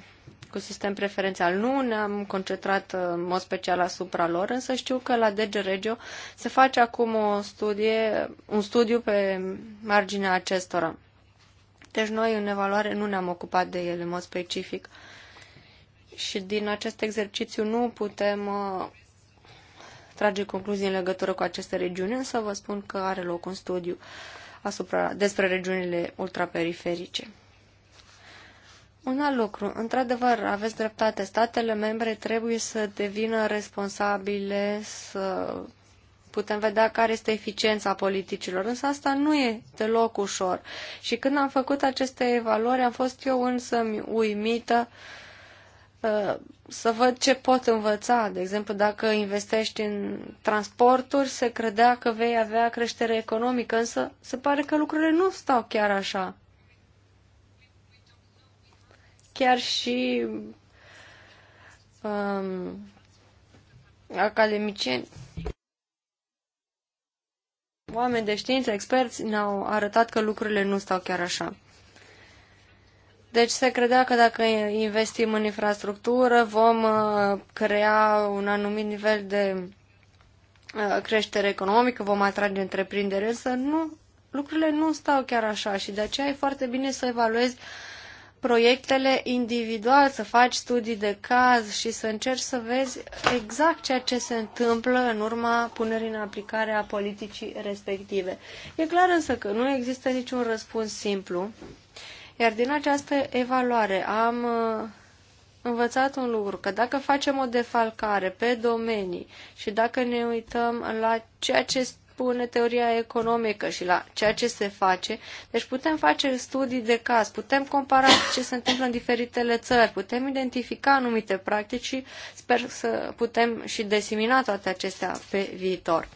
cu sistem preferențial. Nu ne-am concentrat uh, în mod special asupra lor, însă știu că la DG Regio se face acum o studie, un studiu pe marginea acestora. Deci noi în evaluare nu ne-am ocupat de ele în mod specific. Și din acest exercițiu nu putem uh, trage concluzii în legătură cu aceste regiuni, însă vă spun că are loc un studiu asupra, despre regiunile ultraperiferice. Un alt lucru, într-adevăr, aveți dreptate, statele membre trebuie să devină responsabile, să putem vedea care este eficiența politicilor, însă asta nu e deloc ușor. Și când am făcut aceste evaluări, am fost eu însă uimită uh, să văd ce pot învăța. De exemplu, dacă investești în transporturi, se credea că vei avea creștere economică, însă se pare că lucrurile nu stau chiar așa chiar și um, academicieni, oameni de știință, experți ne-au arătat că lucrurile nu stau chiar așa. Deci se credea că dacă investim în infrastructură vom uh, crea un anumit nivel de uh, creștere economică, vom atrage întreprindere, însă nu, lucrurile nu stau chiar așa și de aceea e foarte bine să evaluezi proiectele individual, să faci studii de caz și să încerci să vezi exact ceea ce se întâmplă în urma punerii în aplicare a politicii respective. E clar însă că nu există niciun răspuns simplu, iar din această evaluare am uh, învățat un lucru, că dacă facem o defalcare pe domenii și dacă ne uităm la ceea ce spune teoria economică și la ceea ce se face. Deci putem face studii de caz, putem compara ce se întâmplă în diferitele țări, putem identifica anumite practici și sper să putem și desimina toate acestea pe viitor.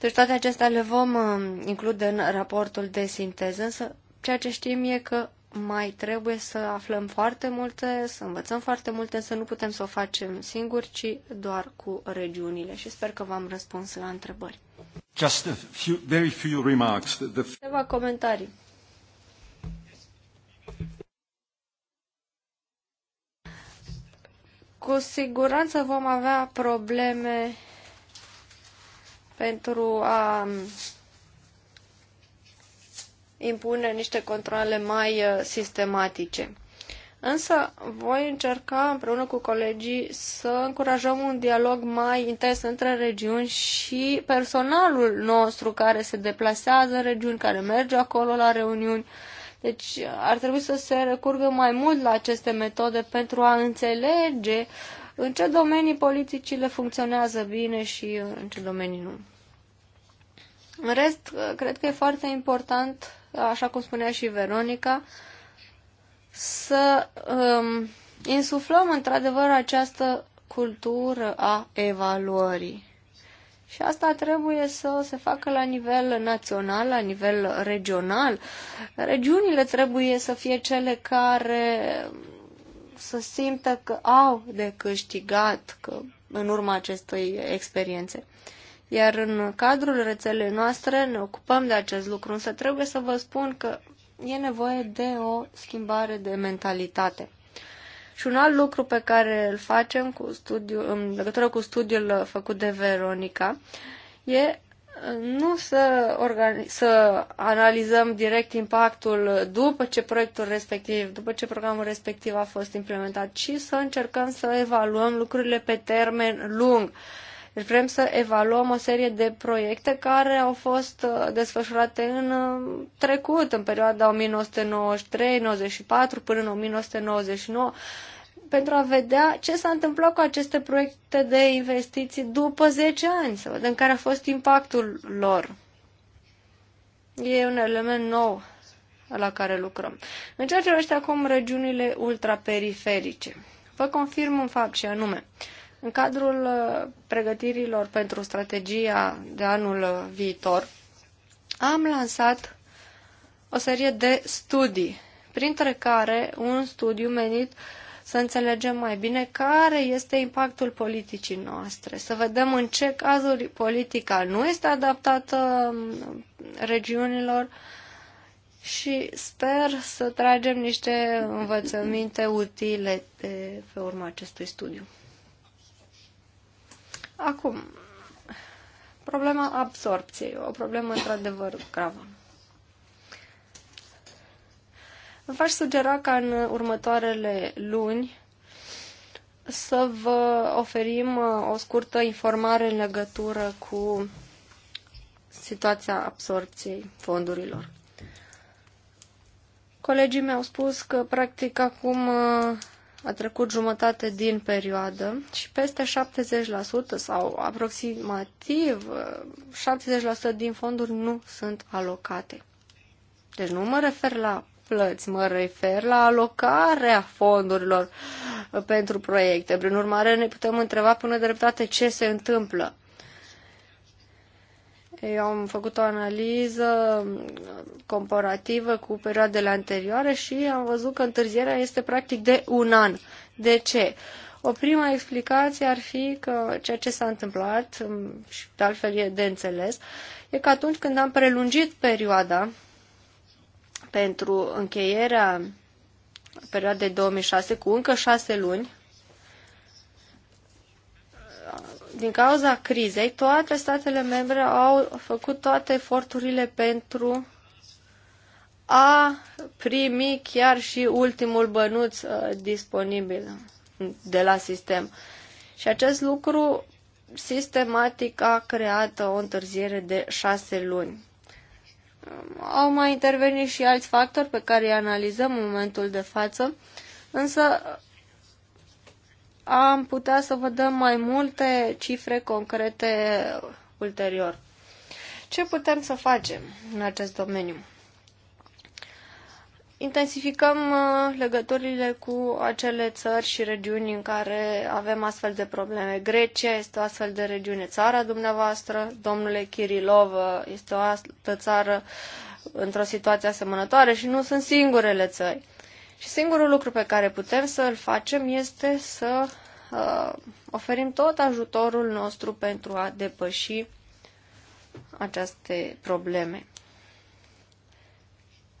Deci toate acestea le vom uh, include în raportul de sinteză, însă ceea ce știm e că mai trebuie să aflăm foarte multe, să învățăm foarte multe, să nu putem să o facem singuri, ci doar cu regiunile. Și sper că v-am răspuns la întrebări. Just a few, very few remarks. The... Câteva comentarii. Cu siguranță vom avea probleme pentru a impune niște controle mai uh, sistematice. Însă voi încerca împreună cu colegii să încurajăm un dialog mai intens între regiuni și personalul nostru care se deplasează în regiuni, care merge acolo la reuniuni. Deci uh, ar trebui să se recurgă mai mult la aceste metode pentru a înțelege în ce domenii politicile funcționează bine și în ce domenii nu. În rest, uh, cred că e foarte important așa cum spunea și Veronica, să um, insuflăm într-adevăr această cultură a evaluării. Și asta trebuie să se facă la nivel național, la nivel regional. Regiunile trebuie să fie cele care să simtă că au de câștigat că în urma acestei experiențe. Iar în cadrul rețelei noastre ne ocupăm de acest lucru, însă trebuie să vă spun că e nevoie de o schimbare de mentalitate. Și un alt lucru pe care îl facem cu studiu, în legătură cu studiul făcut de Veronica e uh, nu să, organi- să analizăm direct impactul după ce proiectul respectiv, după ce programul respectiv a fost implementat, ci să încercăm să evaluăm lucrurile pe termen lung deci vrem să evaluăm o serie de proiecte care au fost uh, desfășurate în uh, trecut, în perioada 1993-94 până în 1999, pentru a vedea ce s-a întâmplat cu aceste proiecte de investiții după 10 ani, să vedem care a fost impactul lor. E un element nou la care lucrăm. În ceea ce acum regiunile ultraperiferice, vă confirm un fapt și anume, în cadrul uh, pregătirilor pentru strategia de anul uh, viitor, am lansat o serie de studii, printre care un studiu menit să înțelegem mai bine care este impactul politicii noastre, să vedem în ce cazuri politica nu este adaptată um, regiunilor și sper să tragem niște învățăminte utile de pe urma acestui studiu. Acum, problema absorpției, o problemă într-adevăr gravă. V-aș sugera ca în următoarele luni să vă oferim uh, o scurtă informare în legătură cu situația absorpției fondurilor. Colegii mi-au spus că, practic, acum uh, a trecut jumătate din perioadă și peste 70% sau aproximativ 70% uh, din fonduri nu sunt alocate. Deci nu mă refer la plăți, mă refer la alocarea fondurilor uh, pentru proiecte. Prin urmare, ne putem întreba până dreptate ce se întâmplă. Eu am făcut o analiză comparativă cu perioadele anterioare și am văzut că întârzierea este practic de un an. De ce? O prima explicație ar fi că ceea ce s-a întâmplat, mm, și de altfel e de înțeles, e că atunci când am prelungit perioada pentru încheierea perioadei 2006 cu încă șase luni, din cauza crizei, toate statele membre au făcut toate eforturile pentru a primi chiar și ultimul bănuț uh, disponibil de la sistem. Și acest lucru sistematic a creat o întârziere de șase luni. Um, au mai intervenit și alți factori pe care îi analizăm în momentul de față, însă am putea să vă dăm mai multe cifre concrete ulterior. Ce putem să facem în acest domeniu? Intensificăm uh, legăturile cu acele țări și regiuni în care avem astfel de probleme. Grecia este o astfel de regiune, țara dumneavoastră, domnule Kirilov uh, este o altă țară într-o situație asemănătoare și nu sunt singurele țări. Și singurul lucru pe care putem să îl facem este să uh, oferim tot ajutorul nostru pentru a depăși aceste probleme.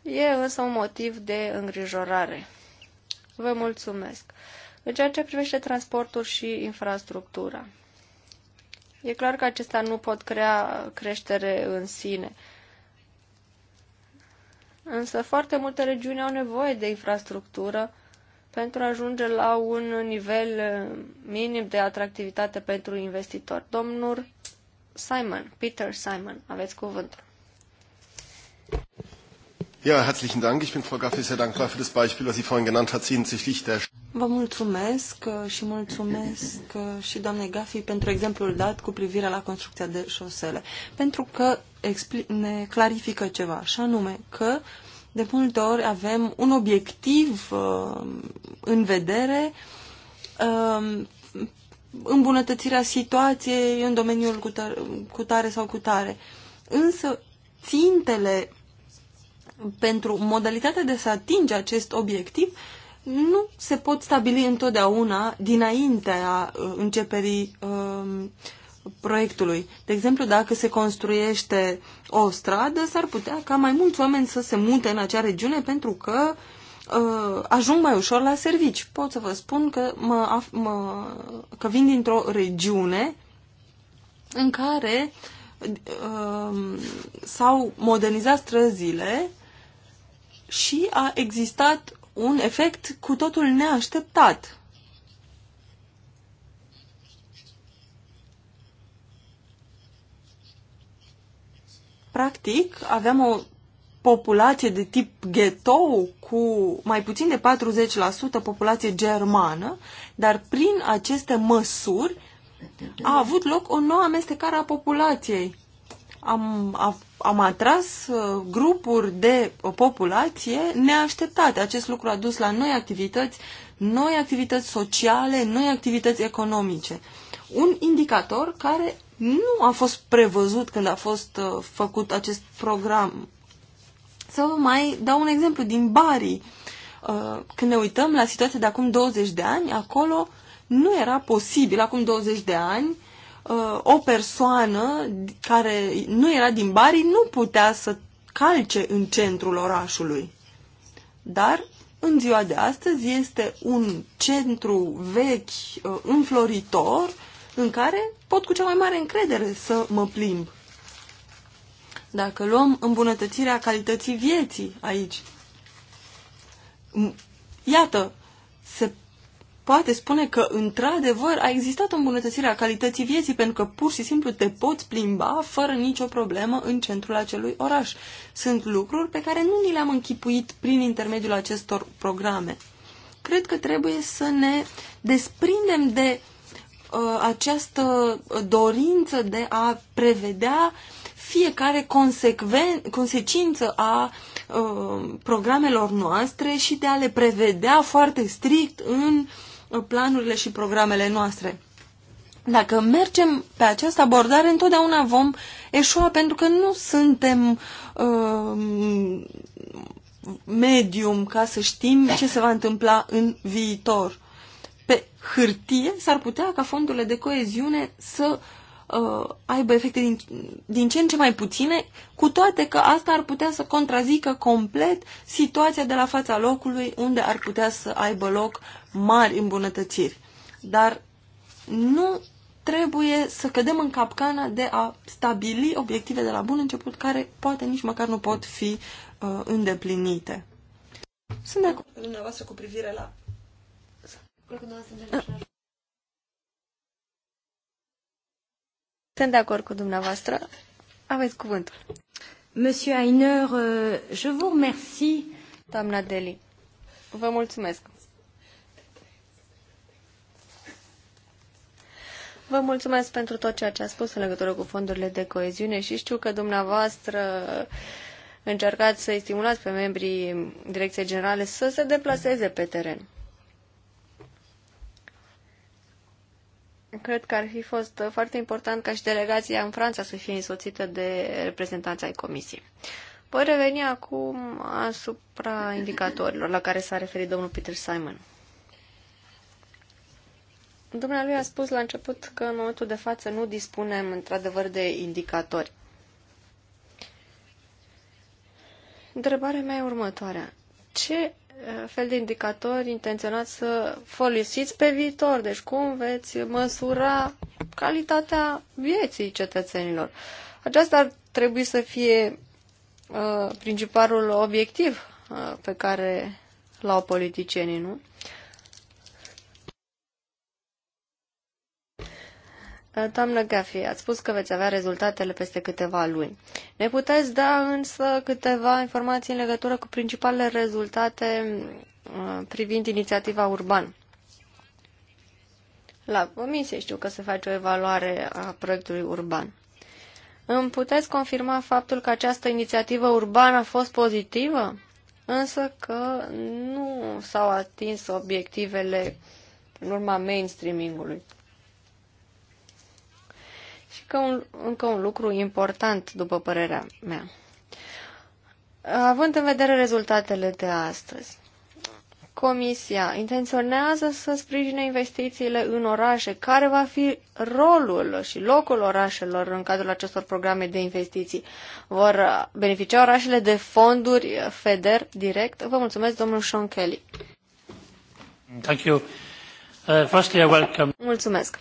E însă un motiv de îngrijorare. Vă mulțumesc. În ceea ce privește transportul și infrastructura, e clar că acestea nu pot crea creștere în sine. Însă foarte multe regiuni au nevoie de infrastructură pentru a ajunge la un nivel eh, minim de atractivitate pentru investitori. Domnul Simon, Peter Simon, aveți cuvântul. Ja, herzlichen Dank. Ich bin Frau Gaffi sehr dankbar für das Beispiel, was sie vorhin genannt hat, Sie sich 70 Lichter. Vă mulțumesc uh, și mulțumesc uh, și doamnei Gafi pentru exemplul dat cu privire la construcția de șosele, pentru că ne clarifică ceva, și anume că de multe ori avem un obiectiv uh, în vedere, uh, îmbunătățirea situației în domeniul cu tare, cu tare sau cu tare. Însă țintele pentru modalitatea de a se atinge acest obiectiv nu se pot stabili întotdeauna dinaintea uh, începerii um, proiectului. De exemplu, dacă se construiește o stradă, s-ar putea ca mai mulți oameni să se mute în acea regiune pentru că uh, ajung mai ușor la servici. Pot să vă spun că, mă, mă, că vin dintr-o regiune în care uh, s-au modernizat străzile și a existat un efect cu totul neașteptat. Practic, aveam o populație de tip ghetto cu mai puțin de 40% populație germană, dar prin aceste măsuri a avut loc o nouă amestecare a populației am, am atras uh, grupuri de populație neașteptate. Acest lucru a dus la noi activități, noi activități sociale, noi activități economice. Un indicator care nu a fost prevăzut când a fost uh, făcut acest program. Să vă mai dau un exemplu din Bari. Uh, când ne uităm la situația de acum 20 de ani, acolo nu era posibil, acum 20 de ani, o persoană care nu era din Bari nu putea să calce în centrul orașului. Dar în ziua de astăzi este un centru vechi, uh, înfloritor, în care pot cu cea mai mare încredere să mă plimb. Dacă luăm îmbunătățirea calității vieții aici, iată, se poate spune că, într-adevăr, a existat o îmbunătățire a calității vieții, pentru că pur și simplu te poți plimba fără nicio problemă în centrul acelui oraș. Sunt lucruri pe care nu ni le-am închipuit prin intermediul acestor programe. Cred că trebuie să ne desprindem de uh, această dorință de a prevedea fiecare consecință a uh, programelor noastre și de a le prevedea foarte strict în planurile și programele noastre. Dacă mergem pe această abordare, întotdeauna vom eșua pentru că nu suntem uh, medium ca să știm ce se va întâmpla în viitor. Pe hârtie s-ar putea ca fondurile de coeziune să uh, aibă efecte din, din ce în ce mai puține, cu toate că asta ar putea să contrazică complet situația de la fața locului unde ar putea să aibă loc mari îmbunătățiri. Dar nu trebuie să cădem în capcana de a stabili obiective de la bun început care poate nici măcar nu pot fi uh, îndeplinite. Sunt de acord cu dumneavoastră cu privire la... Uh. Sunt de acord cu dumneavoastră. Aveți cuvântul. Monsieur Ainer, euh, je vous remercie. Doamna Deli, vă mulțumesc. Vă mulțumesc pentru tot ceea ce a spus în legătură cu fondurile de coeziune și știu că dumneavoastră încercați să-i stimulați pe membrii Direcției Generale să se deplaseze pe teren. Cred că ar fi fost foarte important ca și delegația în Franța să fie însoțită de reprezentanța ai Comisiei. Voi reveni acum asupra indicatorilor la care s-a referit domnul Peter Simon. Dumnealui a spus la început că în momentul de față nu dispunem într-adevăr de indicatori. Întrebarea mea e următoarea. Ce fel de indicatori intenționați să folosiți pe viitor? Deci cum veți măsura calitatea vieții cetățenilor? Aceasta ar trebui să fie uh, principalul obiectiv uh, pe care l-au politicienii, nu? Uh, Eh, doamnă Gafi, ați spus că veți avea rezultatele peste câteva luni. Ne puteți da însă câteva informații în legătură cu principalele rezultate eh, privind inițiativa urban. La comisie știu că se face o evaluare a proiectului urban. Îmi puteți confirma faptul că această inițiativă urbană a fost pozitivă, însă că nu s-au atins obiectivele în urma mainstreamingului? ului că un, încă un lucru important, după părerea mea. Având în vedere rezultatele de astăzi, Comisia intenționează să sprijine investițiile în orașe. Care va fi rolul și locul orașelor în cadrul acestor programe de investiții? Vor beneficia orașele de fonduri FEDER direct? Vă mulțumesc, domnul Sean Kelly. Thank you. Uh, firstly, welcome. Mulțumesc.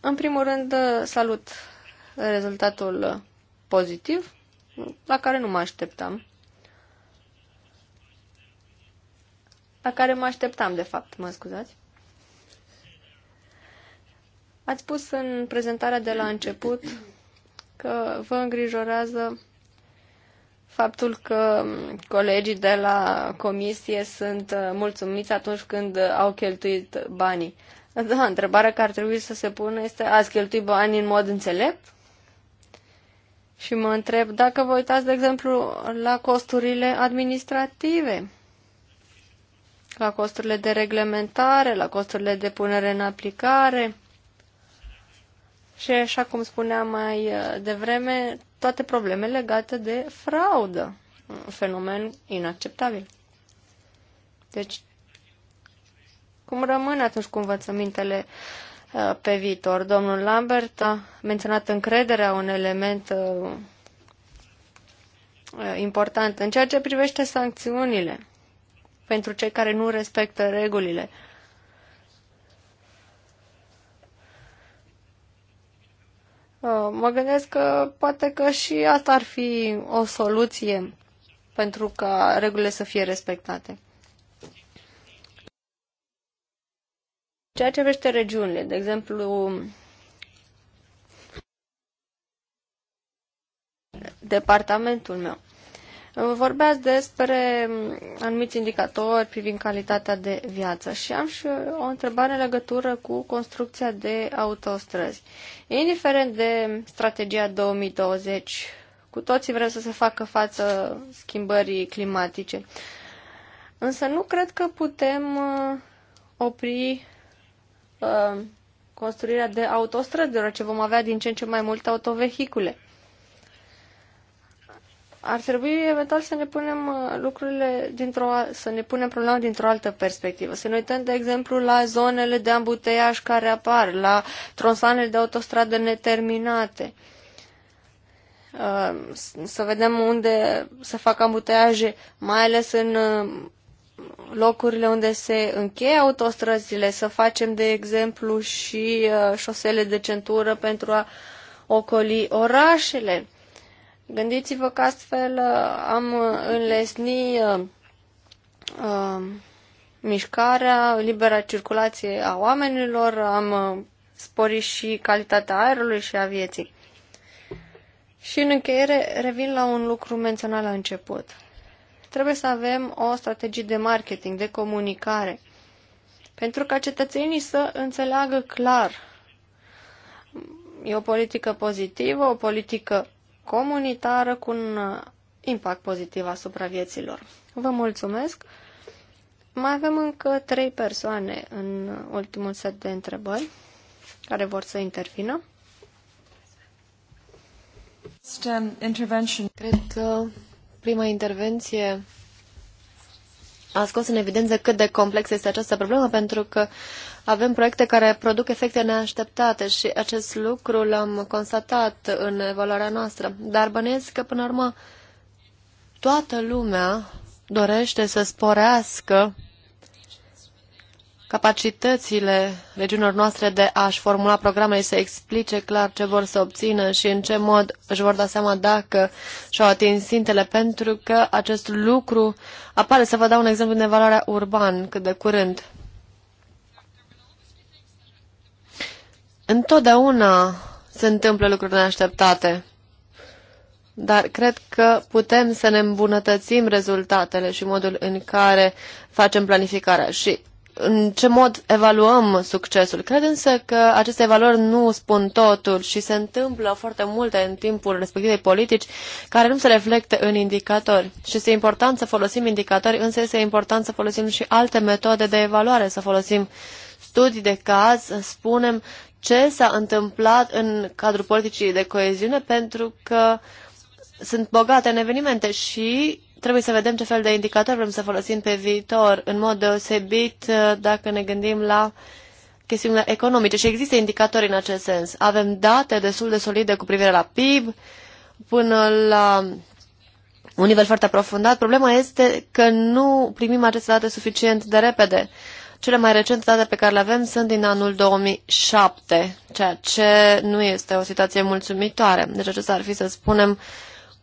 În primul rând, salut rezultatul pozitiv, la care nu mă așteptam. La care mă așteptam, de fapt, mă scuzați. Ați spus în prezentarea de la început că vă îngrijorează faptul că colegii de la comisie sunt uh, mulțumiți atunci când au cheltuit banii. Da, întrebarea care ar trebui să se pună este, ați cheltuit banii în mod înțelept? Și mă întreb dacă vă uitați, de exemplu, la costurile administrative, la costurile de reglementare, la costurile de punere în aplicare. Și așa cum spuneam mai uh, devreme, toate problemele legate de fraudă, un fenomen inacceptabil. Deci, cum rămân atunci cu învățămintele Uh, pe viitor. Domnul Lambert a menționat încrederea un element uh, uh, important. În ceea ce privește sancțiunile pentru cei care nu respectă regulile, Mă gândesc că poate că și asta ar fi o soluție pentru ca regulile să fie respectate. Ceea ce vește regiunile, de exemplu, departamentul meu. Vorbeați despre anumiți indicatori privind calitatea de viață și am și o întrebare în legătură cu construcția de autostrăzi. Indiferent de strategia 2020, cu toții vrem să se facă față schimbării climatice. Însă nu cred că putem uh, opri Uh, construirea de autostrăzi, deoarece vom avea din ce în ce mai multe autovehicule. Ar trebui eventual să ne punem uh, lucrurile dintr-o, să ne punem problema dintr-o altă perspectivă. Să ne uităm, de exemplu, la zonele de ambuteiaj care apar, la tronsoanele de autostradă neterminate. Uh, să vedem unde se fac ambuteiaje, mai ales în locurile unde se încheie autostrăzile, să facem, de exemplu, și uh, șosele de centură pentru a ocoli orașele. Gândiți-vă că astfel uh, am înlesni uh, uh, mișcarea, libera circulație a oamenilor, am sporit și calitatea aerului și a vieții. Și în încheiere revin la un lucru menționat la început trebuie să avem o strategie de marketing, de comunicare, pentru ca cetățenii să înțeleagă clar. E o politică pozitivă, o politică comunitară cu un impact pozitiv asupra vieților. Vă mulțumesc! Mai avem încă trei persoane în ultimul set de întrebări care vor să intervină. Um, Cred că prima intervenție a scos în evidență cât de complexă este această problemă, pentru că avem proiecte care produc efecte neașteptate și acest lucru l-am constatat în evaluarea noastră. Dar bănuiesc că, până la urmă, toată lumea dorește să sporească capacitățile regiunilor noastre de a-și formula programe și să explice clar ce vor să obțină și în ce mod își vor da seama dacă și-au atins sintele, pentru că acest lucru apare, să vă dau un exemplu din evaluarea urban, cât de curând. Întotdeauna se întâmplă lucruri neașteptate, dar cred că putem să ne îmbunătățim rezultatele și modul în care facem planificarea. Și în ce mod evaluăm succesul. Cred însă că aceste evaluări nu spun totul și se întâmplă foarte multe în timpul respectivei politici care nu se reflectă în indicatori. Și este important să folosim indicatori, însă este important să folosim și alte metode de evaluare, să folosim studii de caz, să spunem ce s-a întâmplat în cadrul politicii de coeziune, pentru că sunt bogate în evenimente și trebuie să vedem ce fel de indicator vrem să folosim pe viitor, în mod deosebit uh, dacă ne gândim la chestiunile economice. Și există indicatori în acest sens. Avem date destul de solide cu privire la PIB, până la un nivel foarte aprofundat. Problema este că nu primim aceste date suficient de repede. Cele mai recente date pe care le avem sunt din anul 2007, ceea ce nu este o situație mulțumitoare. Deci acesta ar fi, să spunem,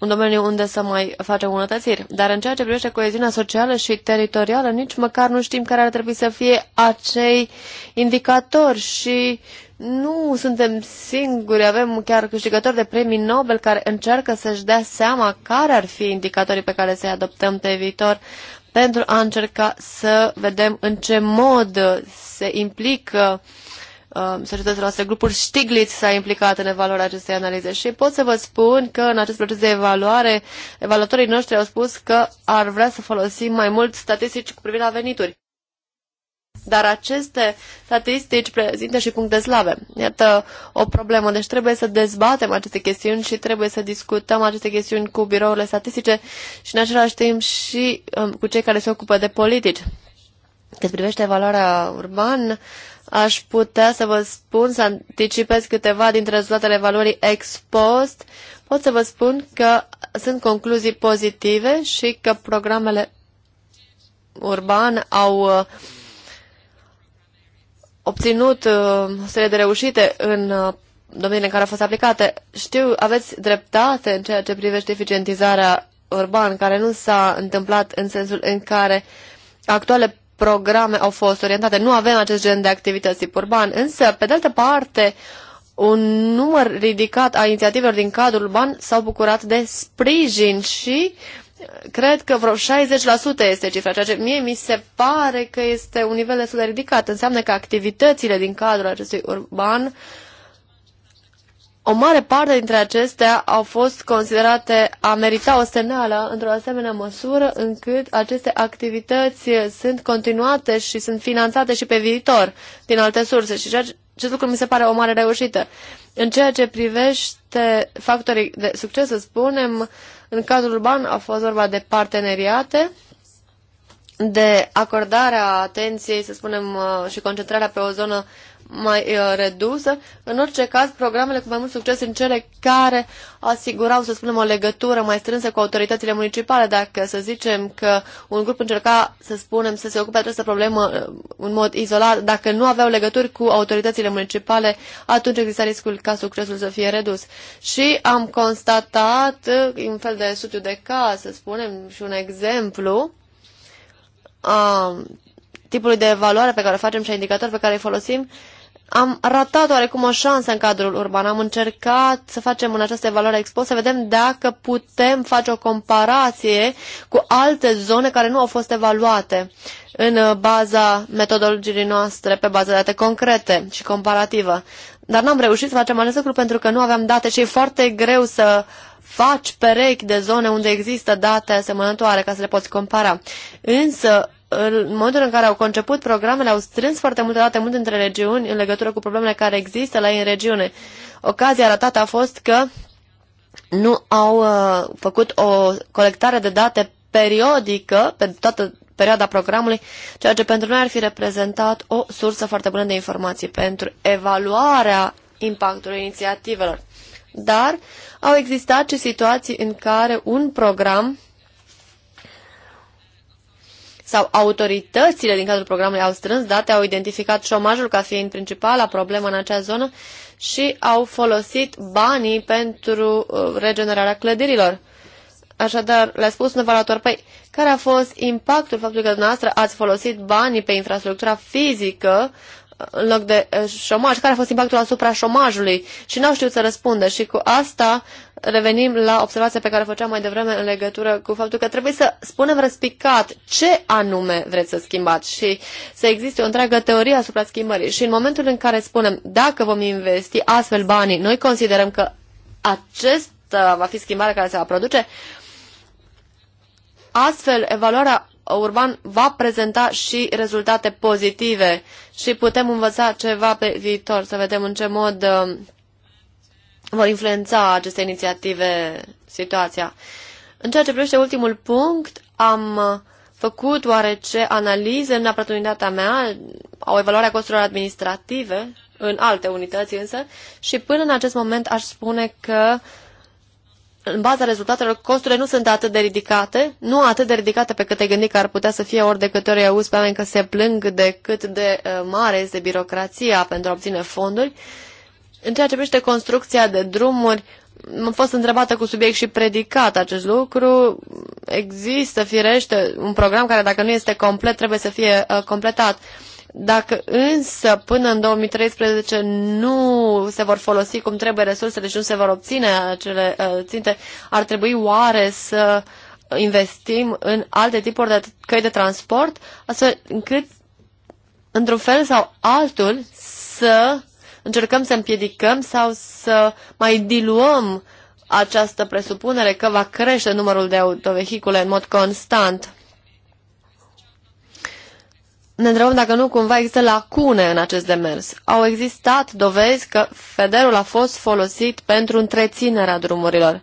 un domeniu unde să mai facem unătățiri. Dar în ceea ce privește coeziunea socială și teritorială, nici măcar nu știm care ar trebui să fie acei indicatori și nu suntem singuri, avem chiar câștigători de premii Nobel care încearcă să-și dea seama care ar fi indicatorii pe care să-i adoptăm pe viitor pentru a încerca să vedem în ce mod se implică uh, Uh, societăților noastre, grupul Stiglitz s-a implicat în evaluarea acestei analize și pot să vă spun că în acest proces de evaluare, evaluatorii noștri au spus că ar vrea să folosim mai mult statistici cu privire la venituri. Dar aceste statistici prezintă și puncte slabe. Iată o problemă, deci trebuie să dezbatem aceste chestiuni și trebuie să discutăm aceste chestiuni cu birourile statistice și în același timp și um, cu cei care se ocupă de politici. Cât privește valoarea urban, aș putea să vă spun, să anticipez câteva dintre rezultatele valorii ex post. Pot să vă spun că sunt concluzii pozitive și că programele urban au uh, obținut uh, o serie de reușite în uh, domeniile în care au fost aplicate. Știu, aveți dreptate în ceea ce privește eficientizarea urban, care nu s-a întâmplat în sensul în care actuale programe au fost orientate. Nu avem acest gen de activități urban, însă, pe de altă parte, un număr ridicat a inițiativelor din cadrul urban s-au bucurat de sprijin și cred că vreo 60% este cifra, ceea ce mie mi se pare că este un nivel destul de ridicat. Înseamnă că activitățile din cadrul acestui urban uh, o mare parte dintre acestea au fost considerate a merita o semnală într-o asemenea măsură încât aceste activități sunt continuate și sunt finanțate și pe viitor din alte surse și acest lucru mi se pare o mare reușită. În ceea ce privește factorii de succes, să spunem, în cazul urban a fost vorba de parteneriate, de acordarea atenției, să spunem, uh, și concentrarea pe o zonă mai uh, redusă. În orice caz, programele cu mai mult succes sunt cele care asigurau, să spunem, o legătură mai strânsă cu autoritățile municipale. Dacă să zicem că un grup încerca, să spunem, să se ocupe această problemă uh, în mod izolat, dacă nu aveau legături cu autoritățile municipale, atunci exista riscul ca succesul să fie redus. Și am constatat, în uh, fel de studiu de caz, să spunem, și un exemplu, uh, tipului de evaluare pe care o facem și a indicator pe care îi folosim, uh, am ratat oarecum o șansă în cadrul urban. Am încercat să facem în această evaluare expusă, să vedem dacă putem face o comparație cu alte zone care nu au fost evaluate în uh, baza metodologiei noastre, pe baza date concrete și comparativă. Dar n-am reușit să facem acest lucru pentru că nu aveam date și e foarte greu să faci perechi de zone unde există date asemănătoare ca să le poți compara. Însă, în modul în care au conceput programele, au strâns foarte multe date mult între regiuni în legătură cu problemele care există la ei în regiune. Ocazia ratată a fost că nu au uh, făcut o colectare de date periodică pe toată perioada programului, ceea ce pentru noi ar fi reprezentat o sursă foarte bună de informații pentru evaluarea impactului inițiativelor. Dar au existat și situații în care un program sau autoritățile din cadrul programului au strâns date, au identificat șomajul ca fiind principala problemă în acea zonă și au folosit banii pentru uh, regenerarea clădirilor. Așadar, le-a spus un evaluator, păi, care a fost impactul faptului că dumneavoastră ați folosit banii pe infrastructura fizică în loc de eh, șomaj, care a fost impactul asupra șomajului și n-au știut să răspundă și cu asta revenim la observația pe care o făceam mai devreme în legătură cu faptul că trebuie să spunem răspicat ce anume vreți să schimbați și să existe o întreagă teorie asupra schimbării și în momentul în care spunem dacă vom investi astfel banii, noi considerăm că acesta va fi schimbarea care se va produce, astfel evaluarea urban va prezenta și rezultate pozitive și putem învăța ceva pe viitor, să vedem în ce mod uh, vor influența aceste inițiative situația. În ceea ce privește ultimul punct, am uh, făcut oarece analize în oportunitatea mea, o evaluare costurilor administrative în alte unități însă și până în acest moment aș spune că uh, în baza rezultatelor, costurile nu sunt atât de ridicate, nu atât de ridicate pe cât te gândi că ar putea să fie ori de câte ori auzi pe oameni că se plâng de cât uh, de mare este birocrația pentru a obține fonduri. În ceea ce privește construcția de drumuri, am fost întrebată cu subiect și predicat acest lucru. Există, firește, un program care, dacă nu este complet, trebuie să fie uh, completat. Uh, dacă însă până în 2013 nu se vor folosi cum trebuie resursele și nu se vor obține acele uh, ținte, ar trebui oare să investim în alte tipuri de căi de transport, astfel încât, într-un fel sau altul, să încercăm să împiedicăm sau să mai diluăm această presupunere că va crește numărul de autovehicule în mod constant ne întrebăm dacă nu cumva există lacune în acest demers. Au existat dovezi că federul a fost folosit pentru întreținerea drumurilor.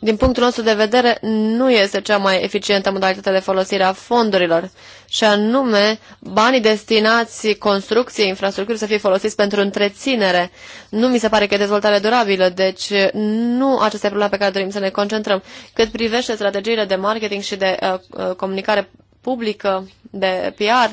Din punctul nostru de vedere, nu este cea mai eficientă modalitate de folosire a fondurilor, și anume banii destinați construcției infrastructurii să fie folosiți pentru întreținere. Nu mi se pare că e dezvoltare durabilă, deci nu acesta probleme problema pe care dorim să ne concentrăm. Cât privește strategiile de marketing și de uh, uh comunicare publică, de PR.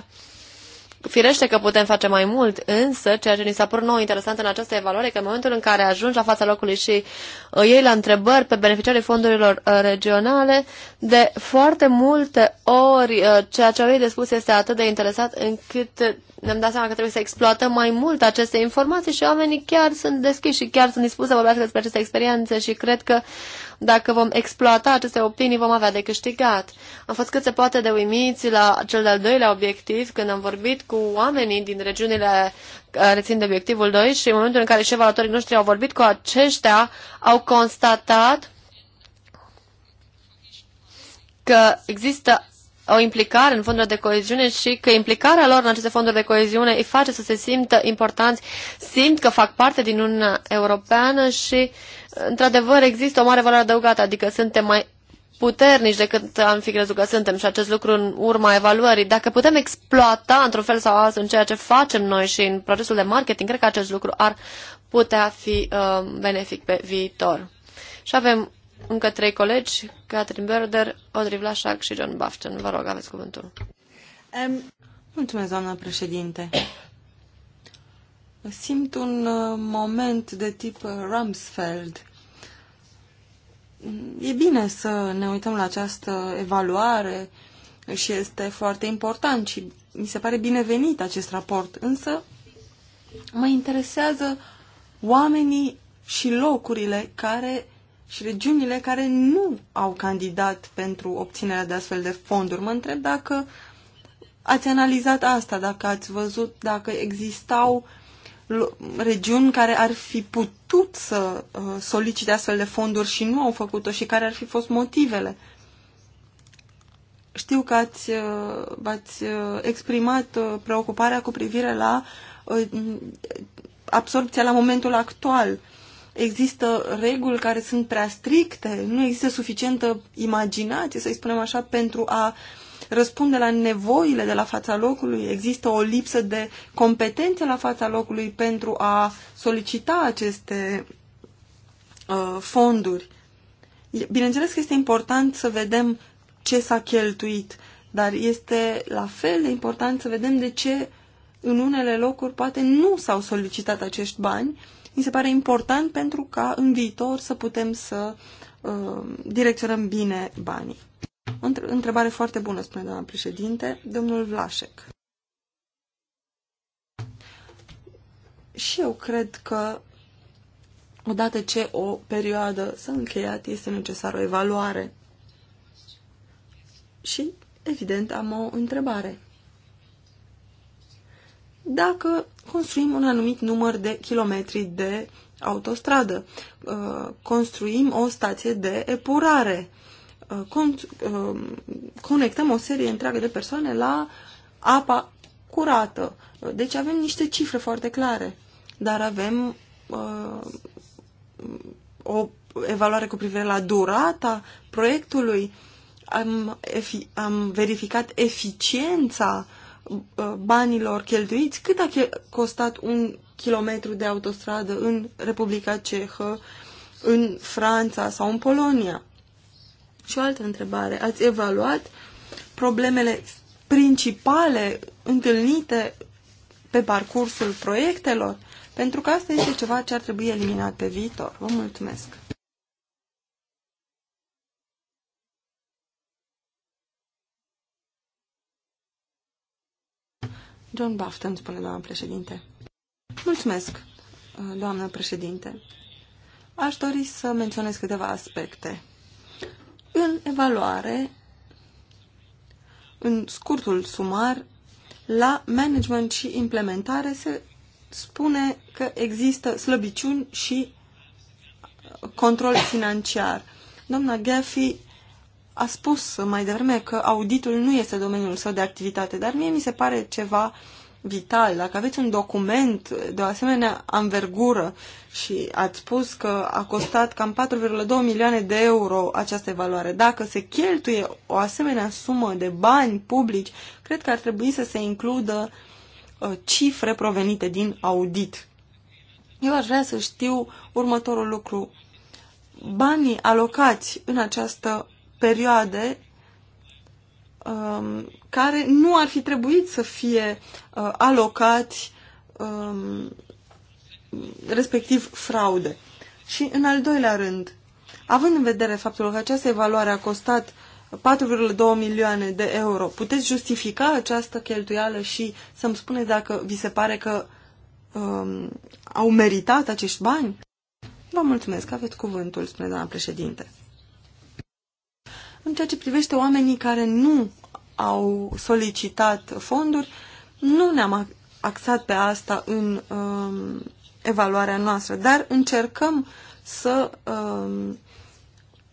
Firește că putem face mai mult, însă ceea ce ni s-a părut nou interesant în această evaluare că în momentul în care ajungi la fața locului și uh, iei la întrebări pe beneficiarii fondurilor uh, regionale, de foarte multe ori uh, ceea ce au de spus este atât de interesat încât ne-am dat seama că trebuie să exploatăm mai mult aceste informații și oamenii chiar sunt deschiși și chiar sunt dispuși să vorbească despre aceste experiențe și cred că dacă vom exploata aceste opinii, vom avea de câștigat. Am fost cât se poate de uimiți la cel de-al doilea obiectiv, când am vorbit cu oamenii din regiunile care țin de obiectivul 2 și în momentul în care și evaluatorii noștri au vorbit cu aceștia, au constatat că există o implicare în fondurile de coeziune și că implicarea lor în aceste fonduri de coeziune îi face să se simtă importanți, simt că fac parte din Uniunea Europeană și într-adevăr există o mare valoare adăugată, adică suntem mai puternici decât am fi crezut că suntem și acest lucru în urma evaluării. Dacă putem exploata într-un fel sau altul în ceea ce facem noi și în procesul de marketing, cred că acest lucru ar putea fi uh, benefic pe viitor. Și avem încă trei colegi, Catherine Berder, Audrey Vlașac și John Bafton. Vă rog, aveți cuvântul. Um, mulțumesc, doamnă președinte simt un uh, moment de tip uh, Rumsfeld. Mm, e bine să ne uităm la această evaluare și este foarte important și mi se pare binevenit acest raport, însă mă interesează oamenii și locurile care și regiunile care nu au candidat pentru obținerea de astfel de fonduri. Mă întreb dacă ați analizat asta, dacă ați văzut dacă existau uh, regiuni care ar fi putut să uh, solicite astfel de fonduri și nu au făcut-o și care ar fi fost motivele. Știu că ați, uh, ați uh, exprimat preocuparea cu privire la absorpția la momentul actual. Există reguli care sunt prea stricte, nu există suficientă imaginație, să-i spunem așa, pentru a uh, răspunde la nevoile de la fața locului, există o lipsă de competențe la fața locului pentru a solicita aceste uh, fonduri. Bineînțeles că este important să vedem ce s-a cheltuit, dar este la fel de important să vedem de ce în unele locuri poate nu s-au solicitat acești bani. Mi se pare important pentru ca în viitor să putem să uh, direcționăm bine banii. Întrebare foarte bună, spune doamna președinte, domnul Vlașec. Și eu cred că odată ce o perioadă s-a încheiat, este necesară o evaluare. Și, evident, am o întrebare. Dacă construim un anumit număr de kilometri de autostradă, uh, construim o stație de epurare, Uh, uh, conectăm o serie întreagă de persoane la apa curată. Uh, deci avem niște cifre foarte clare, dar avem uh, o evaluare cu privire la durata proiectului, am, efi, am verificat eficiența banilor cheltuiți, cât a costat un kilometru de autostradă în Republica Cehă, în Franța sau în Polonia. Și o altă întrebare. Ați evaluat problemele principale întâlnite pe parcursul proiectelor? Pentru că asta este ceva ce ar trebui eliminat pe viitor. Vă mulțumesc! John Bafton, spune doamna președinte. Mulțumesc, doamnă președinte. Aș dori să menționez câteva aspecte. În evaluare, în scurtul sumar, la management și implementare se spune că există slăbiciuni și control financiar. Doamna Gaffey a spus mai devreme că auditul nu este domeniul său de activitate, dar mie mi se pare ceva vital. Dacă aveți un document de o asemenea anvergură și ați spus că a costat cam 4,2 milioane de euro această evaluare, dacă se cheltuie o asemenea sumă de bani publici, cred că ar trebui să se includă uh, cifre provenite din audit. Eu aș vrea să știu următorul lucru. Banii alocați în această perioadă, um, care nu ar fi trebuit să fie uh, alocați um, respectiv fraude. Și în al doilea rând, având în vedere faptul că această evaluare a costat 4,2 milioane de euro, puteți justifica această cheltuială și să-mi spuneți dacă vi se pare că um, au meritat acești bani? Vă mulțumesc, aveți cuvântul, spune doamna președinte. În ceea ce privește oamenii care nu au solicitat fonduri, nu ne-am axat pe asta în um, evaluarea noastră, dar încercăm să, um,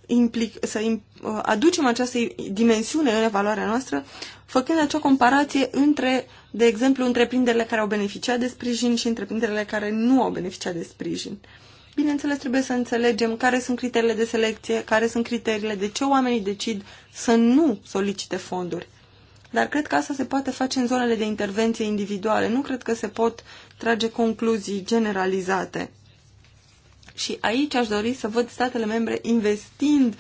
implic, să um, aducem această dimensiune în evaluarea noastră, făcând acea comparație între, de exemplu, întreprinderile care au beneficiat de sprijin și întreprinderile care nu au beneficiat de sprijin. Uh, Bineînțeles, trebuie să înțelegem care sunt criteriile de selecție, care sunt criteriile, de ce oamenii decid să nu solicite fonduri. Dar cred că asta se poate face în zonele de intervenție individuale. Nu cred că se pot trage concluzii generalizate. Și aici aș dori să văd statele membre investind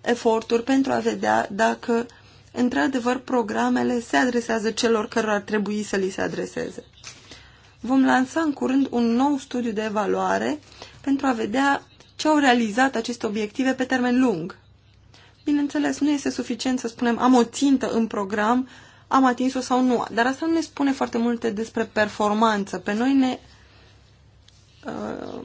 eforturi pentru a vedea dacă, într-adevăr, programele se adresează celor care ar trebui să li se adreseze. Vom lansa în curând un nou studiu de evaluare pentru a vedea ce au realizat aceste obiective pe termen lung. Bineînțeles, nu este suficient să spunem am o țintă în program, am atins-o sau nu, dar asta nu ne spune foarte multe despre performanță. Pe noi ne uh,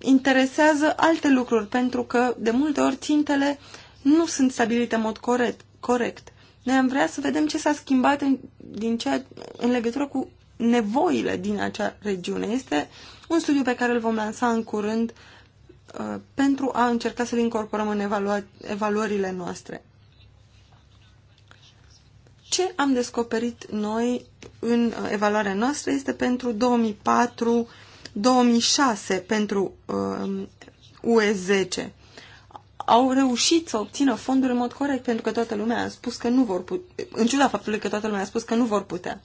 interesează alte lucruri, pentru că de multe ori țintele nu sunt stabilite în mod corect. corect. Noi am vrea să vedem ce s-a schimbat în, din cea, în legătură cu nevoile din acea regiune. Este un studiu pe care îl vom lansa în curând uh, pentru a încerca să-l incorporăm în evalua- evaluările noastre. Ce am descoperit noi în uh, evaluarea noastră este pentru 2004-2006 pentru uh, UE10. Au reușit să obțină fonduri în mod corect pentru că toată lumea a spus că nu vor putea, în ciuda faptului că toată lumea a spus că nu vor putea.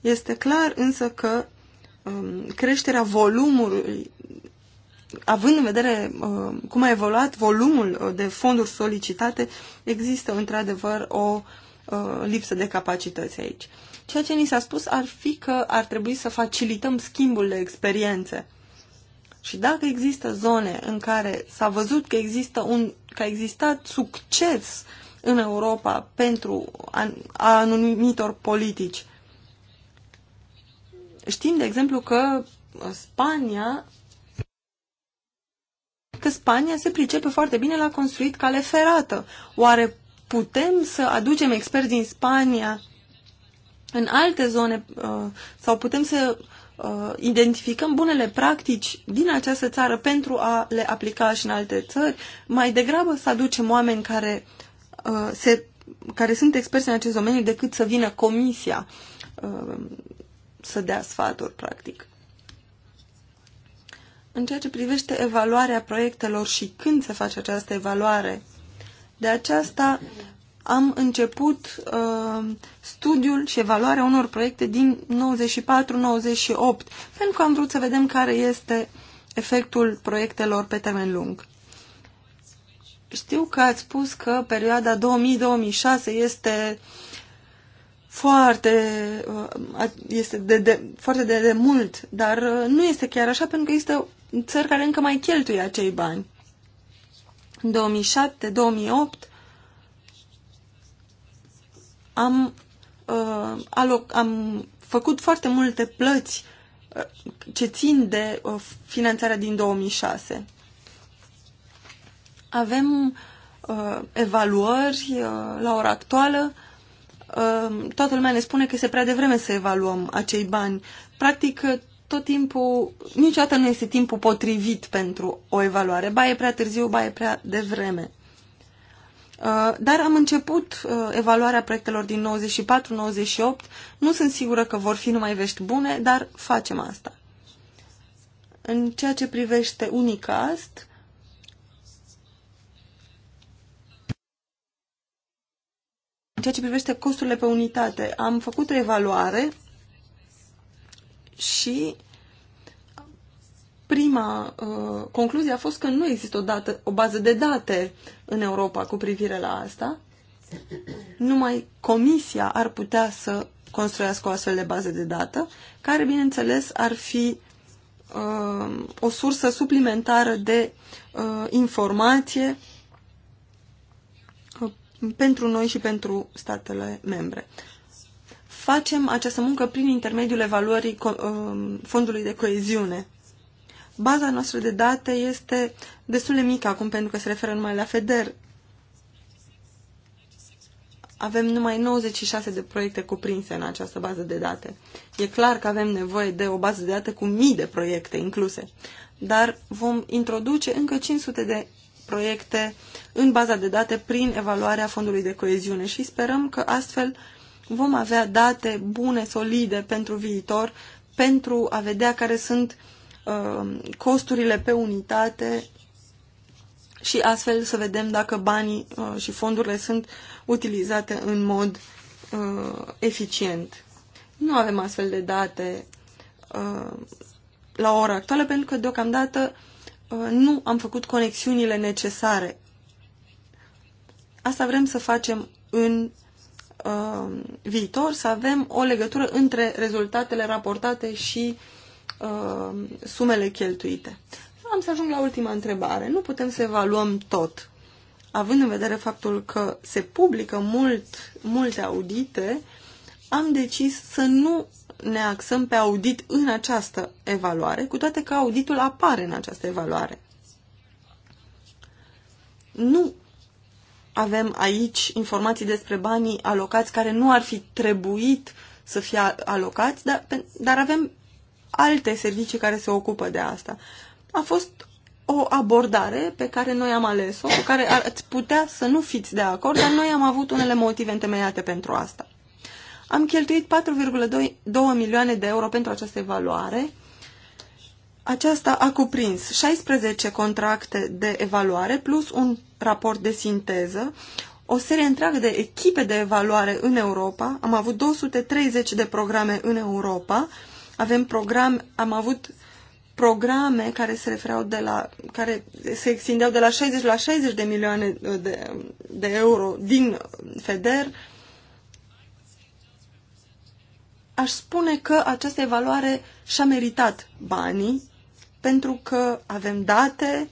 Este clar însă că um, creșterea volumului, având în vedere um, cum a evoluat volumul uh, de fonduri solicitate, există într-adevăr o uh, lipsă de capacități aici. Ceea ce ni s-a spus ar fi că ar trebui să facilităm schimbul de experiențe. Și dacă există zone în care s-a văzut că, există un, că a existat succes în Europa pentru an, a anumitor politici, Știm, de exemplu, că uh, Spania că Spania se pricepe foarte bine la construit cale ferată. Oare putem să aducem experți din Spania în alte zone uh, sau putem să uh, identificăm bunele practici din această țară pentru a le aplica și în alte țări, mai degrabă să aducem oameni care, se, care sunt experți în acest domeniu decât să vină comisia să dea sfaturi, practic. În ceea ce privește evaluarea proiectelor și când se face această evaluare, de aceasta am început uh, studiul și evaluarea unor proiecte din 94-98, pentru că am vrut să vedem care este efectul proiectelor pe termen lung. Știu că ați spus că perioada 2000-2006 este uh, foarte, uh, este de, de, foarte de, de mult, dar uh, nu este chiar așa pentru că există țări care încă mai cheltuie acei bani. În 2007-2008 am, uh, aloc, am făcut foarte multe plăți uh, ce țin de uh, finanțarea din 2006. Avem uh, evaluări uh, la ora actuală uh, Ehm, toată lumea ne spune că este prea devreme să evaluăm acei bani. Practic, tot timpul, niciodată nu este timpul potrivit pentru o evaluare. Ba e prea târziu, ba e prea devreme. Ehm, dar am început ehm, evaluarea proiectelor din 94-98. Nu sunt sigură că vor fi numai vești bune, dar facem asta. În ceea ce privește Unicast, ceea ce privește costurile pe unitate, am făcut o evaluare și prima uh, concluzie a fost că nu există o, dată, o bază de date în Europa cu privire la asta. Numai Comisia ar putea să construiască o astfel de bază de dată, care, bineînțeles, ar fi uh, o sursă suplimentară de uh, informație pentru noi și pentru statele membre. Facem această muncă prin intermediul evaluării um, fondului de coeziune. Baza noastră de date este destul de mică acum pentru că se referă numai la FEDER. Avem numai 96 de proiecte cuprinse în această bază de date. E clar că avem nevoie de o bază de date cu mii de proiecte incluse, dar vom introduce încă 500 de proiecte în baza de date prin evaluarea fondului de coeziune și sperăm că astfel vom avea date bune, solide pentru viitor, pentru a vedea care sunt uh, costurile pe unitate și astfel să vedem dacă banii uh, și fondurile sunt utilizate în mod uh, eficient. Nu avem astfel de date uh, la ora actuală pentru că deocamdată uh, Uh, nu am făcut conexiunile necesare. Asta vrem să facem în uh, viitor, să avem o legătură între rezultatele raportate și uh, sumele cheltuite. Am să ajung la ultima întrebare. Nu putem să evaluăm tot. Având în vedere faptul că se publică mult, multe audite, am decis să nu ne axăm pe audit în această evaluare, cu toate că auditul apare în această evaluare. Nu avem aici informații despre banii alocați care nu ar fi trebuit să fie alocați, dar, dar avem alte servicii care se ocupă de asta. A fost o abordare pe care noi am ales-o, cu care ați putea să nu fiți de acord, dar noi am avut unele motive întemeiate pentru asta. Am cheltuit 4,2 milioane de euro pentru această evaluare. Aceasta a cuprins 16 contracte de evaluare plus un raport de sinteză, o serie întreagă de echipe de evaluare în Europa. Am avut 230 de programe în Europa. Avem program, am avut programe care se refereau de la, care se extindeau de la 60 la 60 de milioane uh, de, de euro din FEDER, aș spune că această evaluare și-a meritat banii pentru că avem date,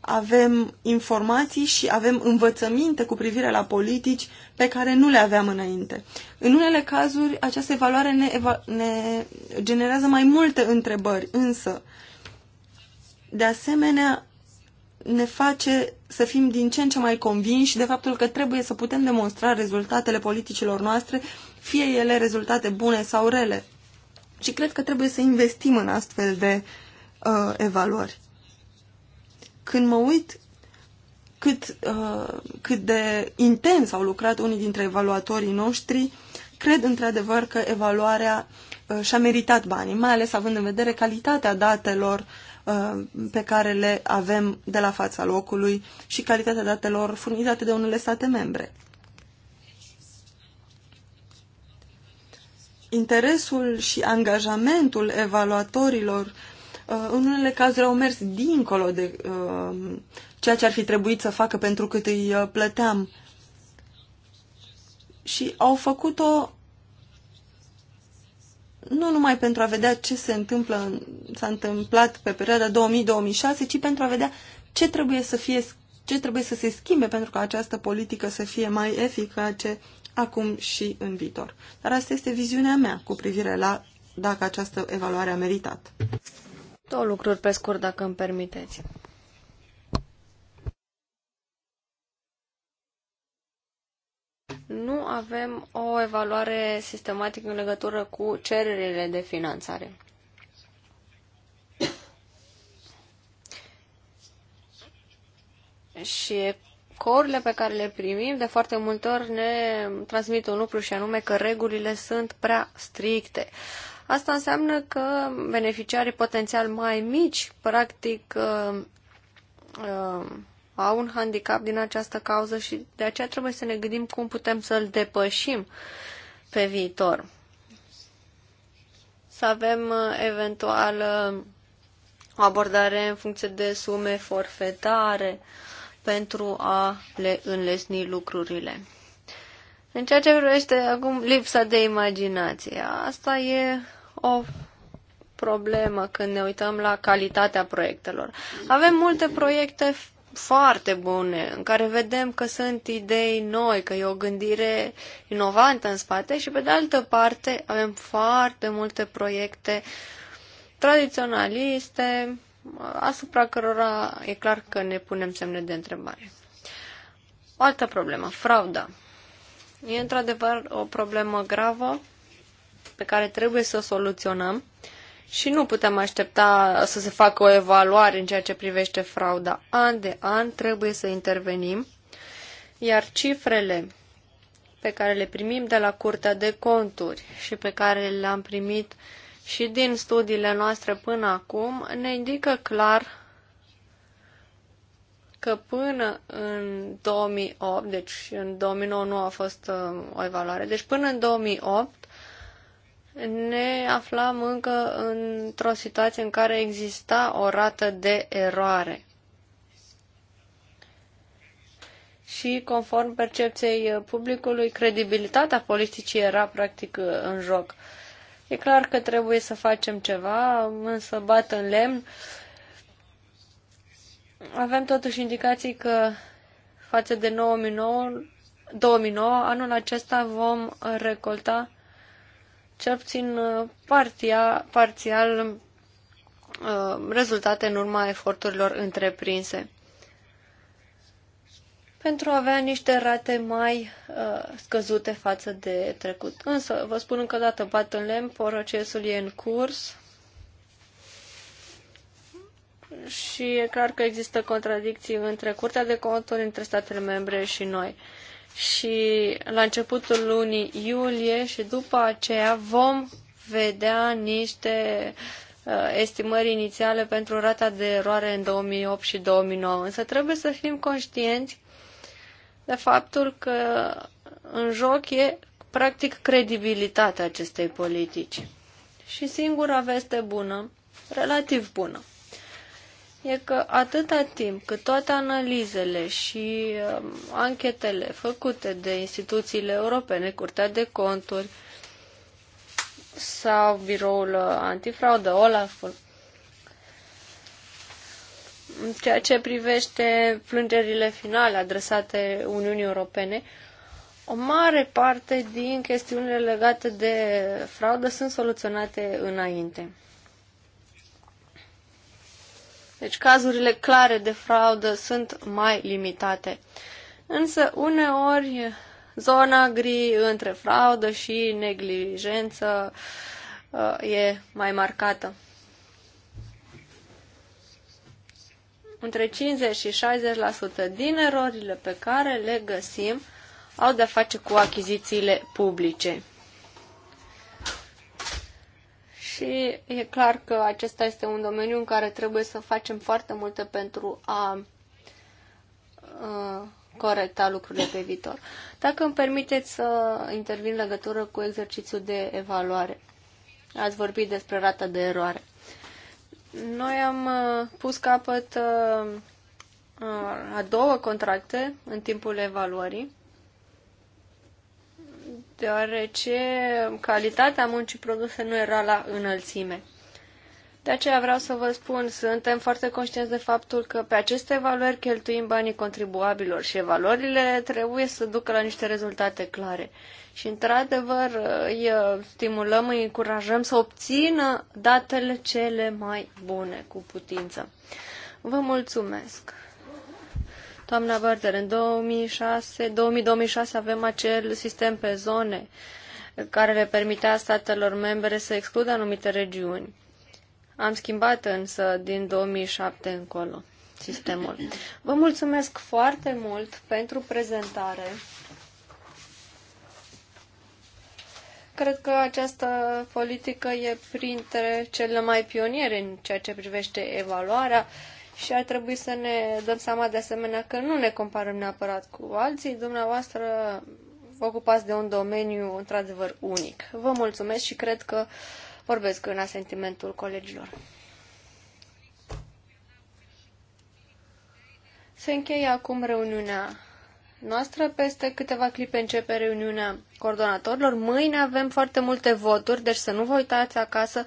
avem informații și avem învățăminte cu privire la politici pe care nu le aveam înainte. În unele cazuri, această evaluare ne, eva- ne generează mai multe întrebări, însă, de asemenea, ne face să fim din ce în ce mai convinși de faptul că trebuie să putem demonstra rezultatele politicilor noastre fie ele rezultate bune sau rele. Și cred că trebuie să investim în astfel de uh, evaluări. Când mă uit cât, uh, cât de intens au lucrat unii dintre evaluatorii noștri, cred într-adevăr că evaluarea uh, și-a meritat banii, mai ales având în vedere calitatea datelor uh, pe care le avem de la fața locului și calitatea datelor furnizate de unele state membre. interesul și angajamentul evaluatorilor uh, în unele cazuri au mers dincolo de uh, ceea ce ar fi trebuit să facă pentru cât îi uh, plăteam. Și au făcut-o nu numai pentru a vedea ce se întâmplă, s-a întâmplat pe perioada 2000-2006, ci pentru a vedea ce trebuie să fie ce trebuie să se schimbe pentru ca această politică să fie mai eficace acum și în viitor. Dar asta este viziunea mea cu privire la dacă această evaluare a meritat. Două lucruri pe scurt, dacă îmi permiteți. Nu avem o evaluare sistematică în legătură cu cererile de finanțare. Și e corurile pe care le primim de foarte multe ori ne transmit un lucru și anume că regulile sunt prea stricte. Asta înseamnă că beneficiarii potențial mai mici, practic, uh, uh, au un handicap din această cauză și de aceea trebuie să ne gândim cum putem să-l depășim pe viitor. Să avem uh, eventual uh, o abordare în funcție de sume forfetare, uh, pentru a le înlesni lucrurile. În ceea ce privește acum lipsa de imaginație, asta e o problemă când ne uităm la calitatea proiectelor. Avem multe proiecte foarte bune, în care vedem că sunt idei noi, că e o gândire inovantă în spate și pe de altă parte avem foarte multe proiecte tradiționaliste, asupra cărora e clar că ne punem semne de întrebare. O altă problemă, frauda. E într-adevăr o problemă gravă pe care trebuie să o soluționăm și nu putem aștepta să se facă o evaluare în ceea ce privește frauda. An de an trebuie să intervenim, iar cifrele pe care le primim de la Curtea de Conturi și pe care le-am primit uh, și din studiile noastre până acum ne indică clar că până în 2008, deci în 2009 nu a fost uh, o evaluare, deci până în 2008 ne aflam încă într-o situație în care exista o rată de eroare. Și conform percepției publicului, credibilitatea politicii era practic în joc. E clar că trebuie să facem ceva, însă bat în lemn. Avem totuși indicații că față de 2009, 2009 anul acesta vom recolta cel puțin uh, partia, parțial uh, rezultate în urma eforturilor întreprinse pentru a avea niște rate mai uh, scăzute față de trecut. Însă, vă spun încă o dată, bat în lemn, procesul e în curs și e clar că există contradicții între Curtea de Conturi, între statele membre și noi. Și la începutul lunii iulie și după aceea vom vedea niște uh, estimări inițiale pentru rata de eroare în 2008 și 2009. Însă trebuie să fim conștienți de faptul că în joc e practic credibilitatea acestei politici. Și singura veste bună, relativ bună, e că atâta timp cât toate analizele și uh, anchetele făcute de instituțiile europene, Curtea de Conturi sau Biroul Antifraudă, Olaful, în ceea ce privește plângerile finale adresate Uniunii Europene, o mare parte din chestiunile legate de fraudă sunt soluționate înainte. Deci cazurile clare de fraudă sunt mai limitate. Însă uneori zona gri între fraudă și neglijență uh, e mai marcată. între 50 și 60% din erorile pe care le găsim au de-a face cu achizițiile publice. Și e clar că acesta este un domeniu în care trebuie să facem foarte multe pentru a a corecta lucrurile pe viitor. Dacă îmi permiteți să intervin legătură cu exercițiul de evaluare. Ați vorbit despre rata de eroare. Noi am uh, pus capăt uh, uh, a două contracte în timpul evaluării, deoarece calitatea muncii produse nu era la înălțime. De aceea vreau să vă spun, suntem foarte conștienți de faptul că pe aceste evaluări cheltuim banii contribuabilor și evaluările trebuie să ducă la niște rezultate clare. Și într-adevăr îi stimulăm, îi încurajăm să obțină datele cele mai bune cu putință. Vă mulțumesc! Doamna Bărder, în 2006, 2006 avem acel sistem pe zone care le permitea statelor membre să excludă anumite regiuni. Am schimbat însă din 2007 încolo sistemul. Vă mulțumesc foarte mult pentru prezentare. Cred că această politică e printre cele mai pioniere în ceea ce privește evaluarea și ar trebui să ne dăm seama de asemenea că nu ne comparăm neapărat cu alții. Dumneavoastră vă ocupați de un domeniu într-adevăr unic. Vă mulțumesc și cred că uh, Vorbesc în asentimentul colegilor. Se încheie acum reuniunea noastră. Peste câteva clipe începe reuniunea coordonatorilor. Mâine avem foarte multe voturi, deci să nu vă uitați acasă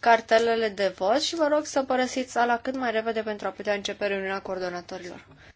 cartelele de vot și vă rog să părăsiți sala cât mai repede pentru a putea începe reuniunea coordonatorilor.